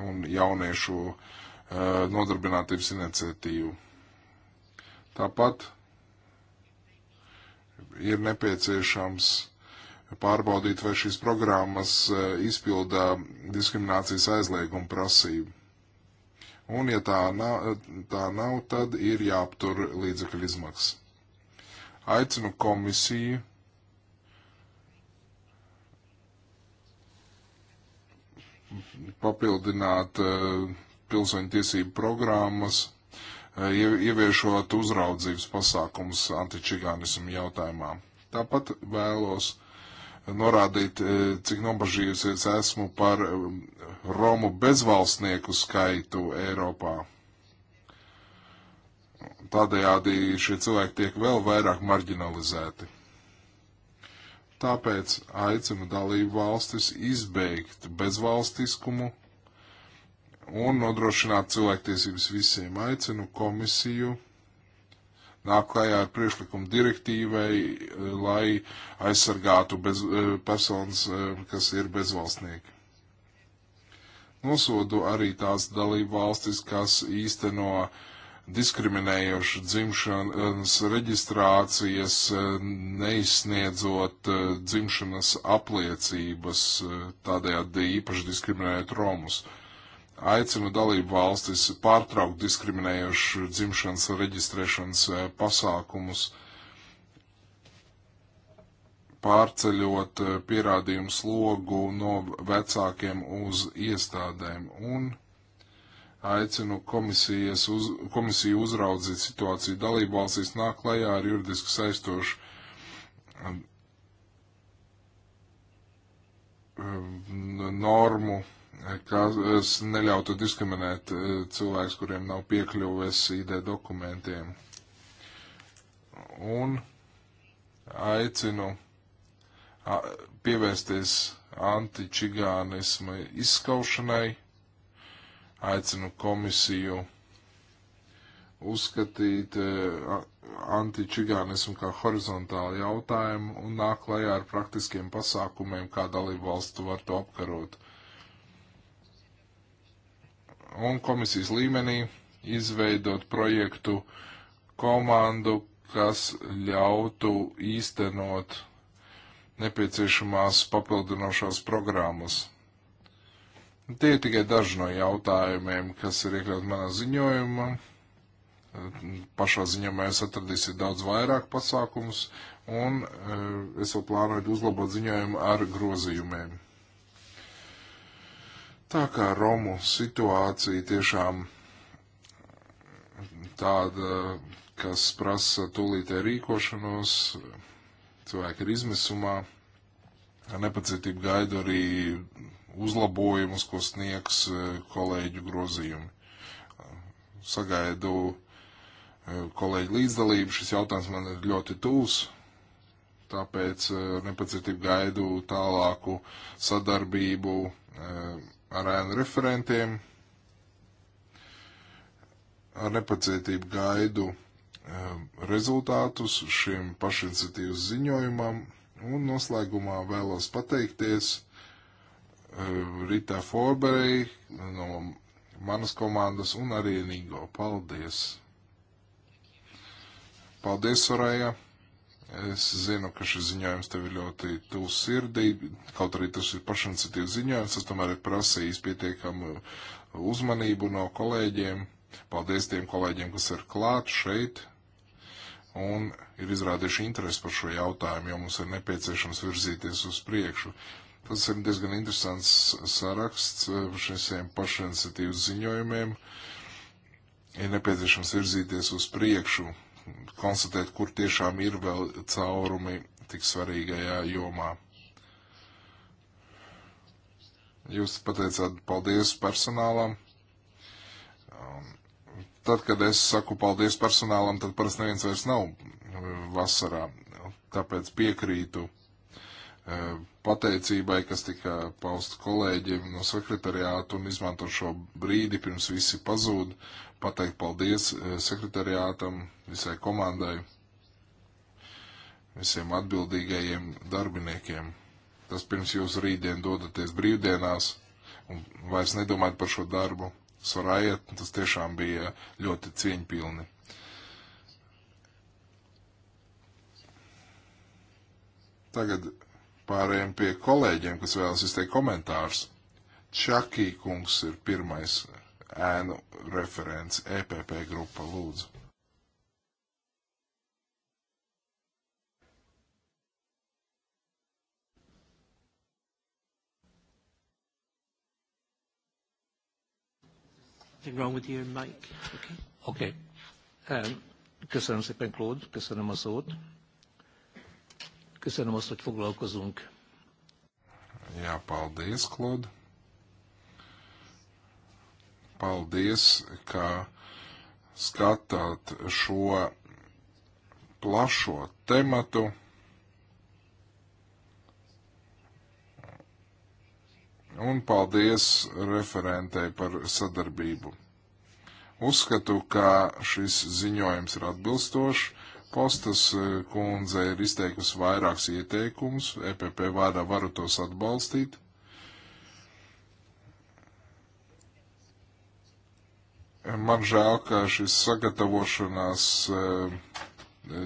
un jauniešu uh, nodarbinātības iniciatīvu. Tāpat ir nepieciešams pārbaudīt, vai šīs programmas e, izpildā diskriminācijas aizlieguma prasību. Un, ja tā nav, tā nav, tad ir jāaptur līdzekļu izmaksas. Aicinu komisiju papildināt uh, pilsoņu tiesību programmas ieviešot uzraudzības pasākums antičigānismu jautājumā. Tāpat vēlos norādīt, cik nobažījusies esmu par Romu bezvalstnieku skaitu Eiropā. Tādējādi šie cilvēki tiek vēl vairāk marginalizēti. Tāpēc aicinu dalību valstis izbeigt bezvalstiskumu un nodrošināt cilvēktiesības visiem. Aicinu komisiju nāk klājā ar priekšlikumu direktīvai, eh, lai aizsargātu bez, eh, personas, eh, kas ir bezvalstnieki. Nosodu arī tās dalību valstis, kas īsteno diskriminējošu dzimšanas reģistrācijas, neizsniedzot dzimšanas apliecības, tādējādi īpaši diskriminējot Romus. Uh, aicina dalību valstis pārtraukt diskriminējošu dzimšanas reģistrēšanas e, pasākumus, pārceļot e, pierādījumu slogu no vecākiem uz iestādēm un aicinu komisijas uz, komisiju uzraudzīt situāciju dalību valstīs nāk klajā ar juridiski saistošu e, normu kas neļautu diskriminēt eh, cilvēkus, kuriem nav piekļuves ID dokumentiem. Un aicinu pievērsties antičigānisma izskaušanai, aicinu komisiju uzskatīt eh, antičigānismu kā horizontālu jautājumu un nāk klajā ar praktiskiem pasākumiem, kā dalību valstu var to apkarot un komisijas līmenī izveidot projektu komandu, kas ļautu īstenot nepieciešamās papildinošās programmas. Tie ir tikai daži no jautājumiem, kas ir iekļauts manā ziņojumā. Pašā ziņojumā es atradīsiet daudz vairāk pasākumus, un eh, es vēl plānoju uzlabot ziņojumu ar grozījumiem. Tā kā Romu situācija tiešām tāda, kas prasa tūlītē rīkošanos, cilvēki ir izmisumā, ar nepacietību gaidu arī uzlabojumus, ko sniegs e, kolēģu grozījumi. Sagaidu e, kolēģi līdzdalību, šis jautājums man ir ļoti tūs, tāpēc e, nepacietību gaidu tālāku sadarbību ar ēnu referentiem. Ar nepacietību gaidu um, rezultātus šim pašiniciatīvas ziņojumam un noslēgumā vēlos pateikties um, Rita Forberei no manas komandas un arī Nīgo. Paldies! Paldies, Soraya! Es zinu, ka šis ziņojums tev ir ļoti tūs sirdī, kaut arī tas ir pašiniciatīvs ziņojums, tas tomēr ir prasījis pietiekamu uzmanību no kolēģiem. Paldies tiem kolēģiem, kas ir klāt šeit un ir izrādījuši interesi par šo jautājumu, jo mums ir nepieciešams virzīties uz priekšu. Tas ir diezgan interesants saraksts par eh, šiem pašiniciatīvas ziņojumiem. Ir nepieciešams virzīties uz priekšu konstatēt, kur tiešām ir vēl caurumi tik svarīgajā jomā. Jūs pateicāt paldies personālam. Um, tad, kad es saku paldies personālam, tad parasti neviens vairs nav vasarā. Tāpēc piekrītu Eh, pateicībai, kas tika pausta kolēģiem no sekretariātu un izmanto šo brīdi pirms visi pazūd, pateikt paldies eh, sekretariātam, visai komandai, visiem atbildīgajiem darbiniekiem. Tas pirms jūs rītdien dodaties brīvdienās un vairs nedomājat par šo darbu. Soraja, tas tiešām bija ļoti cieņpilni. Tagad Pārējiem pie kolēģiem, kas vēlas izteikt komentārus. Čakī kungs ir pirmais ēnu referents EPP grupa lūdzu. Nothing wrong with your mic. Okay. okay. Um, köszönöm szépen, Claude. Köszönöm a szót. Köszönöm azt, hogy foglalkozunk. Jā, paldies, Klod. Paldies, ka skatāt šo plašo tematu. Un paldies referentei par sadarbību. Uzskatu, ka šis ziņojums ir atbilstošs Kostas e, kundze ir izteikusi vairākus ieteikumus, EPP vārdā varu tos atbalstīt. Man žēl, ka šis sagatavošanās e, e,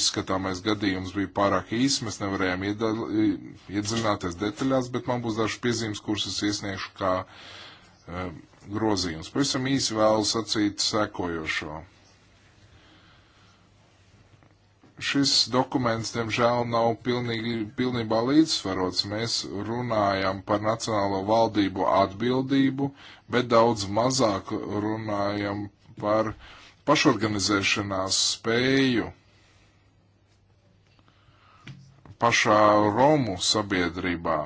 izskatāmais gadījums bija pārāk īs, mēs nevarējām iedzināties detaļās, bet man būs dažas piezīmes, kuras es iesniegšu kā grozījums. Pavisam īsi vēlu sacīt sekojošo šis dokuments, diemžēl, nav pilnīgi, pilnībā līdzsvarots. Mēs runājam par nacionālo valdību atbildību, bet daudz mazāk runājam par pašorganizēšanās spēju pašā Romu sabiedrībā,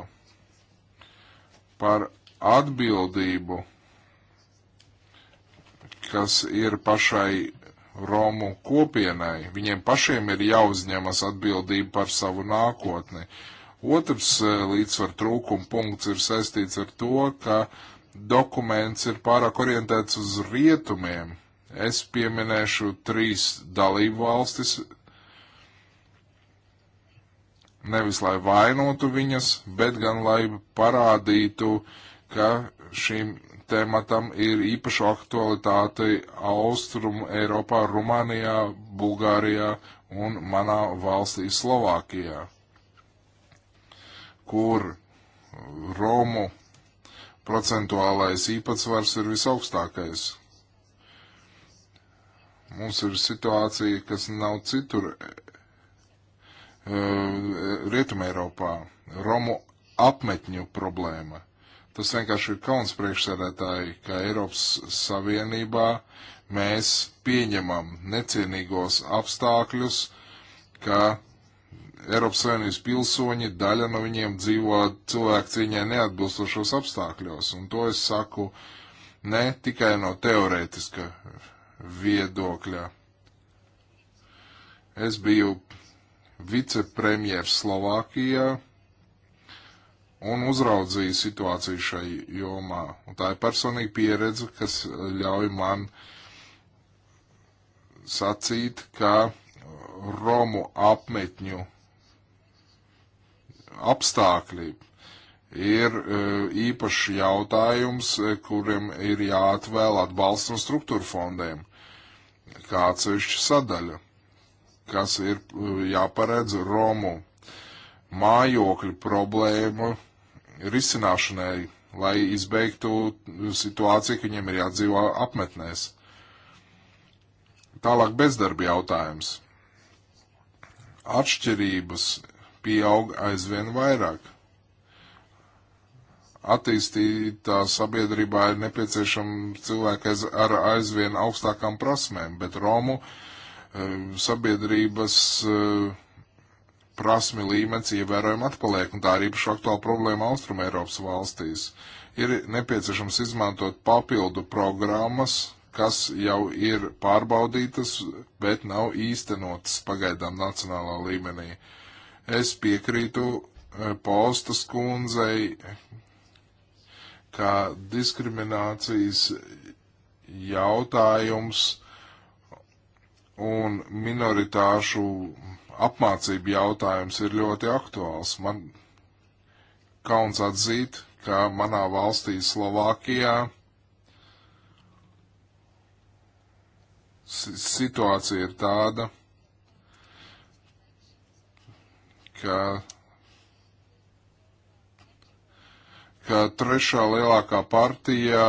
par atbildību, kas ir pašai Romu kopienai. Viņiem pašiem ir jāuzņemas atbildība par savu nākotni. Otrs e, līdzsvar trūkuma punkts ir saistīts ar to, ka dokuments ir pārāk orientēts uz rietumiem. Es pieminēšu trīs dalību valstis, nevis lai vainotu viņas, bet gan lai parādītu, ka šīm tematam ir īpašu aktualitāti Austrumu Eiropā, Rumānijā, Bulgārijā un manā valstī Slovākijā, kur Romu procentuālais īpatsvars ir visaugstākais. Mums ir situācija, kas nav citur e, e, Rietumē Eiropā. Romu apmetņu problēma. Tas vienkārši ir kauns priekšsēdētāji, ka Eiropas Savienībā mēs pieņemam necienīgos apstākļus, ka Eiropas Savienības pilsoņi, daļa no viņiem dzīvo cilvēku cieņai neatbilstošos apstākļos. Un to es saku ne tikai no teorētiska viedokļa. Es biju vicepremjers Slovākijā un uzraudzīju situāciju šai jomā. Un tā ir personīga pieredze, kas eh, ļauj man sacīt, ka Romu apmetņu apstākļi ir eh, īpašs jautājums, eh, kuriem ir jāatvēl atbalsts no struktūra fondiem, kā atsevišķa sadaļa, kas ir jāparedz Romu mājokļu problēmu risināšanai, lai izbeigtu situāciju, ka viņiem ir jādzīvo apmetnēs. Tālāk bezdarba jautājums. Atšķirības pieaug aizvien vairāk. Attīstītā sabiedrībā ir nepieciešama cilvēka ar aizvien augstākām prasmēm, bet Romu eh, sabiedrības uh, prasmi līmenis ievērojami atpaliek, un tā ir īpaši aktuāla problēma Austrum Eiropas valstīs. Ir nepieciešams izmantot papildu programmas, kas jau ir pārbaudītas, bet nav īstenotas pagaidām nacionālā līmenī. Es piekrītu eh, Paustas kundzei, ka diskriminācijas jautājums un minoritāšu apmācība jautājums ir ļoti aktuāls. Man kauns atzīt, ka manā valstī Slovākijā situācija ir tāda, ka, ka trešā lielākā partija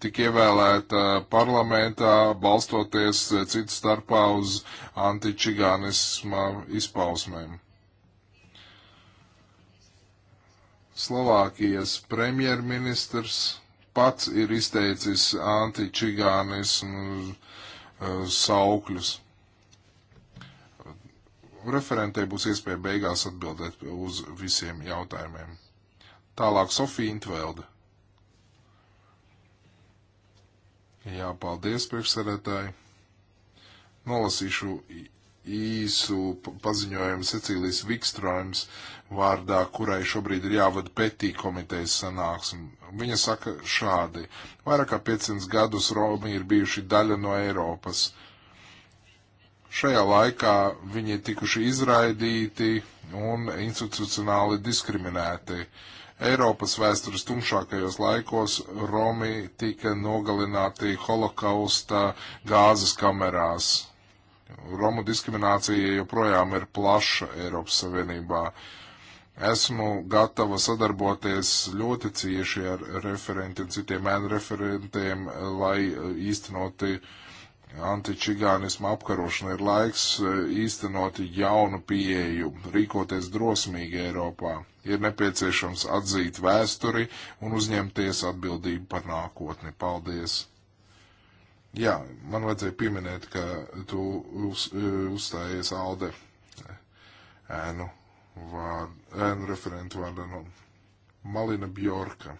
tika ievēlēta parlamentā, balstoties eh, citu starpā uz antičigānisma izpausmēm. Slovākijas premjerministrs pats ir izteicis antičigānismu eh, saukļus. Referentei būs iespēja beigās atbildēt uz visiem jautājumiem. Tālāk Sofija Intvelde. Jā, paldies priekšsēdētāji. Nolasīšu īsu paziņojumu Cecīlijas Vikstrāms vārdā, kurai šobrīd ir jāvada petī komitejas sanāksme. Viņa saka šādi. Vairāk kā 500 gadus Romi ir bijuši daļa no Eiropas. Šajā laikā viņi ir tikuši izraidīti un institucionāli diskriminēti. Uh, Eiropas vēstures tumšākajos laikos Romi tika nogalināti holokausta gāzes kamerās. Romu diskriminācija joprojām ir plaša Eiropas Savienībā. Esmu gatava sadarboties ļoti cieši ar referentiem, citiem ēnu referentiem, lai īstenoti antičigānismu apkarošana ir laiks īstenot jaunu pieeju, rīkoties drosmīgi Eiropā ir nepieciešams atzīt vēsturi un uzņemties atbildību par nākotni. Paldies! Jā, man vajadzēja pieminēt, ka tu uz, e, uzstājies Alde ēnu, vārdu, ēnu referentu vārdā no nu, Malina Bjorka.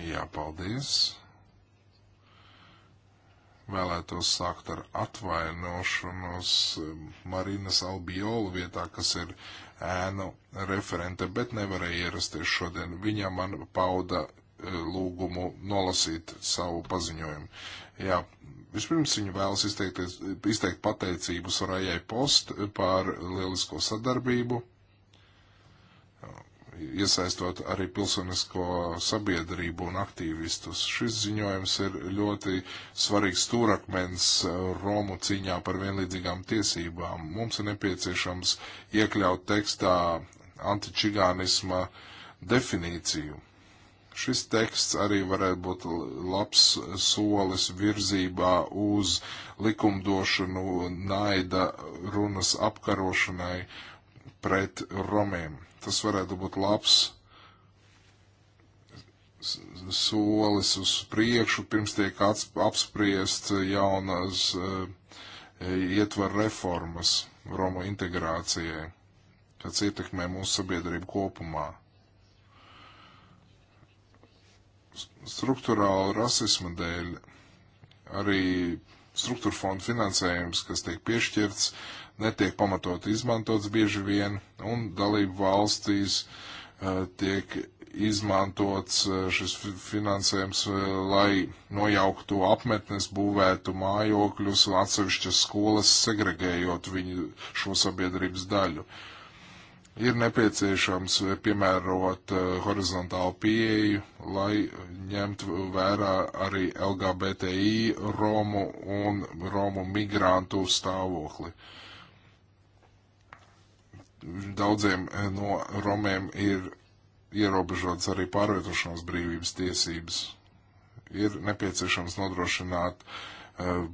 Jā, paldies! Vēlētos sākt ar atvainošanos eh, Marinas Albiola vietā, kas ir ēnu referente, bet nevarēja ierasties šodien. Viņa man pauda eh, lūgumu nolasīt savu paziņojumu. Jā, vispirms viņa vēlas izteikt pateicību Sorajai Post par lielisko sadarbību iesaistot arī pilsonisko sabiedrību un aktīvistus. Šis ziņojums ir ļoti svarīgs stūrakmens Romu cīņā par vienlīdzīgām tiesībām. Mums ir nepieciešams iekļaut tekstā antičigānisma definīciju. Šis teksts arī varētu būt labs solis virzībā uz likumdošanu naida runas apkarošanai pret romiem. Tas varētu būt labs solis uz priekšu, pirms tiek apspriest jaunas e, ietvaru reformas Romu integrācijai, kas ietekmē mūsu sabiedrību kopumā. Struktūrāla rasisma dēļ arī struktūra fonda finansējums, kas tiek piešķirts, netiek pamatot izmantots bieži vien, un dalību valstīs uh, tiek izmantots uh, šis finansējums, uh, lai nojauktu apmetnes, būvētu mājokļus, atsevišķas skolas, segregējot viņu šo sabiedrības daļu. Uh, ir nepieciešams piemērot eh, horizontālu pieeju, lai ņemtu vērā arī LGBTI Romu un Romu migrantu stāvokli. Daudziem eh, no Romiem ir ierobežotas arī pārvietošanās brīvības tiesības. Ir nepieciešams nodrošināt uh,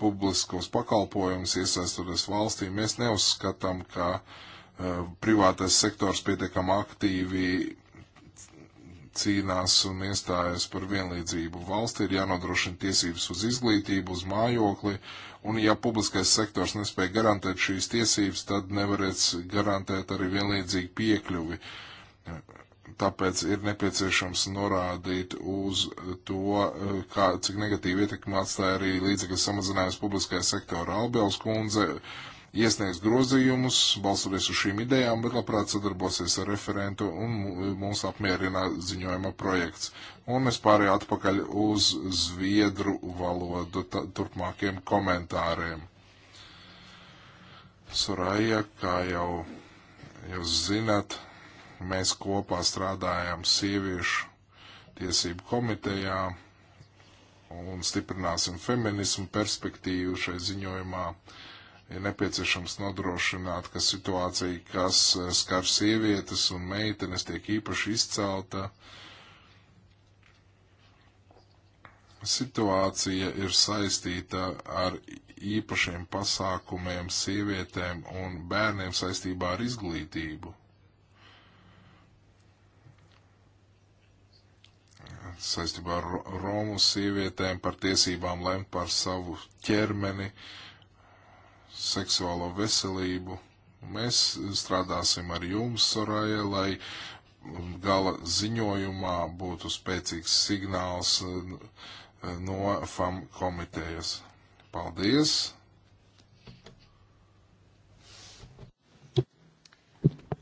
publiskos pakalpojumus, iesaistoties valstī. Mēs neuzskatām, ka uh, Eh, privātais sektors pietiekami aktīvi cīnās un iestājas par vienlīdzību. Valsti ir jānodrošina tiesības uz izglītību, uz mājokli, un ja publiskais sektors nespēja garantēt šīs tiesības, tad nevarēs garantēt arī vienlīdzīgu piekļuvi. Eh, tāpēc ir nepieciešams norādīt uz to, eh, kā, cik negatīvi ietekmi atstāja arī līdzekļu samazinājums publiskajā sektorā. Albēls kundze iesniegs grozījumus, balsoties uz šīm idejām, bet labprāt sadarbosies ar referentu un mums apmierina ziņojuma projekts. Un es pārēju atpakaļ uz zviedru valodu turpmākiem komentāriem. Soraya, kā jau jūs zinat, mēs kopā strādājam sieviešu tiesību komitejā un stiprināsim feminismu perspektīvu šai ziņojumā. Uh, ir nepieciešams nodrošināt, ka situācija, kas eh, skar sievietes un meitenes, tiek īpaši izcelta. Situācija ir saistīta ar īpašiem pasākumiem sievietēm un bērniem saistībā ar izglītību. Saistībā ar Romu sievietēm par tiesībām lemt par savu ķermeni, uh, seksuālo veselību. Mēs strādāsim ar jums, Soraja, lai um, gala ziņojumā būtu spēcīgs signāls uh, no FAM komitejas. Paldies!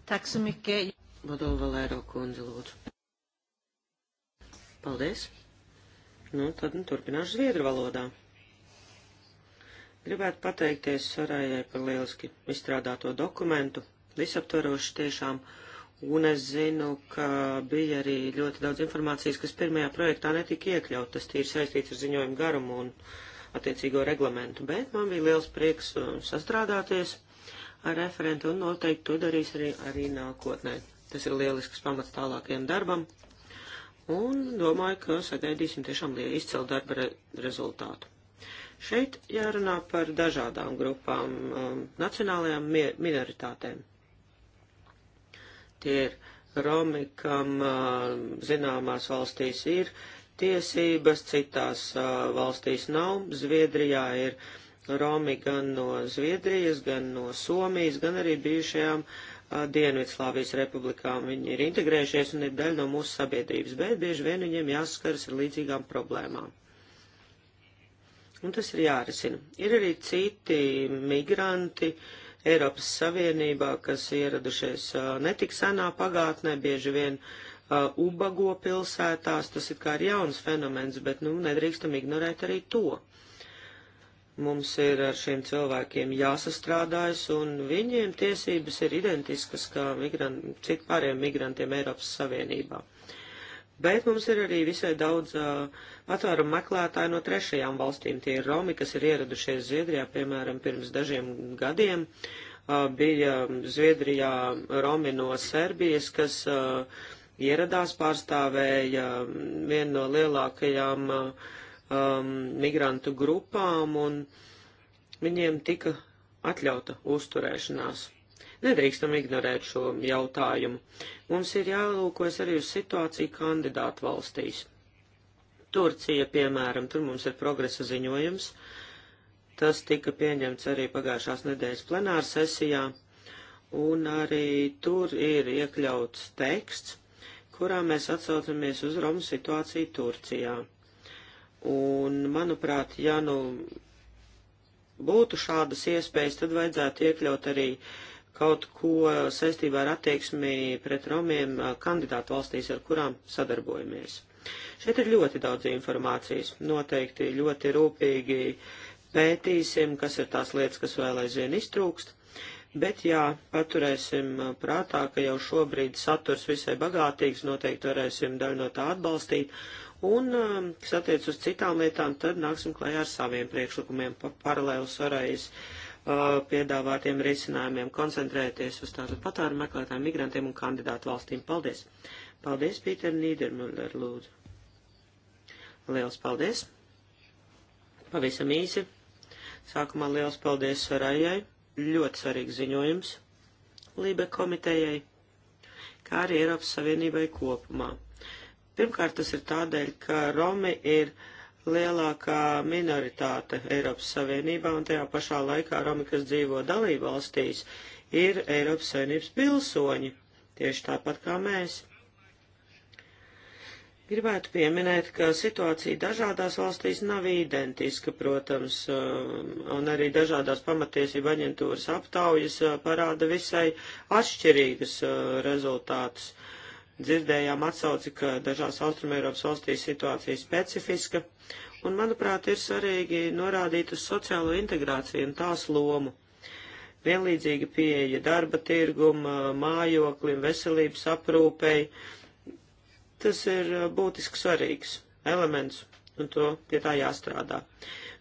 Tack så mycket. Vadå, Valero kundze, lūdzu? Paldies. Nu, tad nu, turpināšu zviedru valodā. Gribētu pateikties Sorājai par lieliski izstrādāto dokumentu, visaptvaroši tiešām, un es zinu, ka bija arī ļoti daudz informācijas, kas pirmajā projektā netika iekļaut, tas tīri saistīts ar ziņojumu garumu un attiecīgo reglamentu, bet man bija liels prieks uh, sastrādāties ar referentu un noteikti to darīs arī, arī nākotnē. Tas ir lielisks pamats tālākajam darbam, un domāju, ka sagaidīsim tiešām izcilu darba re rezultātu. Šeit jārunā par dažādām grupām, um, nacionālajām minoritātēm. Tie ir Romi, kam uh, zināmās valstīs ir tiesības, citās uh, valstīs nav. Zviedrijā ir Romi gan no Zviedrijas, gan no Somijas, gan arī bijušajām uh, Dienvidslāvijas republikām. Viņi ir integrējušies un ir daļa no mūsu sabiedrības, bet bieži vien viņiem jāskaras ar līdzīgām problēmām. Un tas ir jārisina. Ir arī citi migranti Eiropas Savienībā, kas ieradušies netik senā pagātnē, bieži vien uh, ubago pilsētās. Tas ir kā ir jauns fenomens, bet nu, nedrīkstam ignorēt arī to. Mums ir ar šiem cilvēkiem jāsastrādājas, un viņiem tiesības ir identiskas kā migran, citu pārējiem migrantiem Eiropas Savienībā. Bet mums ir arī visai daudz uh, patvērumu meklētāju no trešajām valstīm. Tie ir Romi, kas ir ieradušies Zviedrijā, piemēram, pirms dažiem gadiem. Uh, bija Zviedrijā Romi no Serbijas, kas uh, ieradās pārstāvēja vienu no lielākajām uh, um, migrantu grupām, un viņiem tika atļauta uzturēšanās Nedrīkstam ignorēt šo jautājumu. Mums ir jālūkojas arī uz situāciju kandidātu valstīs. Turcija, piemēram, tur mums ir progresa ziņojums. Tas tika pieņemts arī pagājušās nedēļas plenāra sesijā, un arī tur ir iekļauts teksts, kurā mēs atsaucamies uz Romu situāciju Turcijā. Un, manuprāt, ja nu būtu šādas iespējas, tad vajadzētu iekļaut arī uh, kaut ko saistībā ar attieksmi pret romiem kandidātu valstīs, ar kurām sadarbojamies. Šeit ir ļoti daudz informācijas. Noteikti ļoti rūpīgi pētīsim, kas ir tās lietas, kas vēl aizvien iztrūkst. Bet jā, paturēsim prātā, ka jau šobrīd saturs visai bagātīgs, noteikti varēsim daļu no tā atbalstīt. Un, kas attiec uz citām lietām, tad nāksim klajā ar saviem priekšlikumiem pa paralēlu sarais. Uh, piedāvātiem risinājumiem, koncentrēties uz tātad patēru meklētājiem, migrantiem un kandidātu valstīm. Paldies! Paldies, Pīter Nīdermuller, lūdzu! Liels paldies! Pavisam īsi. Sākumā liels paldies Sarajai. Ļoti svarīgs ziņojums Lībe komitejai, kā arī Eiropas Savienībai kopumā. Pirmkārt, tas ir tādēļ, ka Romi ir lielākā minoritāte Eiropas Savienībā un tajā pašā laikā Romi, kas dzīvo dalību valstīs, ir Eiropas Savienības pilsoņi, tieši tāpat kā mēs. Gribētu pieminēt, ka situācija dažādās valstīs nav identiska, protams, um, un arī dažādās pamatiesība aģentūras aptaujas uh, parāda visai atšķirīgus uh, rezultātus. Uh, dzirdējām atsauci, ka dažās Austrumēropas valstīs situācija specifiska, un, manuprāt, ir svarīgi norādīt uz sociālo integrāciju un tās lomu. Vienlīdzīga pieeja darba tirguma, mājoklim, veselības aprūpei, tas ir būtiski svarīgs elements, un to pie tā jāstrādā.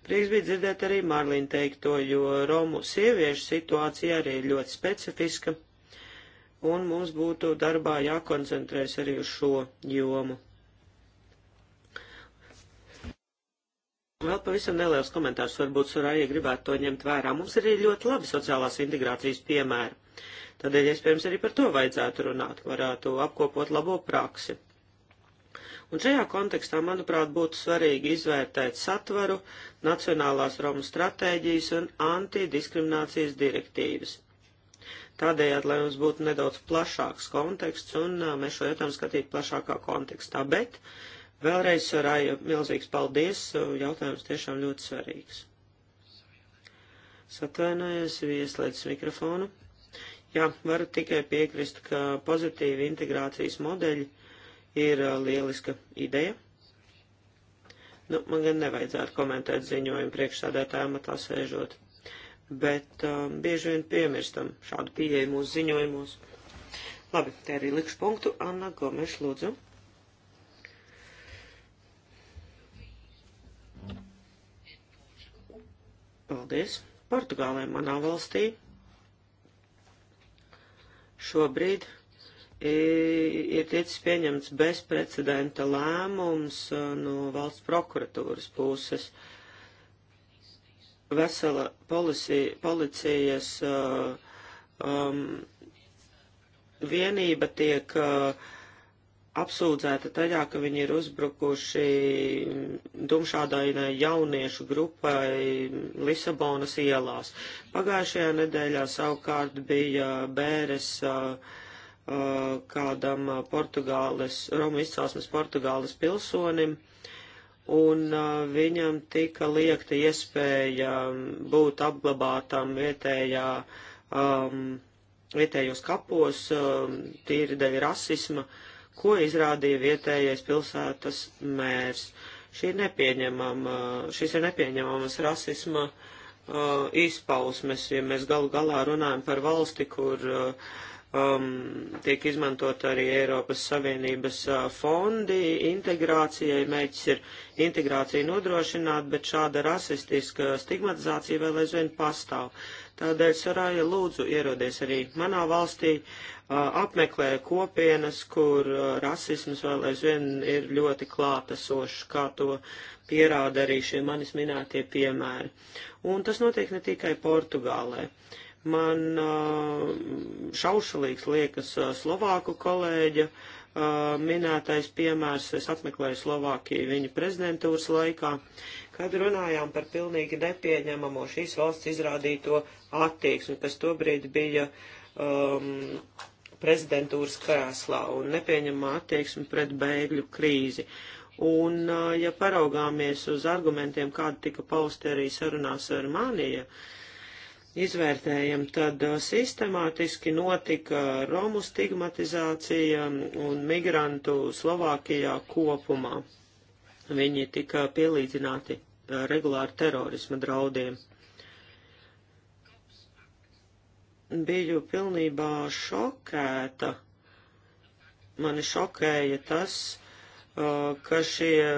Prieks bija dzirdēt arī Mārlīnu teikto, jo Romu sieviešu situācija arī ir ļoti specifiska un mums būtu darbā jākoncentrēs arī uz šo jomu. Vēl pavisam neliels komentārs, varbūt Sorāja gribētu to ņemt vērā. Mums ir ļoti labi sociālās integrācijas piemēri. Tādēļ, iespējams, arī par to vajadzētu runāt, varētu apkopot labo praksi. Un šajā kontekstā, manuprāt, būtu svarīgi izvērtēt satvaru, nacionālās Romas stratēģijas un antidiskriminācijas direktīvas. Tādējādi, lai mums būtu nedaudz plašāks konteksts un mēs šo jautājumu skatītu plašākā kontekstā. Bet vēlreiz, Raja, milzīgs paldies, jautājums tiešām ļoti svarīgs. Satvainojos, ieslēdz mikrofonu. Jā, varu tikai piekrist, ka pozitīva integrācijas modeļi ir lieliska ideja. Nu, man gan nevajadzētu komentēt ziņojumu priekšsādētājiem atā sēžot bet um, bieži vien piemirstam šādu pieeju mūsu ziņojumos. Labi, te arī likšu punktu. Anna Gomeša, lūdzu. Paldies. Portugālē manā valstī šobrīd ir ticis pieņemts bezprecedenta lēmums uh, no valsts prokuratūras puses. Uh, vesela policija, policijas uh, um, vienība tiek uh, apsūdzēta tajā, ka viņi ir uzbrukuši dumšādainai jauniešu grupai Lisabonas ielās. Pagājušajā nedēļā savukārt bija Bēres uh, uh kādam Portugāles, Romu izcelsmes Portugāles pilsonim, uh, un uh, viņam tika liekta iespēja būt apglabātam vietējā, um, vietējos kapos, um, tīri dēļ rasisma, ko izrādīja vietējais pilsētas mērs. Šī ir nepieņemama, šis ir nepieņemamas rasisma uh, izpausmes, ja mēs galu galā runājam par valsti, kur uh, um, tiek izmantot arī Eiropas Savienības uh, fondi integrācijai. Mēģis ir integrāciju nodrošināt, bet šāda rasistiska stigmatizācija vēl aizvien pastāv. Tādēļ Sarāja lūdzu ierodies arī manā valstī, uh, apmeklē kopienas, kur uh, rasisms vēl aizvien ir ļoti klātesošs, kā to pierāda arī šie manis minētie piemēri. Un tas notiek ne tikai Portugālē. Uh, Man šaušalīgs liekas Slovāku kolēģa minētais piemērs. Es apmeklēju Slovākiju viņa prezidentūras laikā, kad runājām par pilnīgi nepieņemamo šīs valsts izrādīto attieksmi, kas tobrīd bija um, prezidentūras krēslā un nepieņemā attieksme pret bēgļu krīzi. Un, ja paraugāmies uz argumentiem, kādi tika pausti arī sarunās ar Māniju, uh, izvērtējam, tad uh, sistemātiski notika Romu stigmatizācija un migrantu Slovākijā kopumā. Viņi tika pielīdzināti uh, regulāri terorisma draudiem. Biju pilnībā šokēta. Mani šokēja tas, uh, ka šie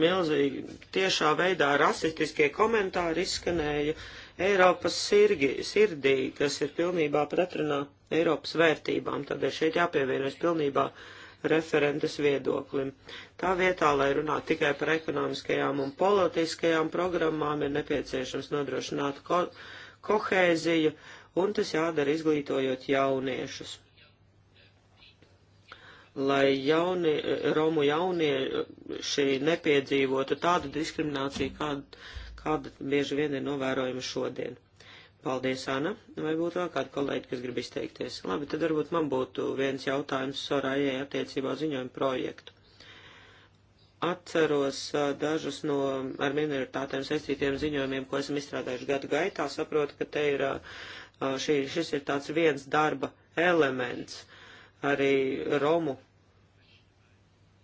milzīgi tiešā veidā rasistiskie komentāri izskanēja Eiropas sirgi, sirdī, kas ir pilnībā pretrunā Eiropas vērtībām, tad ir šeit jāpievienojas pilnībā referentes viedoklim. Tā vietā, lai runātu tikai par ekonomiskajām un politiskajām programmām, ir nepieciešams nodrošināt ko kohēziju, un tas jādara izglītojot jauniešus lai jaunie, Romu jaunieši nepiedzīvotu tādu diskrimināciju, kāda, kāda bieži vien ir novērojama šodien. Paldies, Ana. Vai būtu vēl kādi kolēģi, kas grib izteikties? Labi, tad varbūt man būtu viens jautājums Sorājai attiecībā ziņojumu projektu. Atceros dažus no ar minoritātēm saistītiem ziņojumiem, ko esam izstrādājuši gadu gaitā. Saprotu, ka te ir, šī, šis ir tāds viens darba elements arī Romu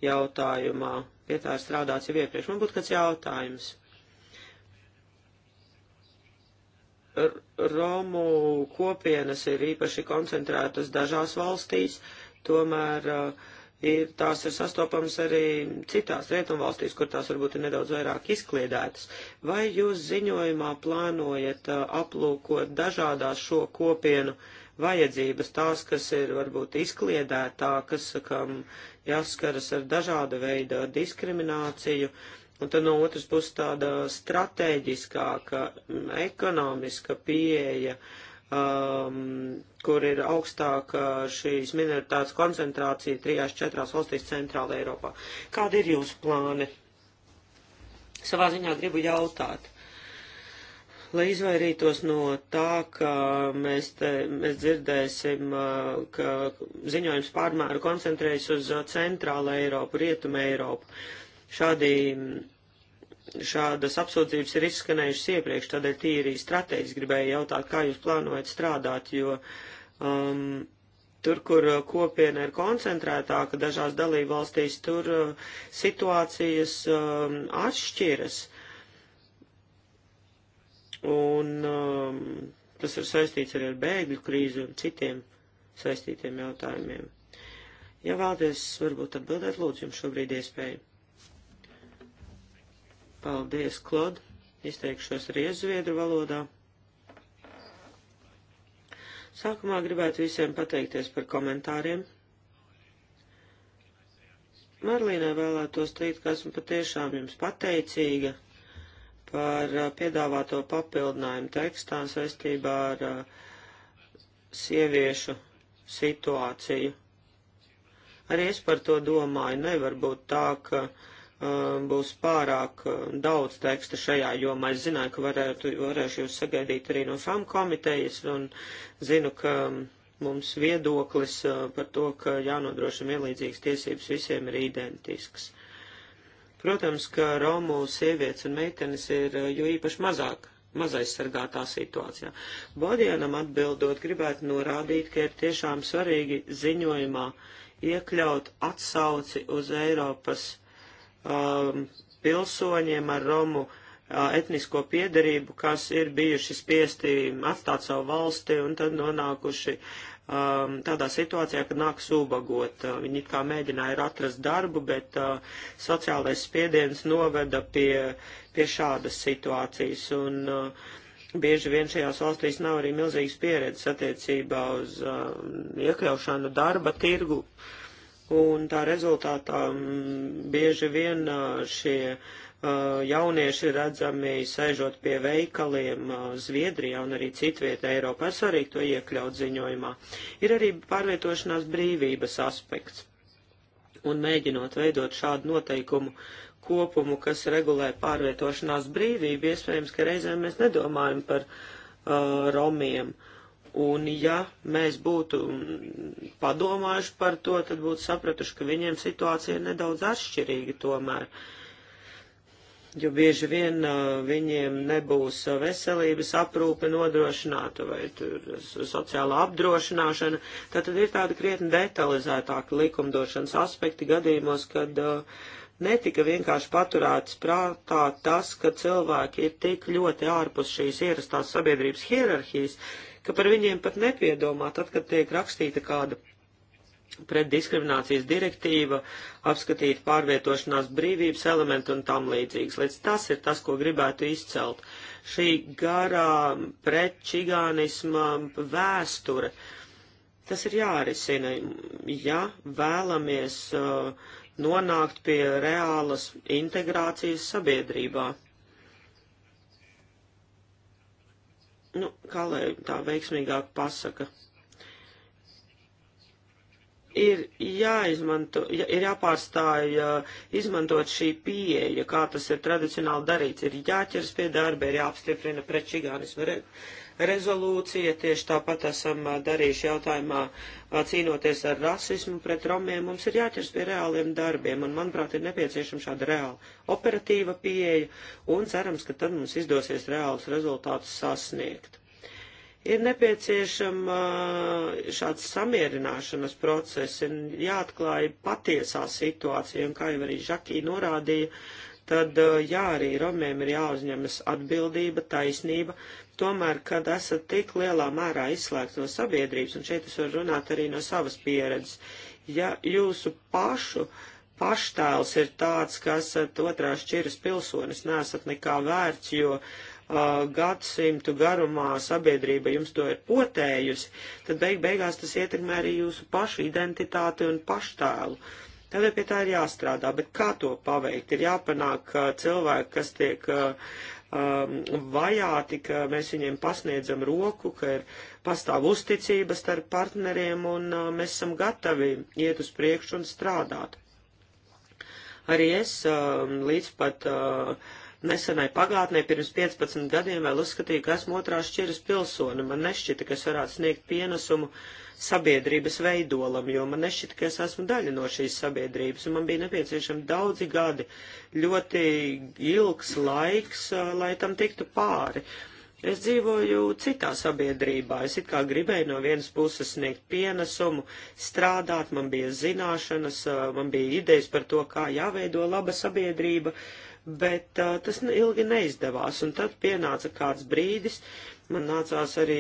jautājumā. Pie tā ir strādāts jau iepriekš. Man būtu kāds jautājums. R Romu kopienas ir īpaši koncentrētas dažās valstīs, tomēr uh, ir, tās ir sastopamas arī citās rietumvalstīs, kur tās varbūt ir nedaudz vairāk izkliedētas. Vai jūs ziņojumā plānojat uh, aplūkot dažādās šo kopienu vajadzības, tās, kas ir varbūt izkliedētākas, kam jāskaras ar dažāda veida diskrimināciju, un tad no otras puses tāda strateģiskāka, mm, ekonomiska pieeja, um, kur ir augstāka šīs minoritātes koncentrācija trijās, četrās valstīs Centrāla Eiropā. Kādi ir jūsu plāni? Savā ziņā gribu jautāt lai izvairītos no tā, ka mēs, te, mēs dzirdēsim, ka ziņojums pārmēru koncentrējas uz centrāla Eiropu, rietuma Eiropu. Šādi, šādas apsūdzības ir izskanējušas iepriekš, tādēļ tīri strateģiski gribēju jautāt, kā jūs plānojat strādāt, jo um, tur, kur kopiena ir koncentrētāka dažās dalību valstīs, tur uh, situācijas um, atšķiras. Uh, Un um, tas ir saistīts arī ar bēgļu krīzi un citiem saistītiem jautājumiem. Ja vēlaties, varbūt atbildēt, lūdzu, jums šobrīd iespēja. Paldies, Klod. Izteikšos arī zviedru valodā. Sākumā gribētu visiem pateikties par komentāriem. Marlīnai vēlētos teikt, ka esmu patiešām jums pateicīga par uh, piedāvāto papildinājumu tekstā saistībā ar uh, sieviešu situāciju. Arī es par to domāju, nevar būt tā, ka uh, būs pārāk daudz teksta šajā jomā. Es zināju, ka varētu, varēšu jūs sagaidīt arī no FAM komitejas un zinu, ka um, mums viedoklis par to, ka jānodrošina vienlīdzīgas tiesības visiem ir identisks. Protams, ka Romu sievietes un meitenes ir eh, jo īpaši mazāk mazaizsargātā situācijā. Bodienam atbildot, gribētu norādīt, ka ir tiešām svarīgi ziņojumā iekļaut atsauci uz Eiropas um, pilsoņiem ar Romu uh, etnisko piedarību, kas ir bijuši spiesti atstāt savu valsti un tad nonākuši uh, um, tādā situācijā, kad nāk subagot. Uh, viņi it kā mēģināja atrast darbu, bet uh, sociālais spiediens noveda pie, pie šādas situācijas. Un, uh, Bieži vien šajās valstīs nav arī milzīgas pieredzes attiecībā uz um, iekļaušanu darba tirgu, un tā rezultātā um, bieži vien uh, šie uh, jaunieši redzami sēžot pie veikaliem Zviedrijā un arī citvietē Eiropā. Es arī to iekļaut ziņojumā. Ir arī pārvietošanās brīvības aspekts. Un mēģinot veidot šādu noteikumu kopumu, kas regulē pārvietošanās brīvību, iespējams, ka reizēm mēs nedomājam par uh, romiem. Un ja mēs būtu padomājuši par to, tad būtu sapratuši, ka viņiem situācija ir nedaudz atšķirīga tomēr. Uh, jo bieži vien uh, viņiem nebūs uh, veselības aprūpe nodrošināta vai tur sociālā apdrošināšana, tad, tad ir tāda krietni detalizētāka likumdošanas aspekti gadījumos, kad uh, netika vienkārši paturēts prātā tas, ka cilvēki ir tik ļoti ārpus šīs ierastās sabiedrības hierarhijas, ka par viņiem pat nepiedomā tad, kad tiek rakstīta kāda pret diskriminācijas direktīva, apskatīt pārvietošanās brīvības elementu un tam līdzīgas. Līdz tas ir tas, ko gribētu izcelt. Šī garā pret čigānisma vēsture, tas ir jārisina, ja vēlamies uh, nonākt pie reālas integrācijas sabiedrībā. Nu, kā lai tā veiksmīgāk pasaka? ir jāizmanto, ir jāpārstāj izmantot šī pieeja, kā tas ir tradicionāli darīts, ir jāķers pie darba, ir jāapstiprina pret čigānismu re, rezolūcija, tieši tāpat esam darījuši jautājumā cīnoties ar rasismu pret romiem, mums ir jāķers pie reāliem darbiem, un manuprāt ir nepieciešama šāda reāla operatīva pieeja, un cerams, ka tad mums izdosies reālus rezultātus sasniegt. Ir nepieciešama uh, šāds samierināšanas process, ir jāatklāja patiesā situācija, un kā jau arī Žakī norādīja, tad uh, jā, arī Romiem ir jāuzņemas atbildība, taisnība, tomēr, kad esat tik lielā mērā izslēgts no sabiedrības, un šeit es varu runāt arī no savas pieredzes, ja jūsu pašu paštēls ir tāds, ka esat otrās šķiras pilsonis, nesat nekā vērts, jo uh, Uh, gadsimtu garumā sabiedrība jums to ir potējusi, tad beig beigās tas ietekmē arī jūsu pašu identitāti un paštēlu. Tādēļ pie tā ir jāstrādā, bet kā to paveikt? Ir jāpanāk, ka cilvēki, kas tiek uh, um, vajāti, ka mēs viņiem pasniedzam roku, ka ir pastāv uzticība starp partneriem un uh, mēs esam gatavi iet uz priekšu un strādāt. Arī es uh, līdz pat uh, nesenai pagātnē pirms 15 gadiem vēl uzskatīju, ka esmu otrās šķiras pilsoni. Man nešķita, ka es varētu sniegt pienesumu sabiedrības veidolam, jo man nešķita, ka es esmu daļa no šīs sabiedrības, un man bija nepieciešami daudzi gadi, ļoti ilgs laiks, eh, lai tam tiktu pāri. Es dzīvoju citā sabiedrībā, es it kā gribēju no vienas puses sniegt pienesumu, strādāt, man bija zināšanas, eh, man bija idejas par to, kā jāveido laba sabiedrība, uh, bet uh, tas ilgi neizdevās, un tad pienāca kāds brīdis, man nācās arī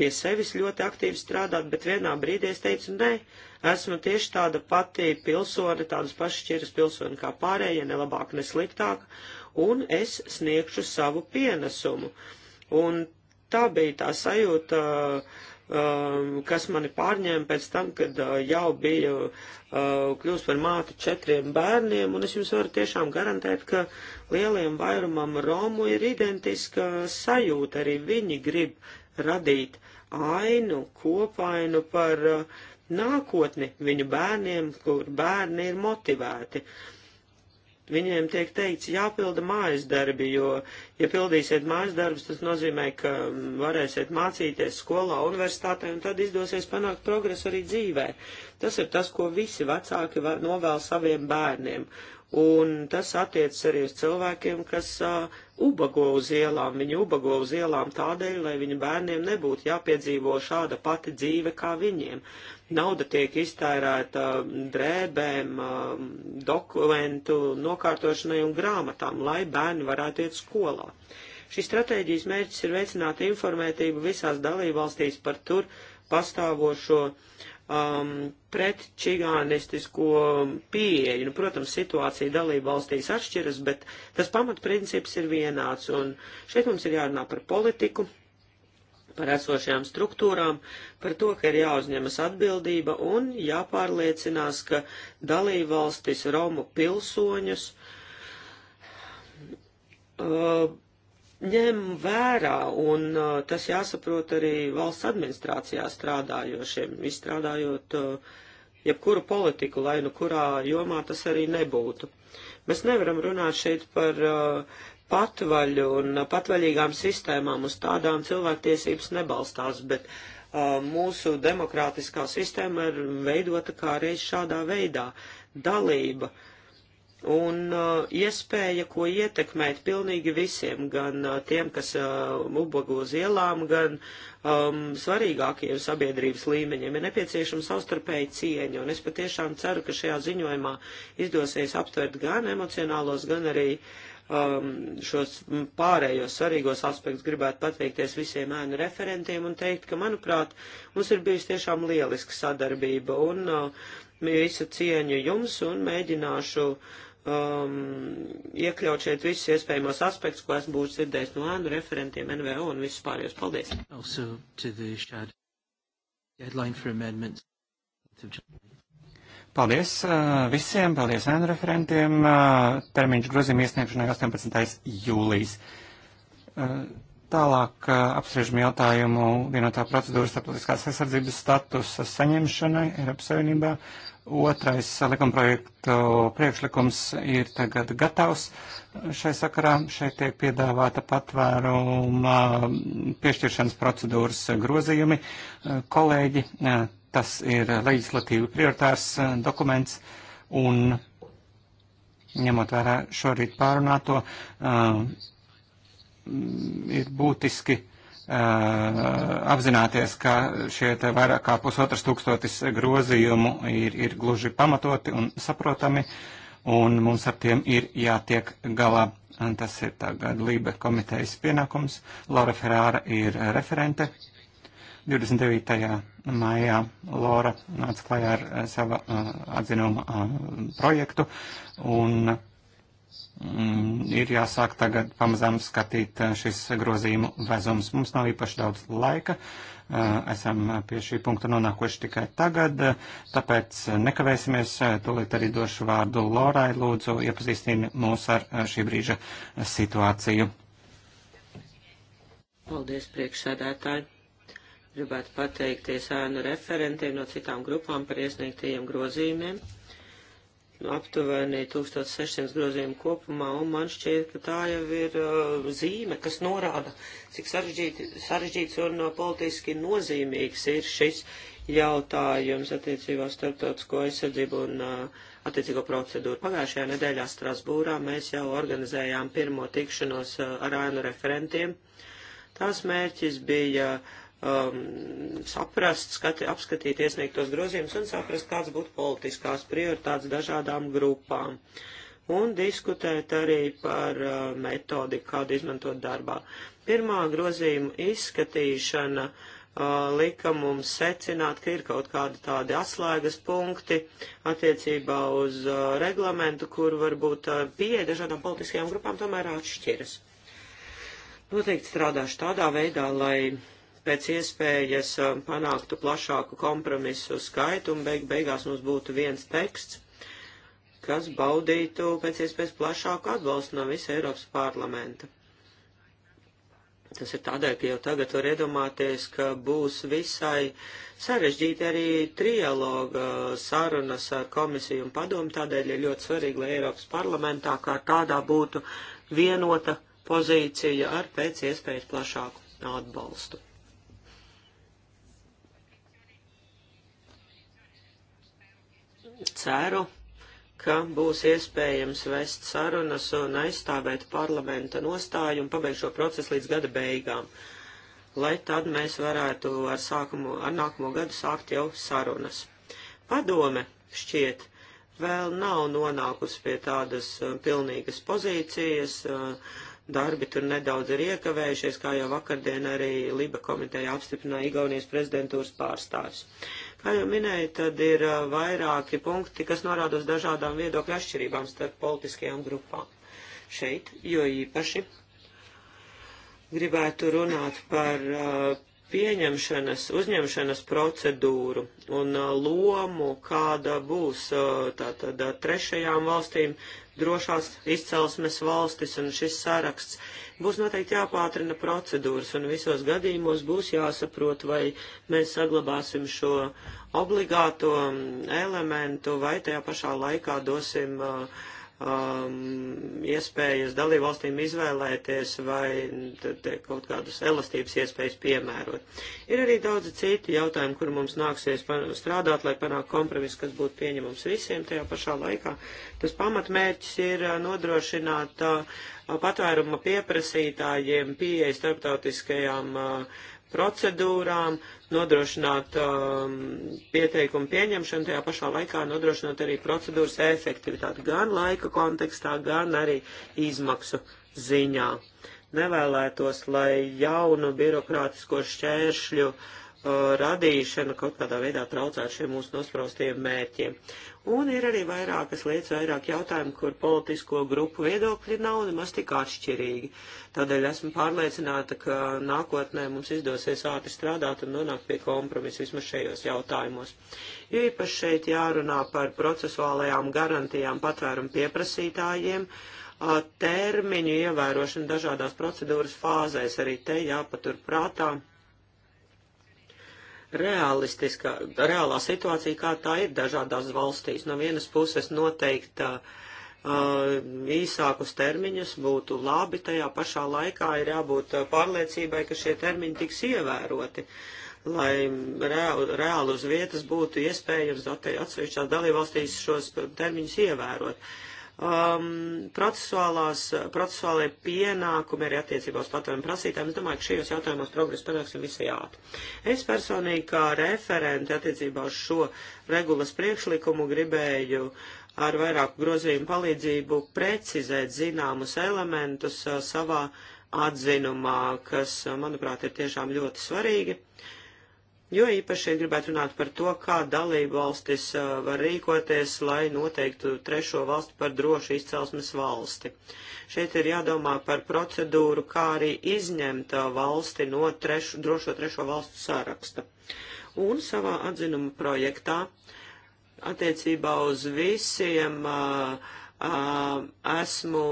pie sevis ļoti aktīvi strādāt, bet vienā brīdī es teicu, nē, esmu tieši tāda pati pilsone, tādas pašas ķiras pilsone kā pārējie, ne labāk, ne sliktāk, un es sniegšu savu pienesumu. Un tā bija tā sajūta. Uh, Um, kas mani pārņēma pēc tam, kad uh, jau biju uh, kļūst par māti četriem bērniem, un es jums varu tiešām garantēt, ka lieliem vairumam Romu ir identiska sajūta, arī viņi grib radīt ainu, kopainu par uh, nākotni viņu bērniem, kur bērni ir motivēti. Uh, viņiem tiek teikts jāpilda mājas darbi, jo, ja pildīsiet mājas darbus, tas nozīmē, ka mm, varēsiet mācīties skolā, universitātē, un tad izdosies panākt progresu arī dzīvē. Tas ir tas, ko visi vecāki novēl saviem bērniem. Un tas attiecas arī uz cilvēkiem, kas uh, ubago uz ielām. Viņi ubago uz ielām tādēļ, lai viņu bērniem nebūtu jāpiedzīvo šāda pati dzīve kā viņiem. Nauda tiek iztērēta drēbēm, uh, dokumentu nokārtošanai un grāmatām, lai bērni varētu iet skolā. Šīs stratēģijas mērķis ir veicināt informētību visās dalībvalstīs par tur pastāvošo uh, um, pret čigānistisko pieeju. Nu, protams, situācija dalība valstīs atšķiras, bet tas pamatprincips ir vienāds. Un šeit mums ir jārunā par politiku, par esošajām struktūrām, par to, ka ir jāuzņemas atbildība un jāpārliecinās, ka dalība valstis Romu pilsoņus. Uh, ņem vērā, un uh, tas jāsaprot arī valsts administrācijā strādājošiem, izstrādājot uh, jebkuru politiku, lai nu kurā jomā tas arī nebūtu. Mēs nevaram runāt šeit par uh, patvaļu un patvaļīgām sistēmām, uz tādām cilvēktiesības nebalstās, bet mūsu demokrātiskā sistēma ir veidota kā reiz šādā veidā - dalība. Uh, un uh, iespēja, ko ietekmēt pilnīgi visiem, gan uh, tiem, kas uh, ubago uz ielām, gan um, svarīgākiem sabiedrības līmeņiem, ir nepieciešama savstarpēja cieņa, un es patiešām ceru, ka šajā ziņojumā izdosies aptvert gan emocionālos, gan arī um, šos pārējos svarīgos aspektus. Gribētu pateikties visiem ēnu referentiem un teikt, ka, manuprāt, mums ir bijusi tiešām lieliska sadarbība, un uh, visu cieņu jums, un mēģināšu uh, um, iekļaut šeit visus iespējamos aspektus, ko esmu būs dzirdējis no ēnu referentiem, NVO un visus pārējos. Paldies! Paldies uh, visiem, paldies ēnu referentiem. Uh, termiņš grozījuma iesniegšanai 18. jūlijas. Uh, tālāk apspriežam jautājumu vienotā procedūras starptautiskās aizsardzības statusa saņemšanai Eiropas Savienībā. Uh, Otrais likumprojektu priekšlikums ir tagad gatavs šai sakarā. Šeit tiek piedāvāta patvēruma piešķiršanas procedūras grozījumi. Kolēģi, tas ir leģislatīvi prioritārs dokuments un ņemot vērā šorīt pārunāto, ir būtiski Eh, apzināties, ka šie te vairāk kā pusotras tūkstotis grozījumu ir, ir gluži pamatoti un saprotami, un mums ar tiem ir jātiek galā. Un tas ir tagad Lībe komitejas pienākums. Laura Ferrāra ir referente. 29. maijā Laura nāca klajā ar eh, sava uh, atzinuma uh, projektu, un uh, Mm, ir jāsāk tagad pamazām skatīt eh, šis grozījumu vezums. Mums nav īpaši daudz laika, eh, esam pie šī punkta nonākuši tikai tagad, eh, tāpēc nekavēsimies, tūlīt arī došu vārdu Lorai, lūdzu iepazīstini mūs ar šī brīža situāciju. Paldies, priekšsēdētāji! Gribētu pateikties ēnu referentiem no citām grupām par iesniegtajiem grozījumiem aptuveni 1600 grozījumu kopumā, un man šķiet, ka tā jau ir uh, zīme, kas norāda, cik sarežģīts un uh, politiski nozīmīgs ir šis jautājums attiecībā starptautisko aizsardzību un uh, attiecīgo procedūru. Pagājušajā nedēļā Strasbūrā mēs jau organizējām pirmo tikšanos uh, ar ANU referentiem. Tās mērķis bija uh, um, saprast, skati, apskatīt iesniegtos grozījumus un saprast, kāds būtu politiskās prioritātes dažādām grupām. Un diskutēt arī par uh, metodiku, kādu izmantot darbā. Pirmā grozījuma izskatīšana uh, lika mums secināt, ka ir kaut kādi tādi atslēgas punkti attiecībā uz uh, reglamentu, kur varbūt uh, pieeja dažādām politiskajām grupām tomēr atšķiras. Noteikti strādāšu tādā veidā, lai pēc iespējas uh, panāktu plašāku kompromisu skaitu un beig beigās mums būtu viens teksts, kas baudītu pēc iespējas plašāku atbalstu no visa Eiropas parlamenta. Tas ir tādēļ, ka jau tagad var iedomāties, ka būs visai sarežģīti arī trialoga sarunas ar komisiju un padomu. Tādēļ ir ļoti svarīgi, lai Eiropas parlamentā kā tādā būtu vienota pozīcija ar pēc iespējas plašāku atbalstu. ceru, ka būs iespējams vest sarunas un aizstāvēt parlamenta nostāju un pabeigt šo procesu līdz gada beigām, lai tad mēs varētu ar, sākumu, ar nākamo gadu sākt jau sarunas. Padome šķiet vēl nav nonākusi pie tādas uh, pilnīgas pozīcijas, uh, darbi tur nedaudz ir iekavējušies, kā jau vakardien arī Liba komiteja apstiprināja Igaunijas prezidentūras pārstāvis. Uh, Kā jau minēju, tad ir vairāki punkti, kas norāda uz dažādām viedokļu atšķirībām starp politiskajām grupām. Šeit, jo īpaši gribētu runāt par pieņemšanas, uzņemšanas procedūru un lomu, kāda būs tātad trešajām valstīm drošās izcelsmes valstis, un šis saraksts būs noteikti jāpātrina procedūras, un visos gadījumos būs jāsaprot, vai mēs saglabāsim šo obligāto elementu, vai tajā pašā laikā dosim uh, um, iespējas dalībvalstīm izvēlēties vai kaut kādas elastības iespējas piemērot. Ir arī daudz citu jautājumu, kur mums nāksies strādāt, lai panāktu kompromisu, kas būtu pieņemams visiem tajā pašā laikā. Tas pamatmērķis ir uh, nodrošināt uh, patvēruma pieprasītājiem pieeja starptautiskajām uh, procedūrām, nodrošināt um, pieteikumu pieņemšanu, tajā pašā laikā nodrošināt arī procedūras efektivitāti gan laika kontekstā, gan arī izmaksu ziņā. Nevēlētos, lai jaunu birokrātisko šķēršļu uh, radīšana kaut kādā veidā traucētu šiem mūsu nospraustiem mērķiem. Un ir arī vairākas lietas, vairāk jautājumu, kur politisko grupu viedokļi nav nemaz tik atšķirīgi. Tādēļ esmu pārliecināta, ka nākotnē mums izdosies ātri strādāt un nonākt pie kompromisa vismaz šajos jautājumos. Jo īpaši šeit jārunā par procesuālajām garantijām patvērumu pieprasītājiem, termiņu ievērošanu dažādās procedūras fāzēs, arī te jāpatur prātā realistiskā, reālā situācija, kā tā ir dažādās valstīs. No vienas puses noteikti uh, īsākus termiņus būtu labi, tajā pašā laikā ir jābūt uh, pārliecībai, ka šie termiņi tiks ievēroti, lai reāli, reāli uz vietas būtu iespējams atsevišķās dalībvalstīs šos termiņus ievērot. Uh, um, procesuālie pienākumi arī attiecībā uz patvērumu prasītājiem. Es domāju, ka šajos jautājumos progresu panāksim visai ātri. Es personīgi kā referenti attiecībā uz šo regulas priekšlikumu gribēju ar vairāku grozījumu palīdzību precizēt zināmus elementus uh, savā atzinumā, kas, uh, manuprāt, ir tiešām ļoti svarīgi. Uh, Jo īpaši šeit gribētu runāt par to, kā dalība valstis uh, var rīkoties, lai noteiktu trešo valsti par drošu izcelsmes valsti. Šeit ir jādomā par procedūru, kā arī izņemt uh, valsti no trešu, drošo trešo valstu saraksta. Un savā atzinuma projektā attiecībā uz visiem uh, uh, esmu,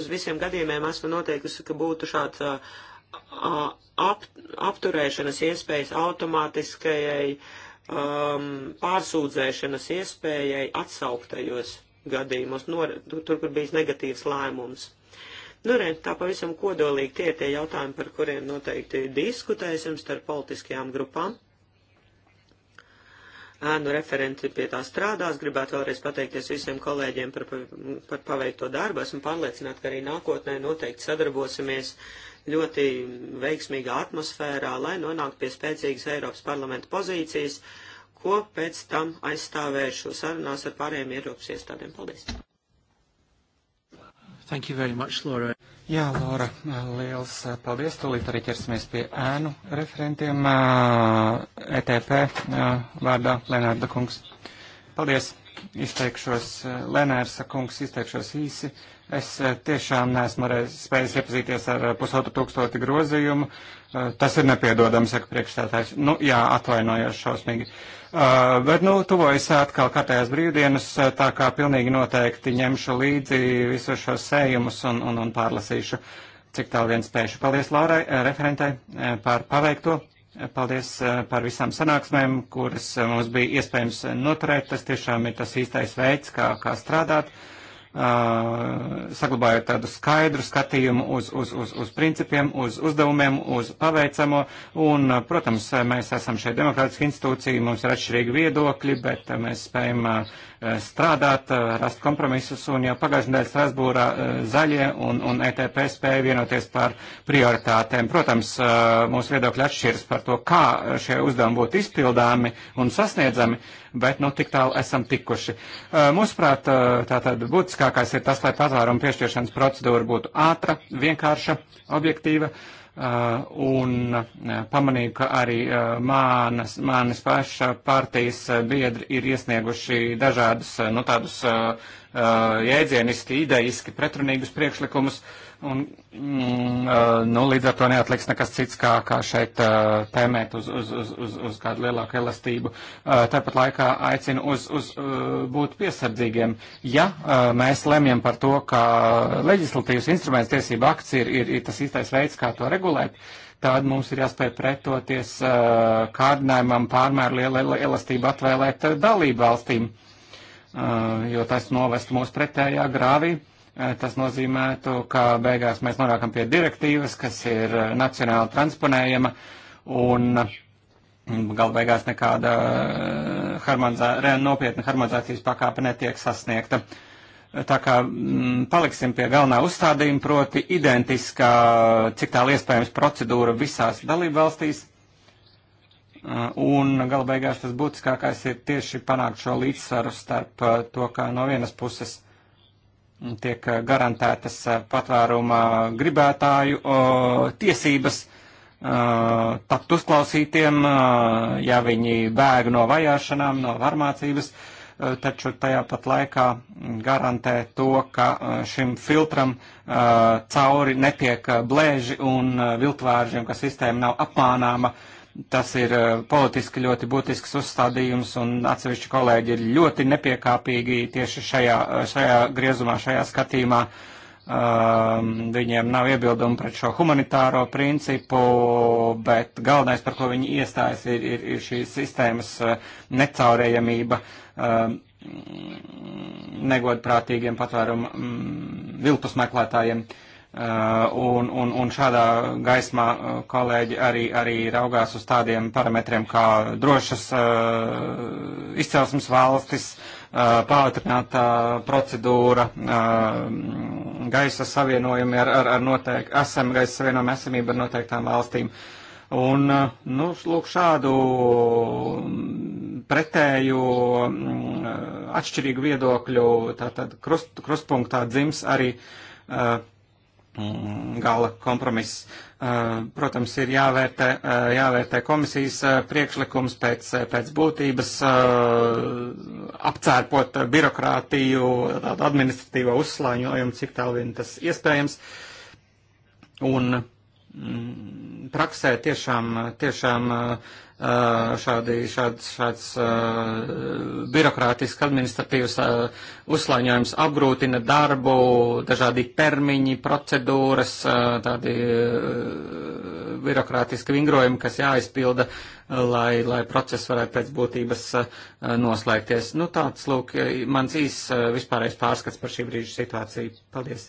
uz visiem gadījumiem esmu noteikusi, ka būtu šāds uh, ap, apturēšanas iespējas automātiskajai um, pārsūdzēšanas iespējai atsauktajos gadījumos, nor, tur, kur bijis negatīvs lēmums. Nu, re, tā pavisam kodolīgi tie ir tie jautājumi, par kuriem noteikti diskutēsim starp politiskajām grupām. Ēnu referenti pie tā strādās, gribētu vēlreiz pateikties visiem kolēģiem par, par paveikto darbu. Esmu pārliecināta, ka arī nākotnē noteikti sadarbosimies ļoti veiksmīgā atmosfērā, lai nonāktu pie spēcīgas Eiropas parlamenta pozīcijas, ko pēc tam aizstāvēšu sarunās ar pārējiem Eiropas iestādēm. Paldies! Thank you very much, Laura. Jā, Laura, liels uh, paldies. Tūlīt arī ķersimies pie ēnu referentiem uh, ETP uh, vārdā Lenārda kungs. Paldies. Izteikšos, Lenārsa kungs, izteikšos īsi. Uh, Es eh, tiešām neesmu spējis iepazīties ar eh, pusotru tūkstoti grozījumu. Eh, tas ir nepiedodami, saka priekšstādājs. Nu, jā, atvainojos šausmīgi. Uh, bet, nu, tuvojas atkal kārtējās brīvdienas, tā kā pilnīgi noteikti ņemšu līdzi visus šos sējumus un, un, un pārlasīšu, cik tālu vien spēšu. Paldies Laurai, referentai, par paveikto. Paldies par visām sanāksmēm, kuras mums bija iespējams noturēt. Tas tiešām ir tas īstais veids, kā, kā strādāt. Uh, Uh, saglabājot tādu skaidru skatījumu uz, uz, uz, uz principiem, uz uzdevumiem, uz paveicamo. Un, uh, protams, mēs esam šeit demokrātiski institūcija, mums ir atšķirīgi viedokļi, bet uh, mēs spējam Eh, strādāt, eh, rast kompromisus, un jau pagājušajā nedēļā Strasbūrā eh, zaļie un, un ETP spēja vienoties par prioritātēm. Protams, mūsu viedokļi atšķiras par to, kā šie uzdevumi būtu izpildāmi un sasniedzami, bet nu tik tālu esam tikuši. Mūsuprāt, tātad būtiskākais ir tas, lai patvērumu piešķiršanas procedūra būtu ātra, vienkārša, objektīva. Uh, Uh, un uh, pamanīju, ka arī uh, manas, manas paša partijas biedri ir iesnieguši dažādus, nu tādus jēdzieniski, idejiski pretrunīgus priekšlikumus. Uh, Un, mm, nu, līdz ar to neatliks nekas cits, kā, kā šeit tēmēt uz, uz, uz, uz, uz kādu lielāku elastību. Tāpat laikā aicinu uz, uz, būt piesardzīgiem. Ja mēs lemjam par to, ka leģislatīvas instruments tiesība akts ir, ir, ir tas īstais veids, kā to regulēt, tad mums ir jāspēj pretoties kārdinājumam pārmēr lielu elastību atvēlēt dalību valstīm, jo tas novest mūs pretējā grāvī. Eh, tas nozīmētu, ka beigās mēs nonākam pie direktīvas, kas ir eh, nacionāli transponējama un mm, galu beigās nekāda eh, harmonizā, nopietna harmonizācijas pakāpe netiek sasniegta. Tā kā m, mm, paliksim pie galvenā uzstādījuma, proti identiskā, cik tālu iespējams, procedūra visās dalībvalstīs. Un gala beigās tas būtiskākais ir tieši panākt šo līdzsvaru starp to, ka no vienas puses tiek eh, garantētas eh, patvēruma gribētāju tiesības eh, tapt uzklausītiem, ja viņi bēg no vajāšanām, no varmācības, taču tajā pat laikā garantē to, ka šim filtram cauri netiek blēži un viltvārži, un ka sistēma nav apmānāma Tas ir eh, politiski ļoti būtisks uzstādījums, un atsevišķi kolēģi ir ļoti nepiekāpīgi tieši šajā, eh, šajā griezumā, šajā skatījumā. Um, viņiem nav iebildumi pret šo humanitāro principu, bet galvenais, par ko viņi iestājas, ir, ir, ir šīs sistēmas eh, necaurējamība um, negodprātīgiem patvērumu um, viltus meklētājiem. Uh, Uh, un, un, un šādā gaismā uh, kolēģi arī, arī raugās uz tādiem parametriem kā drošas uh, izcelsmes valstis, pātrinātā procedūra, gaisa savienojumi ar, ar, ar noteikti, esam gaisa savienojumi esamību ar noteiktām valstīm. Un, nu, lūk, šādu pretēju mm, atšķirīgu viedokļu, tātad krust, krustpunktā dzims arī uh, Mm, gala kompromiss. Uh, protams, ir jāvērtē, uh, jāvērtē komisijas uh, priekšlikums pēc, pēc būtības, apcērpot birokrātiju, tādu administratīvo uzslāņojumu, cik tālu vien tas iespējams. Un mm, praksē tiešām, tiešām uh, šādi, šāds, šāds uh, birokrātisks administratīvs uh, uzslāņojums apgrūtina darbu, dažādi termiņi, procedūras, uh, tādi birokrātiski vingrojumi, kas jāizpilda, lai, lai process varētu pēc būtības noslēgties. Nu, tāds, lūk, mans īs vispārējais pārskats par šī brīža situāciju. Paldies!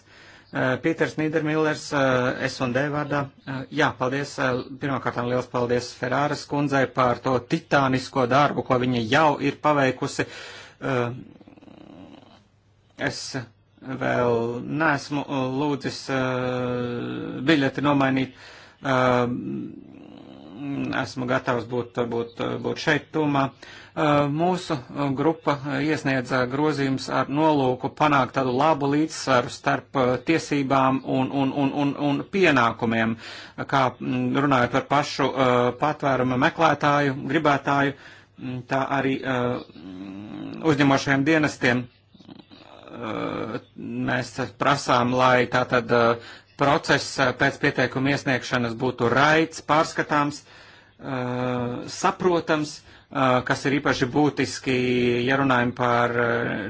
Eh, Pīters Nīdermillers, eh, S&D vārdā. Eh, jā, paldies. Pirmkārt, liels paldies Ferāras kundzei par to titānisko darbu, ko viņa jau ir paveikusi. Es vēl neesmu lūdzis biļeti nomainīt. Mm, esmu gatavs būt, būt, būt šeit tūmā. Uh, Mūsu grupa iesniedz grozījums ar nolūku panākt tādu labu līdzsvaru starp tiesībām un, un, un, un, un pienākumiem, kā runājot par pašu patvērumu meklētāju, gribētāju, tā arī uzņemošajiem dienestiem. Mēs prasām, lai tātad process pēc pieteikuma iesniegšanas būtu raids, pārskatāms, saprotams, uh, kas ir īpaši būtiski, ja runājam par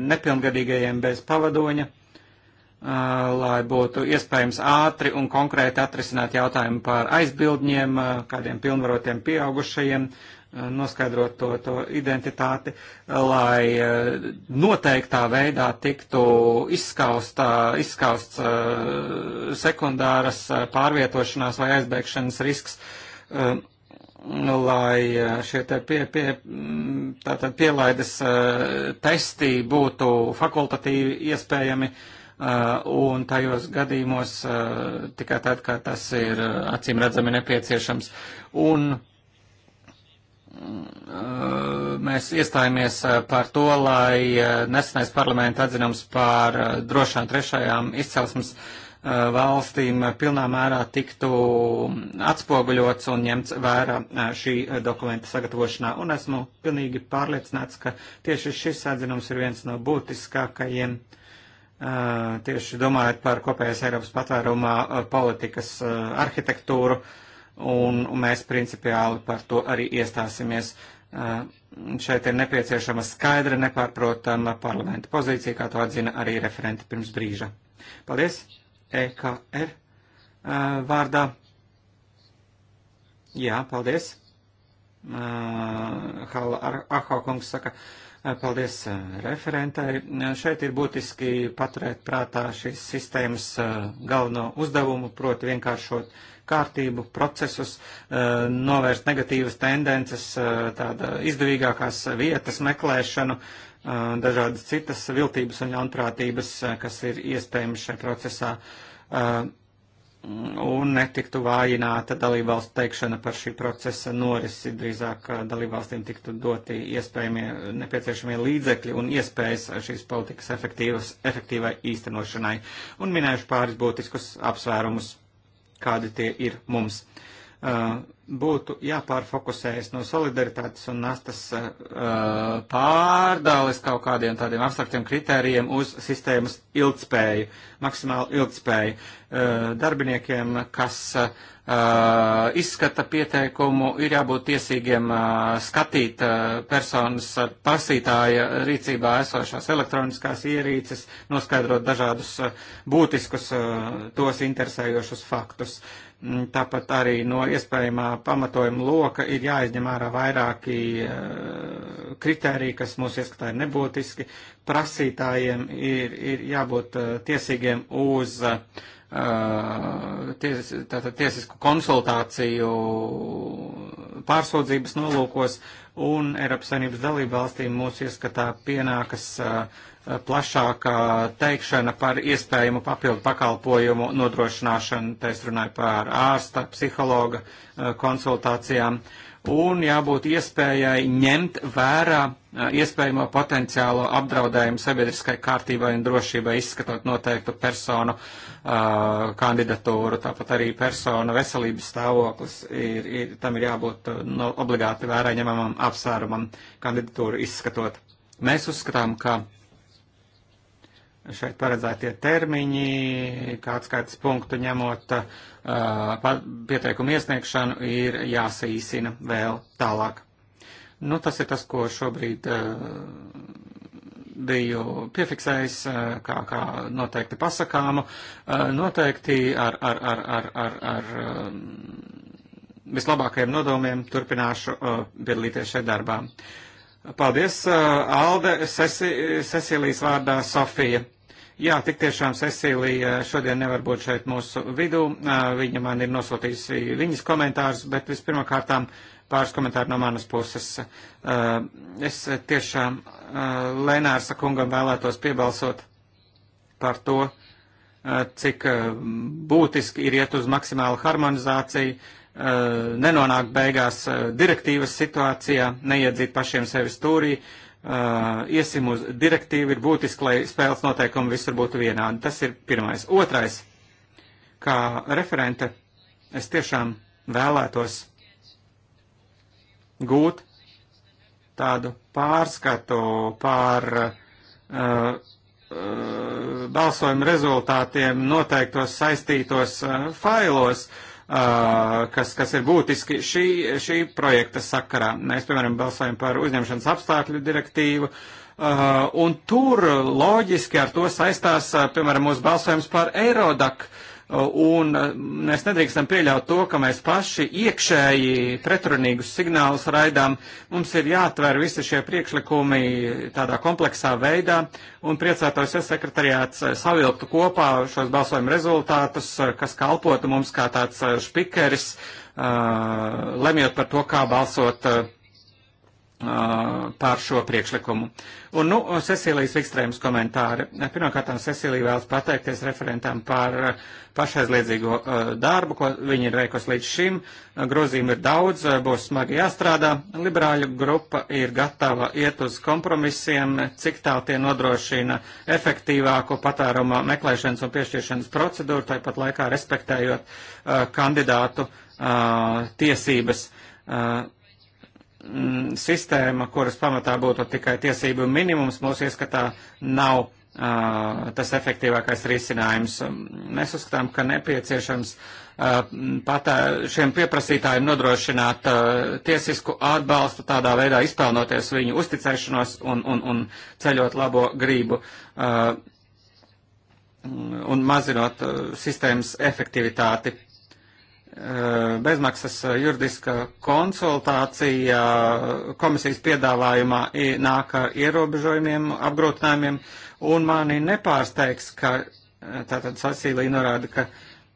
nepilngadīgajiem bez pavadoņa, lai būtu iespējams ātri un konkrēti atrisināt jautājumu par aizbildņiem, kādiem pilnvarotiem pieaugušajiem, noskaidrot to, to identitāti, lai noteiktā veidā tiktu izskausta, izskausts sekundāras pārvietošanās vai aizbēgšanas risks Nu, lai eh, šie te pie, pie, tātad pielaides eh, testi būtu fakultatīvi iespējami eh, un tajos gadījumos tikai tad, kā tas ir acīm redzami nepieciešams. Un mēs iestājāmies par to, lai nesenais parlamenta atzinums par drošām trešajām izcelsmes uh, Eh, valstīm pilnā mērā tiktu atspoguļots un ņemts vērā eh, šī eh, dokumenta sagatavošanā. Un esmu pilnīgi pārliecināts, ka tieši šis atzinums ir viens no būtiskākajiem tieši domājot par kopējas Eiropas patvērumā politikas arhitektūru, un mēs principiāli par to arī iestāsimies. Šeit ir nepieciešama skaidra, nepārprotama parlamenta pozīcija, kā to atzina arī referenti pirms brīža. Paldies! EKR vārdā. Jā, paldies. Hala Aho kungs saka, paldies referentai. Šeit ir būtiski paturēt prātā šīs sistēmas galveno uzdevumu, proti vienkāršot kārtību, procesus, novērst negatīvas tendences, tāda izdevīgākās vietas meklēšanu, dažādas citas viltības un ļaunprātības, kas ir iespējams šajā procesā, un netiktu vājināta dalībvalstu teikšana par šī procesa norisi, drīzāk dalībvalstīm tiktu doti iespējamie nepieciešamie līdzekļi un iespējas šīs politikas efektīvai īstenošanai. Un minējuši pāris būtiskus apsvērumus, kādi tie ir mums. Uh, Uh, būtu jāpārfokusējas no solidaritātes un nastas uh, pārdales kaut kādiem tādiem abstraktiem kritērijiem uz sistēmas ilgspēju, maksimālu ilgspēju. Uh, darbiniekiem, kas uh, izskata pieteikumu, ir jābūt tiesīgiem uh, skatīt uh, personas prasītāja rīcībā esošās elektroniskās ierīces, noskaidrot dažādus uh, būtiskus uh, tos interesējošus faktus. Uh, Mm, tāpat arī no iespējamā pamatojuma loka ir jāizņem ārā vairāki eh, kriteriji, kas mūsu ieskatā ir nebūtiski. Prasītājiem ir, ir jābūt eh, tiesīgiem uz eh, ties, tātad, tiesisku konsultāciju pārsūdzības nolūkos, un Eiropas Savienības dalību valstīm mūsu ieskatā pienākas plašākā teikšana par iespējamu papildu pakalpojumu nodrošināšanu, tā es runāju par ārsta, psihologa eh, konsultācijām, un jābūt iespējai ņemt vērā eh, iespējamo potenciālo apdraudējumu sabiedriskai kārtībai un drošībai, izskatot noteiktu personu uh, kandidatūru, tāpat arī persona veselības stāvoklis, ir, ir, tam ir jābūt no, obligāti vērā ņemamam apsvērumam kandidatūru izskatot. Mēs uzskatām, ka šeit paredzētie termiņi, kāds skaits punktu ņemot uh, pieteikumu iesniegšanu, ir jāsaīsina vēl tālāk. Nu, tas ir tas, ko šobrīd uh, biju piefiksējis, uh, kā, kā noteikti pasakāmu. Uh, noteikti ar, ar, ar, ar, ar, ar um, vislabākajiem nodomiem turpināšu uh, piedalīties šeit darbā. Paldies, uh, Alde, Sesi, Cecilijas vārdā Sofija. Jā, tik tiešām Cecīlija šodien nevar būt šeit mūsu vidū. Viņa man ir nosūtījusi viņas komentārus, bet vispirmkārtām pāris komentāru no manas puses. Es tiešām Lenārsa kungam vēlētos piebalsot par to, cik būtiski ir iet uz maksimālu harmonizāciju, nenonākt beigās direktīvas situācijā, neiedzīt pašiem sevi stūrī. Uh, Eh, iesim uz direktīvu, ir būtiski, lai spēles noteikumi visur būtu vienādi. Tas ir pirmais. Otrais, kā referente, es tiešām vēlētos gūt tādu pārskatu pār uh, eh, uh, eh, balsojumu rezultātiem noteiktos saistītos uh, failos. Uh, Uh, kas, kas ir būtiski šī, šī projekta sakarā. Mēs, piemēram, balsojam par uzņemšanas apstākļu direktīvu, uh, un tur loģiski ar to saistās, uh, piemēram, mūsu balsojums par Eirodak un eh, mēs nedrīkstam pieļaut to, ka mēs paši iekšēji pretrunīgus signālus raidām. Mums ir jāatver visi šie priekšlikumi tādā kompleksā veidā, un priecātos, ja sekretariāts eh, savilktu kopā šos balsojumu rezultātus, eh, kas kalpotu mums kā tāds špikeris, lemjot par to, kā balsot pār šo priekšlikumu. Un, nu, Cecīlijas Vikstrēmas komentāri. Pirmkārt, Cecīlija vēlas pateikties referentam par uh, pašaizliedzīgo uh, darbu, ko viņi ir veikos līdz šim. Uh, Grozījumi ir daudz, būs smagi jāstrādā. Liberāļu grupa ir gatava iet uz kompromisiem, cik tā tie nodrošina efektīvāku patēruma meklēšanas un piešķiršanas procedūru, tāpat laikā respektējot uh, kandidātu uh, tiesības. Uh, mm, sistēma, kuras pamatā būtu tikai tiesību minimums, mūsu ieskatā nav uh, tas efektīvākais risinājums. Mēs uzskatām, ka nepieciešams uh, patē, šiem pieprasītājiem nodrošināt uh, tiesisku atbalstu, tādā veidā izpelnoties viņu uzticēšanos un, un, un ceļot labo grību un mazinot sistēmas efektivitāti Eh, bezmaksas eh, juridiska konsultācija eh, komisijas piedāvājumā nāk ar ierobežojumiem, apgrūtinājumiem, un mani nepārsteigs, ka tātad Sasīlija norāda, ka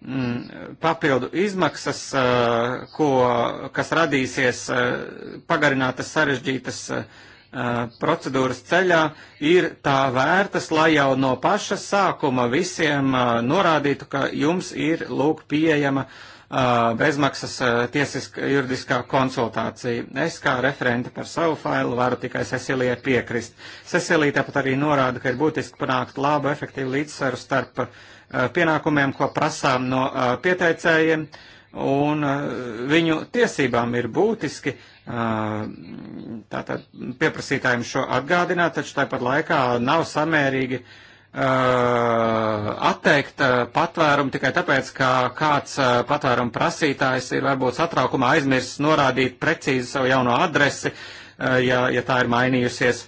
mm, papildu izmaksas, ko, kas radīsies pagarinātas sarežģītas procedūras ceļā ir tā vērtas, lai jau no paša sākuma visiem norādītu, ka jums ir lūk pieejama uh, bezmaksas tiesiska juridiskā konsultācija. Es kā referente par savu failu varu tikai Cecilijai piekrist. Cecilija tāpat arī norāda, ka ir būtiski panākt labu, efektīvu līdzsvaru starp pienākumiem, ko prasām no pieteicējiem, un viņu tiesībām ir būtiski tātad pieprasītājiem šo atgādināt, taču tāpat laikā nav samērīgi uh, Uh, atteikt uh, patvērumu tikai tāpēc, ka kāds uh, patvērumu prasītājs ir varbūt satraukumā aizmirsis norādīt precīzi savu jauno adresi, ja, ja tā ir mainījusies.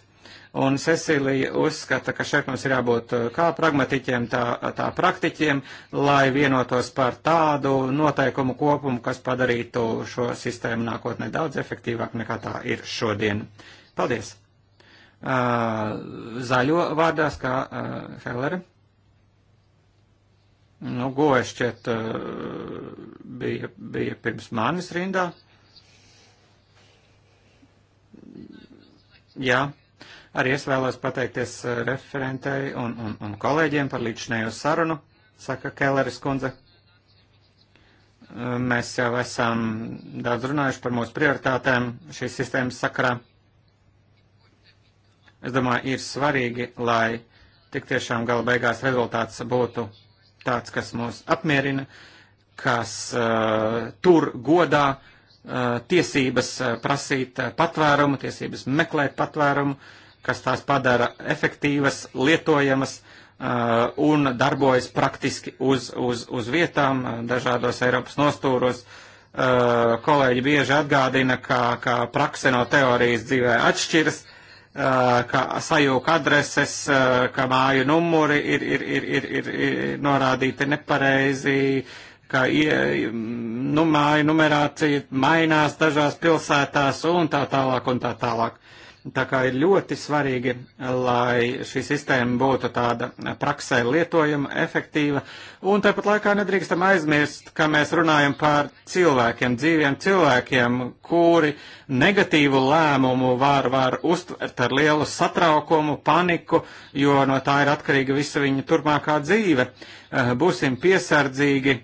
Un Cecilija uzskata, ka šeit mums ir jābūt kā pragmatiķiem, tā, tā praktiķiem, lai vienotos par tādu noteikumu kopumu, kas padarītu šo sistēmu nākotnē daudz efektīvāk nekā tā ir šodien. Paldies! zaļo vārdās, kā Hellere. Nu, goja šķiet bija, bija pirms manis rindā. Jā, arī es vēlos pateikties referentei un, un, un kolēģiem par līdzinējo sarunu, saka Kelleris kundze. Mēs jau esam daudz runājuši par mūsu prioritātēm šīs sistēmas sakarā es domāju, ir svarīgi, lai tik tiešām gala beigās rezultāts būtu tāds, kas mūs apmierina, kas uh, tur godā uh, tiesības uh, prasīt uh, patvērumu, tiesības meklēt patvērumu, kas tās padara efektīvas, lietojamas uh, un darbojas praktiski uz, uz, uz vietām uh, dažādos Eiropas nostūros. Uh, kolēģi bieži atgādina, ka, ka prakse no teorijas dzīvē atšķiras, ka sajūka adreses, ka māju numuri ir, ir, ir, ir, ir, ir norādīti nepareizi, ka nu, māju numerācija mainās dažās pilsētās un tā tālāk un tā tālāk. Tā kā ir ļoti svarīgi, lai šī sistēma būtu tāda praksē lietojama, efektīva, un tāpat laikā nedrīkstam aizmirst, ka mēs runājam par cilvēkiem, dzīviem cilvēkiem, kuri negatīvu lēmumu var, var uztvert ar lielu satraukumu, paniku, jo no tā ir atkarīga visa viņa turpmākā dzīve. Eh, būsim piesardzīgi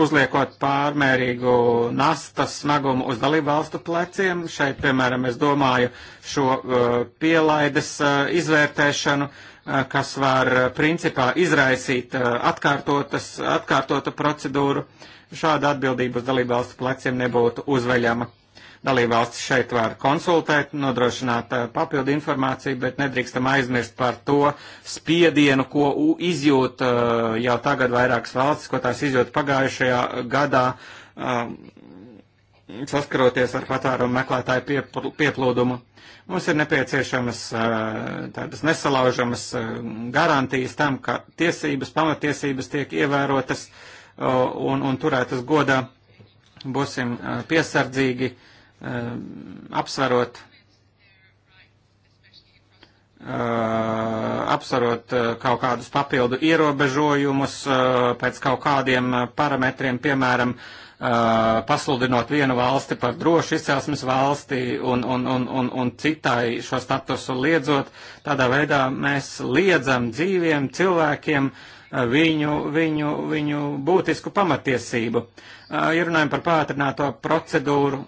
uzliekot pārmērīgu nastas smagumu uz dalību valstu pleciem. Šeit, piemēram, es domāju šo uh, pielaides uh, izvērtēšanu, uh, kas var principā izraisīt atkārtotas, atkārtotu procedūru. Šāda atbildība uz dalību valstu pleciem nebūtu uzveļama. Dalībvalstis šeit var konsultēt, nodrošināt eh, papildu informāciju, bet nedrīkstam aizmirst par to spiedienu, ko izjūt eh, jau tagad vairākas valstis, ko tās izjūt pagājušajā gadā eh, saskaroties ar patvērumu meklētāju pieplūdumu. Mums ir nepieciešamas tādas nesalaužamas garantijas tam, ka tiesības, pamatiesības tiek ievērotas un, un turētas godā. Būsim piesardzīgi Um, apsvarot Uh, apsvarot uh, kaut kādus papildu ierobežojumus uh, pēc kaut kādiem uh, parametriem, piemēram, uh, pasludinot vienu valsti par drošu izcelsmes valsti un, un, un, un, un citai šo statusu liedzot. Tādā veidā mēs liedzam dzīviem cilvēkiem uh, viņu, viņu, viņu būtisku pamatiesību. Ja runājam par pātrināto procedūru,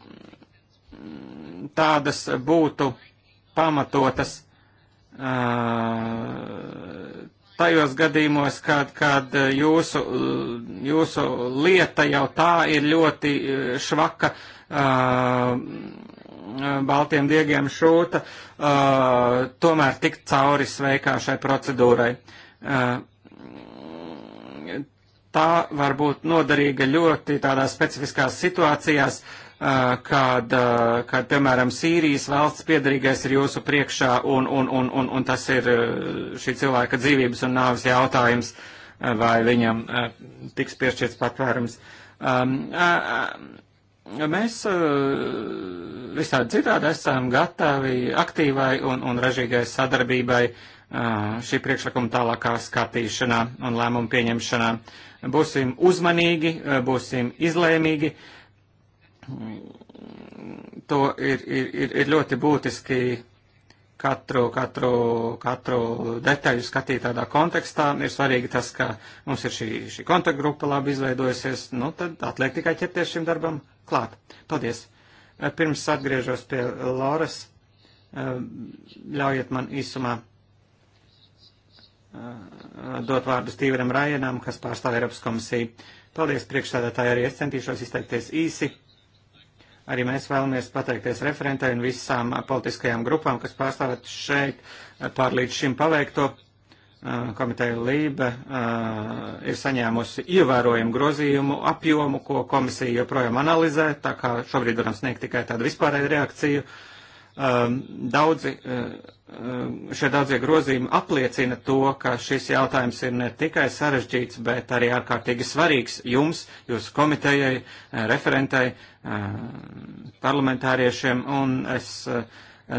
tādas būtu pamatotas tajos gadījumos, kad, kad jūsu, jūsu lieta jau tā ir ļoti švaka. Baltiem diegiem šūta, uh, tomēr tikt cauri sveikā šai procedūrai. Uh, tā var būt noderīga ļoti tādās specifiskās situācijās, uh, kad, kad, piemēram, Sīrijas valsts piedarīgais ir jūsu priekšā un, un, un, un, un tas ir šī cilvēka dzīvības un nāves jautājums, vai viņam tiks piešķirts patvērums. Um, mēs visādi citādi esam gatavi aktīvai un, un ražīgai sadarbībai šī priekšlikuma tālākā skatīšanā un lēmumu pieņemšanā. Būsim uzmanīgi, būsim izlēmīgi. Uh, to ir, ir, ir ļoti būtiski katru, katru, katru detaļu skatīt tādā kontekstā. Ir svarīgi tas, ka mums ir šī, šī kontaktgrupa labi izveidojusies, nu tad atliek tikai ķerties šim darbam klāt. Paldies! Pirms atgriežos pie Loras, ļaujiet man īsumā dot vārdu Stīveram Rajanam, kas pārstāv Eiropas komisiju. Paldies priekšstādātāji, arī es centīšos izteikties īsi. Arī mēs vēlamies pateikties referentai un visām politiskajām grupām, kas pārstāvēt šeit eh, pār līdz šim paveikto. Eh, komiteja Lība eh, ir saņēmusi ievērojumu grozījumu apjomu, ko komisija joprojām analizē, tā kā šobrīd varam sniegt tikai tādu vispārēju reakciju. Daudzi Um, šie daudzie grozījumi apliecina to, ka šis jautājums ir ne tikai sarežģīts, bet arī ārkārtīgi svarīgs jums, jūsu komitejai, eh, referentai, eh, parlamentāriešiem, un es eh,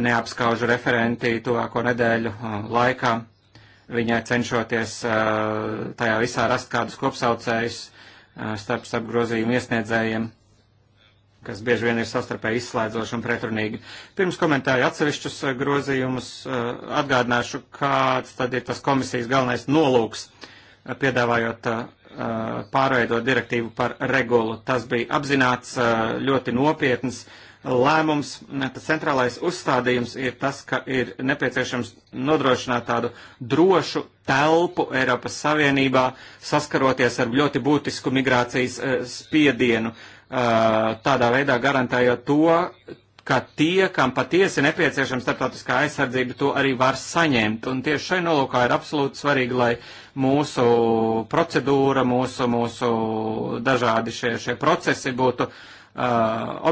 neapskaužu referentī tuvāko nedēļu laikā, viņai cenšoties tajā visā rast kādus kopsaucējus starp, starp grozījumu iesniedzējiem kas bieži vien ir sastarpēji izslēdzoši un pretrunīgi. Pirms komentāju atsevišķus eh, grozījumus eh, atgādināšu, kāds tad ir tas komisijas galvenais nolūks, eh, piedāvājot pārveidot direktīvu par regulu. Tas bija apzināts ļoti nopietns lēmums. Tas centrālais uzstādījums ir tas, ka ir nepieciešams nodrošināt tādu drošu telpu Eiropas Savienībā, saskaroties ar ļoti būtisku migrācijas spiedienu. Uh, Uh, tādā veidā garantējot to, ka tie, kam patiesi nepieciešama starptautiskā aizsardzība, to arī var saņemt. Un tieši šai nolūkā ir absolūti svarīgi, lai mūsu procedūra, mūsu, mūsu dažādi šie, šie procesi būtu uh,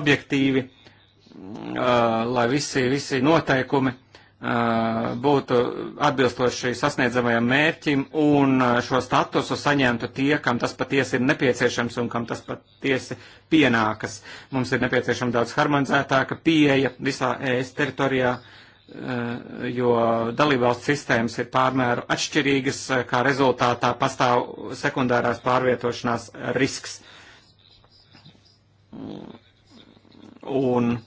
objektīvi, uh, lai visi, visi noteikumi būtu atbilstoši sasniedzamajam mērķim un šo statusu saņemtu tie, kam tas patiesi ir nepieciešams un kam tas patiesi pienākas. Mums ir nepieciešama daudz harmonizētāka pieeja visā ES teritorijā, jo dalībvalsts sistēmas ir pārmēru atšķirīgas, kā rezultātā pastāv sekundārās pārvietošanās risks. Un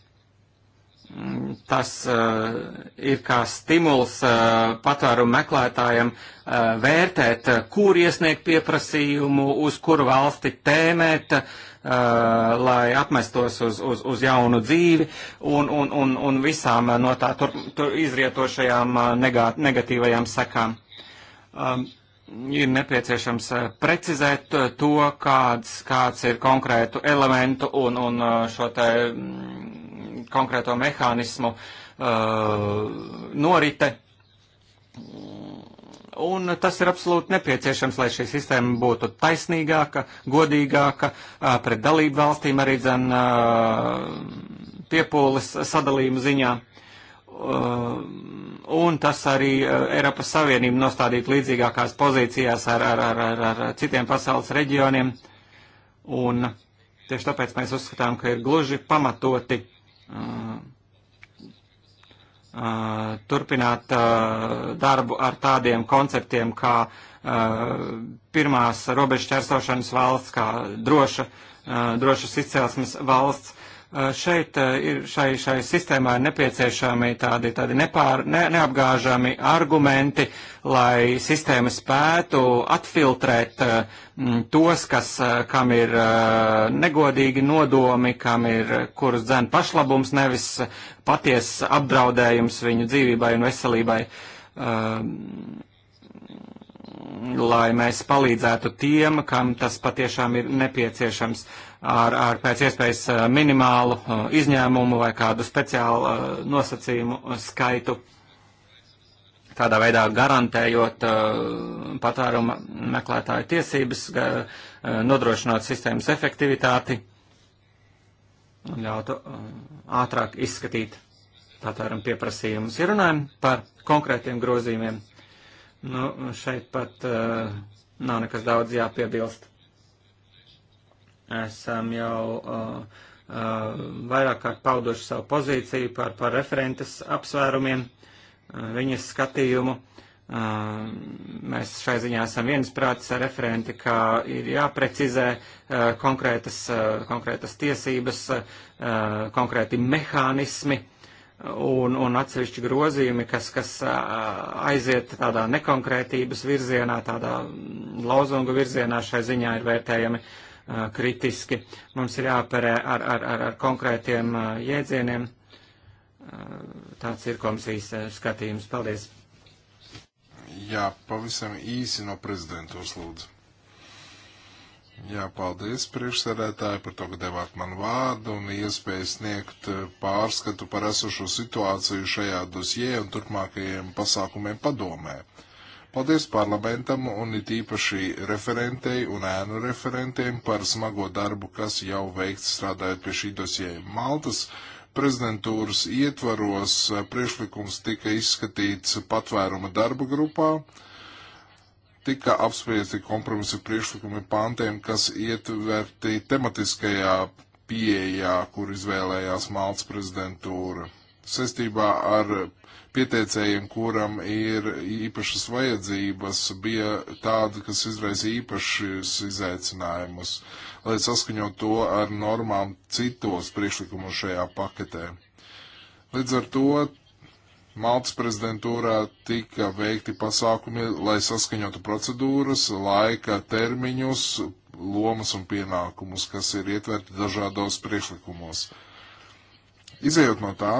Tas uh, ir kā stimuls uh, patvērumu meklētājiem uh, vērtēt, uh, kur iesniegt pieprasījumu, uz kuru valsti tēmēt, uh, lai apmestos uz, uz, uz jaunu dzīvi un, un, un, un visām no tā tur, tur izrietošajām uh, negatīvajām sekām. Um, ir nepieciešams precizēt to, kāds, kāds ir konkrētu elementu un, un šo te mm, konkrēto mehānismu uh, norite. Un tas ir absolūti nepieciešams, lai šī sistēma būtu taisnīgāka, godīgāka, uh, pret dalību valstīm arī dzen uh, piepūles sadalījumu ziņā. Uh, un tas arī uh, Eiropas Savienību nostādīt līdzīgākās pozīcijās ar, ar, ar, ar, ar citiem pasaules reģioniem. Un tieši tāpēc mēs uzskatām, ka ir gluži pamatoti turpināt darbu ar tādiem konceptiem kā pirmās robežu čersošanas valsts, kā droša, drošas izcelsmes valsts, Eh, šeit eh, ir, šai, šai sistēmai ir nepieciešami tādi, tādi nepār, ne, neapgāžami argumenti, lai sistēma spētu atfiltrēt eh, m, tos, kas, kam ir negodīgi nodomi, kam ir, kurus dzēn pašlabums, nevis paties apdraudējums viņu dzīvībai un veselībai. Um, lai mēs palīdzētu tiem, kam tas patiešām ir nepieciešams. Uh, ar, ar pēc iespējas eh, minimālu eh, izņēmumu vai kādu speciālu eh, nosacījumu skaitu. Tādā veidā garantējot patvēruma meklētāju tiesības, nodrošinot sistēmas efektivitāti un ļautu ātrāk izskatīt patvērumu pieprasījumus. Ja runājam par konkrētiem grozījumiem, nu, šeit pat nav nekas daudz jāpiebilst esam jau uh, uh, vairāk kārt pauduši savu pozīciju par, par referentes apsvērumiem, uh, viņas skatījumu. Uh, mēs šai ziņā esam viensprātis ar referenti, ka ir jāprecizē uh, konkrētas, uh, konkrētas tiesības, uh, konkrēti mehānismi un, un atsevišķi grozījumi, kas, kas uh, aiziet tādā nekonkrētības virzienā, tādā mm, lozungu virzienā šai ziņā ir vērtējami uh, kritiski. Mums ir jāperē ar, ar, ar, ar konkrētiem jēdzieniem. Tāds ir komisijas skatījums. Paldies! Jā, pavisam īsi no prezidentūras lūdzu. Jā, paldies priekšsēdētāji par to, ka devāt man vārdu un iespēju sniegt pārskatu par esošo situāciju šajā dosjē un turpmākajiem pasākumiem padomē. Uh, Paldies parlamentam un it īpaši referentei un ēnu referentiem par smago darbu, kas jau veikts strādājot pie šī dosie Maltas prezidentūras ietvaros priešlikums tika izskatīts patvēruma darba grupā, tika apspriesti kompromisa priešlikumi pāntiem, kas ietverti tematiskajā pieejā, kur izvēlējās Maltas prezidentūra. Sestībā ar pieteicējiem, kuram ir īpašas vajadzības, bija tāda, kas izraisa īpašas izaicinājumus, lai saskaņot to ar normām citos priekšlikumus šajā paketē. Līdz ar to Maltas prezidentūrā tika veikti pasākumi, lai saskaņotu procedūras, laika termiņus, lomas un pienākumus, kas ir ietverti dažādos priekšlikumos. Izejot no tā,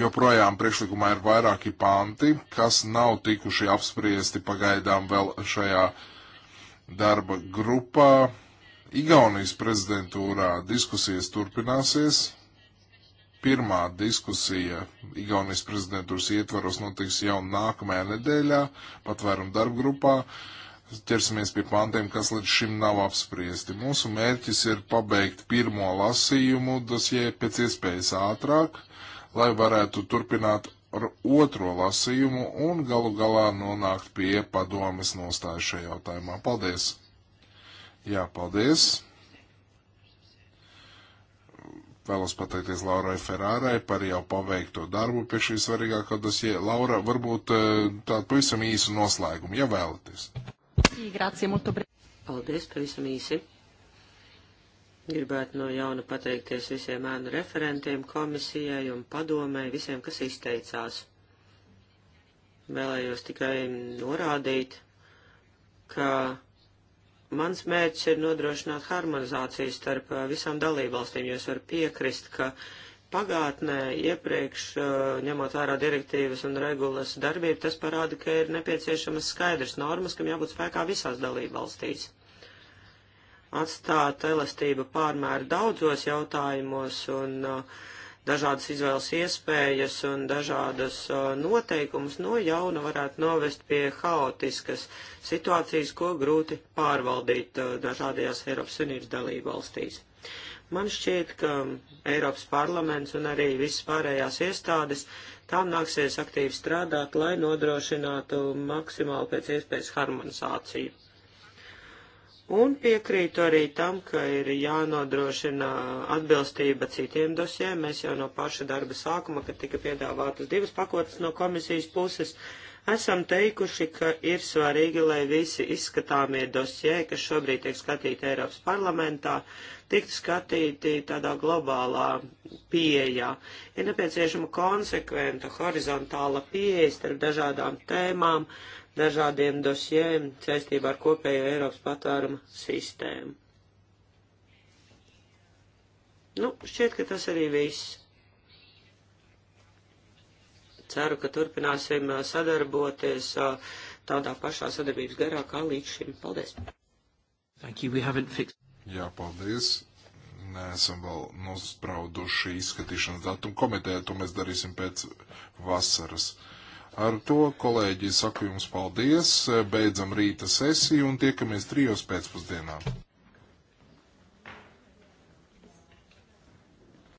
joprojām priekšlikumā ir vairāki panti, kas nav tikuši apspriesti pagaidām vēl šajā darba grupā. Igaunijas prezidentūrā diskusijas turpināsies. Pirmā diskusija Igaunijas prezidentūras ietvaros notiks jau nākamajā nedēļā, patvērum darba grupā. Ķersimies pie pantiem, kas līdz šim nav apspriesti. Mūsu mērķis ir pabeigt pirmo lasījumu dosie pēc iespējas ātrāk lai varētu turpināt ar otro lasījumu un galu galā nonākt pie padomes nostāju šajā jautājumā. Paldies! Jā, paldies! Vēlos pateikties Laurai Ferārai par jau paveikto darbu pie šī svarīgākā dosie. Laura, varbūt eh, tādu pavisam īsu noslēgumu, ja vēlaties. Paldies, pavisam īsi. Gribētu no jauna pateikties visiem ēnu referentiem, komisijai un padomēji, visiem, kas izteicās. Vēlējos tikai norādīt, ka mans mērķis ir nodrošināt harmonizāciju starp uh, visām dalībvalstīm, jo es varu piekrist, ka pagātnē, iepriekš, uh, ņemot vērā direktīvas un regulas darbību, tas parāda, ka ir nepieciešamas skaidrs normas, kam jābūt spēkā visās dalībvalstīs. valstīs atstāt elastība pārmēr daudzos jautājumos un uh, dažādas izvēles iespējas un dažādas uh, noteikumus no jauna varētu novest pie haotiskas situācijas, ko grūti pārvaldīt uh, dažādajās Eiropas Unības dalību valstīs. Man šķiet, ka Eiropas parlaments un arī visas pārējās iestādes tām nāksies aktīvi strādāt, lai nodrošinātu maksimāli pēc iespējas harmonizāciju. Un piekrītu arī tam, ka ir jānodrošina atbilstība citiem dosiem. Mēs jau no paša darba sākuma, kad tika piedāvātas divas pakotas no komisijas puses, esam teikuši, ka ir svarīgi, lai visi izskatāmie dosie, kas šobrīd tiek skatīti Eiropas parlamentā, tiktu skatīti tādā globālā pieejā. Ir nepieciešama konsekventa, horizontāla pieeja starp dažādām tēmām dažādiem dosjiem saistībā ar kopējo Eiropas patvēruma sistēmu. Nu, šķiet, ka tas arī viss. Ceru, ka turpināsim sadarboties tādā pašā sadarbības garā kā līdz šim. Paldies! Thank you, we haven't fixed. Jā, paldies. Neesam vēl nosprauduši izskatīšanas datumu komitē, to mēs darīsim pēc vasaras. Ar to, kolēģi, saku jums paldies, beidzam rīta sesiju un tiekamies trijos pēcpusdienā.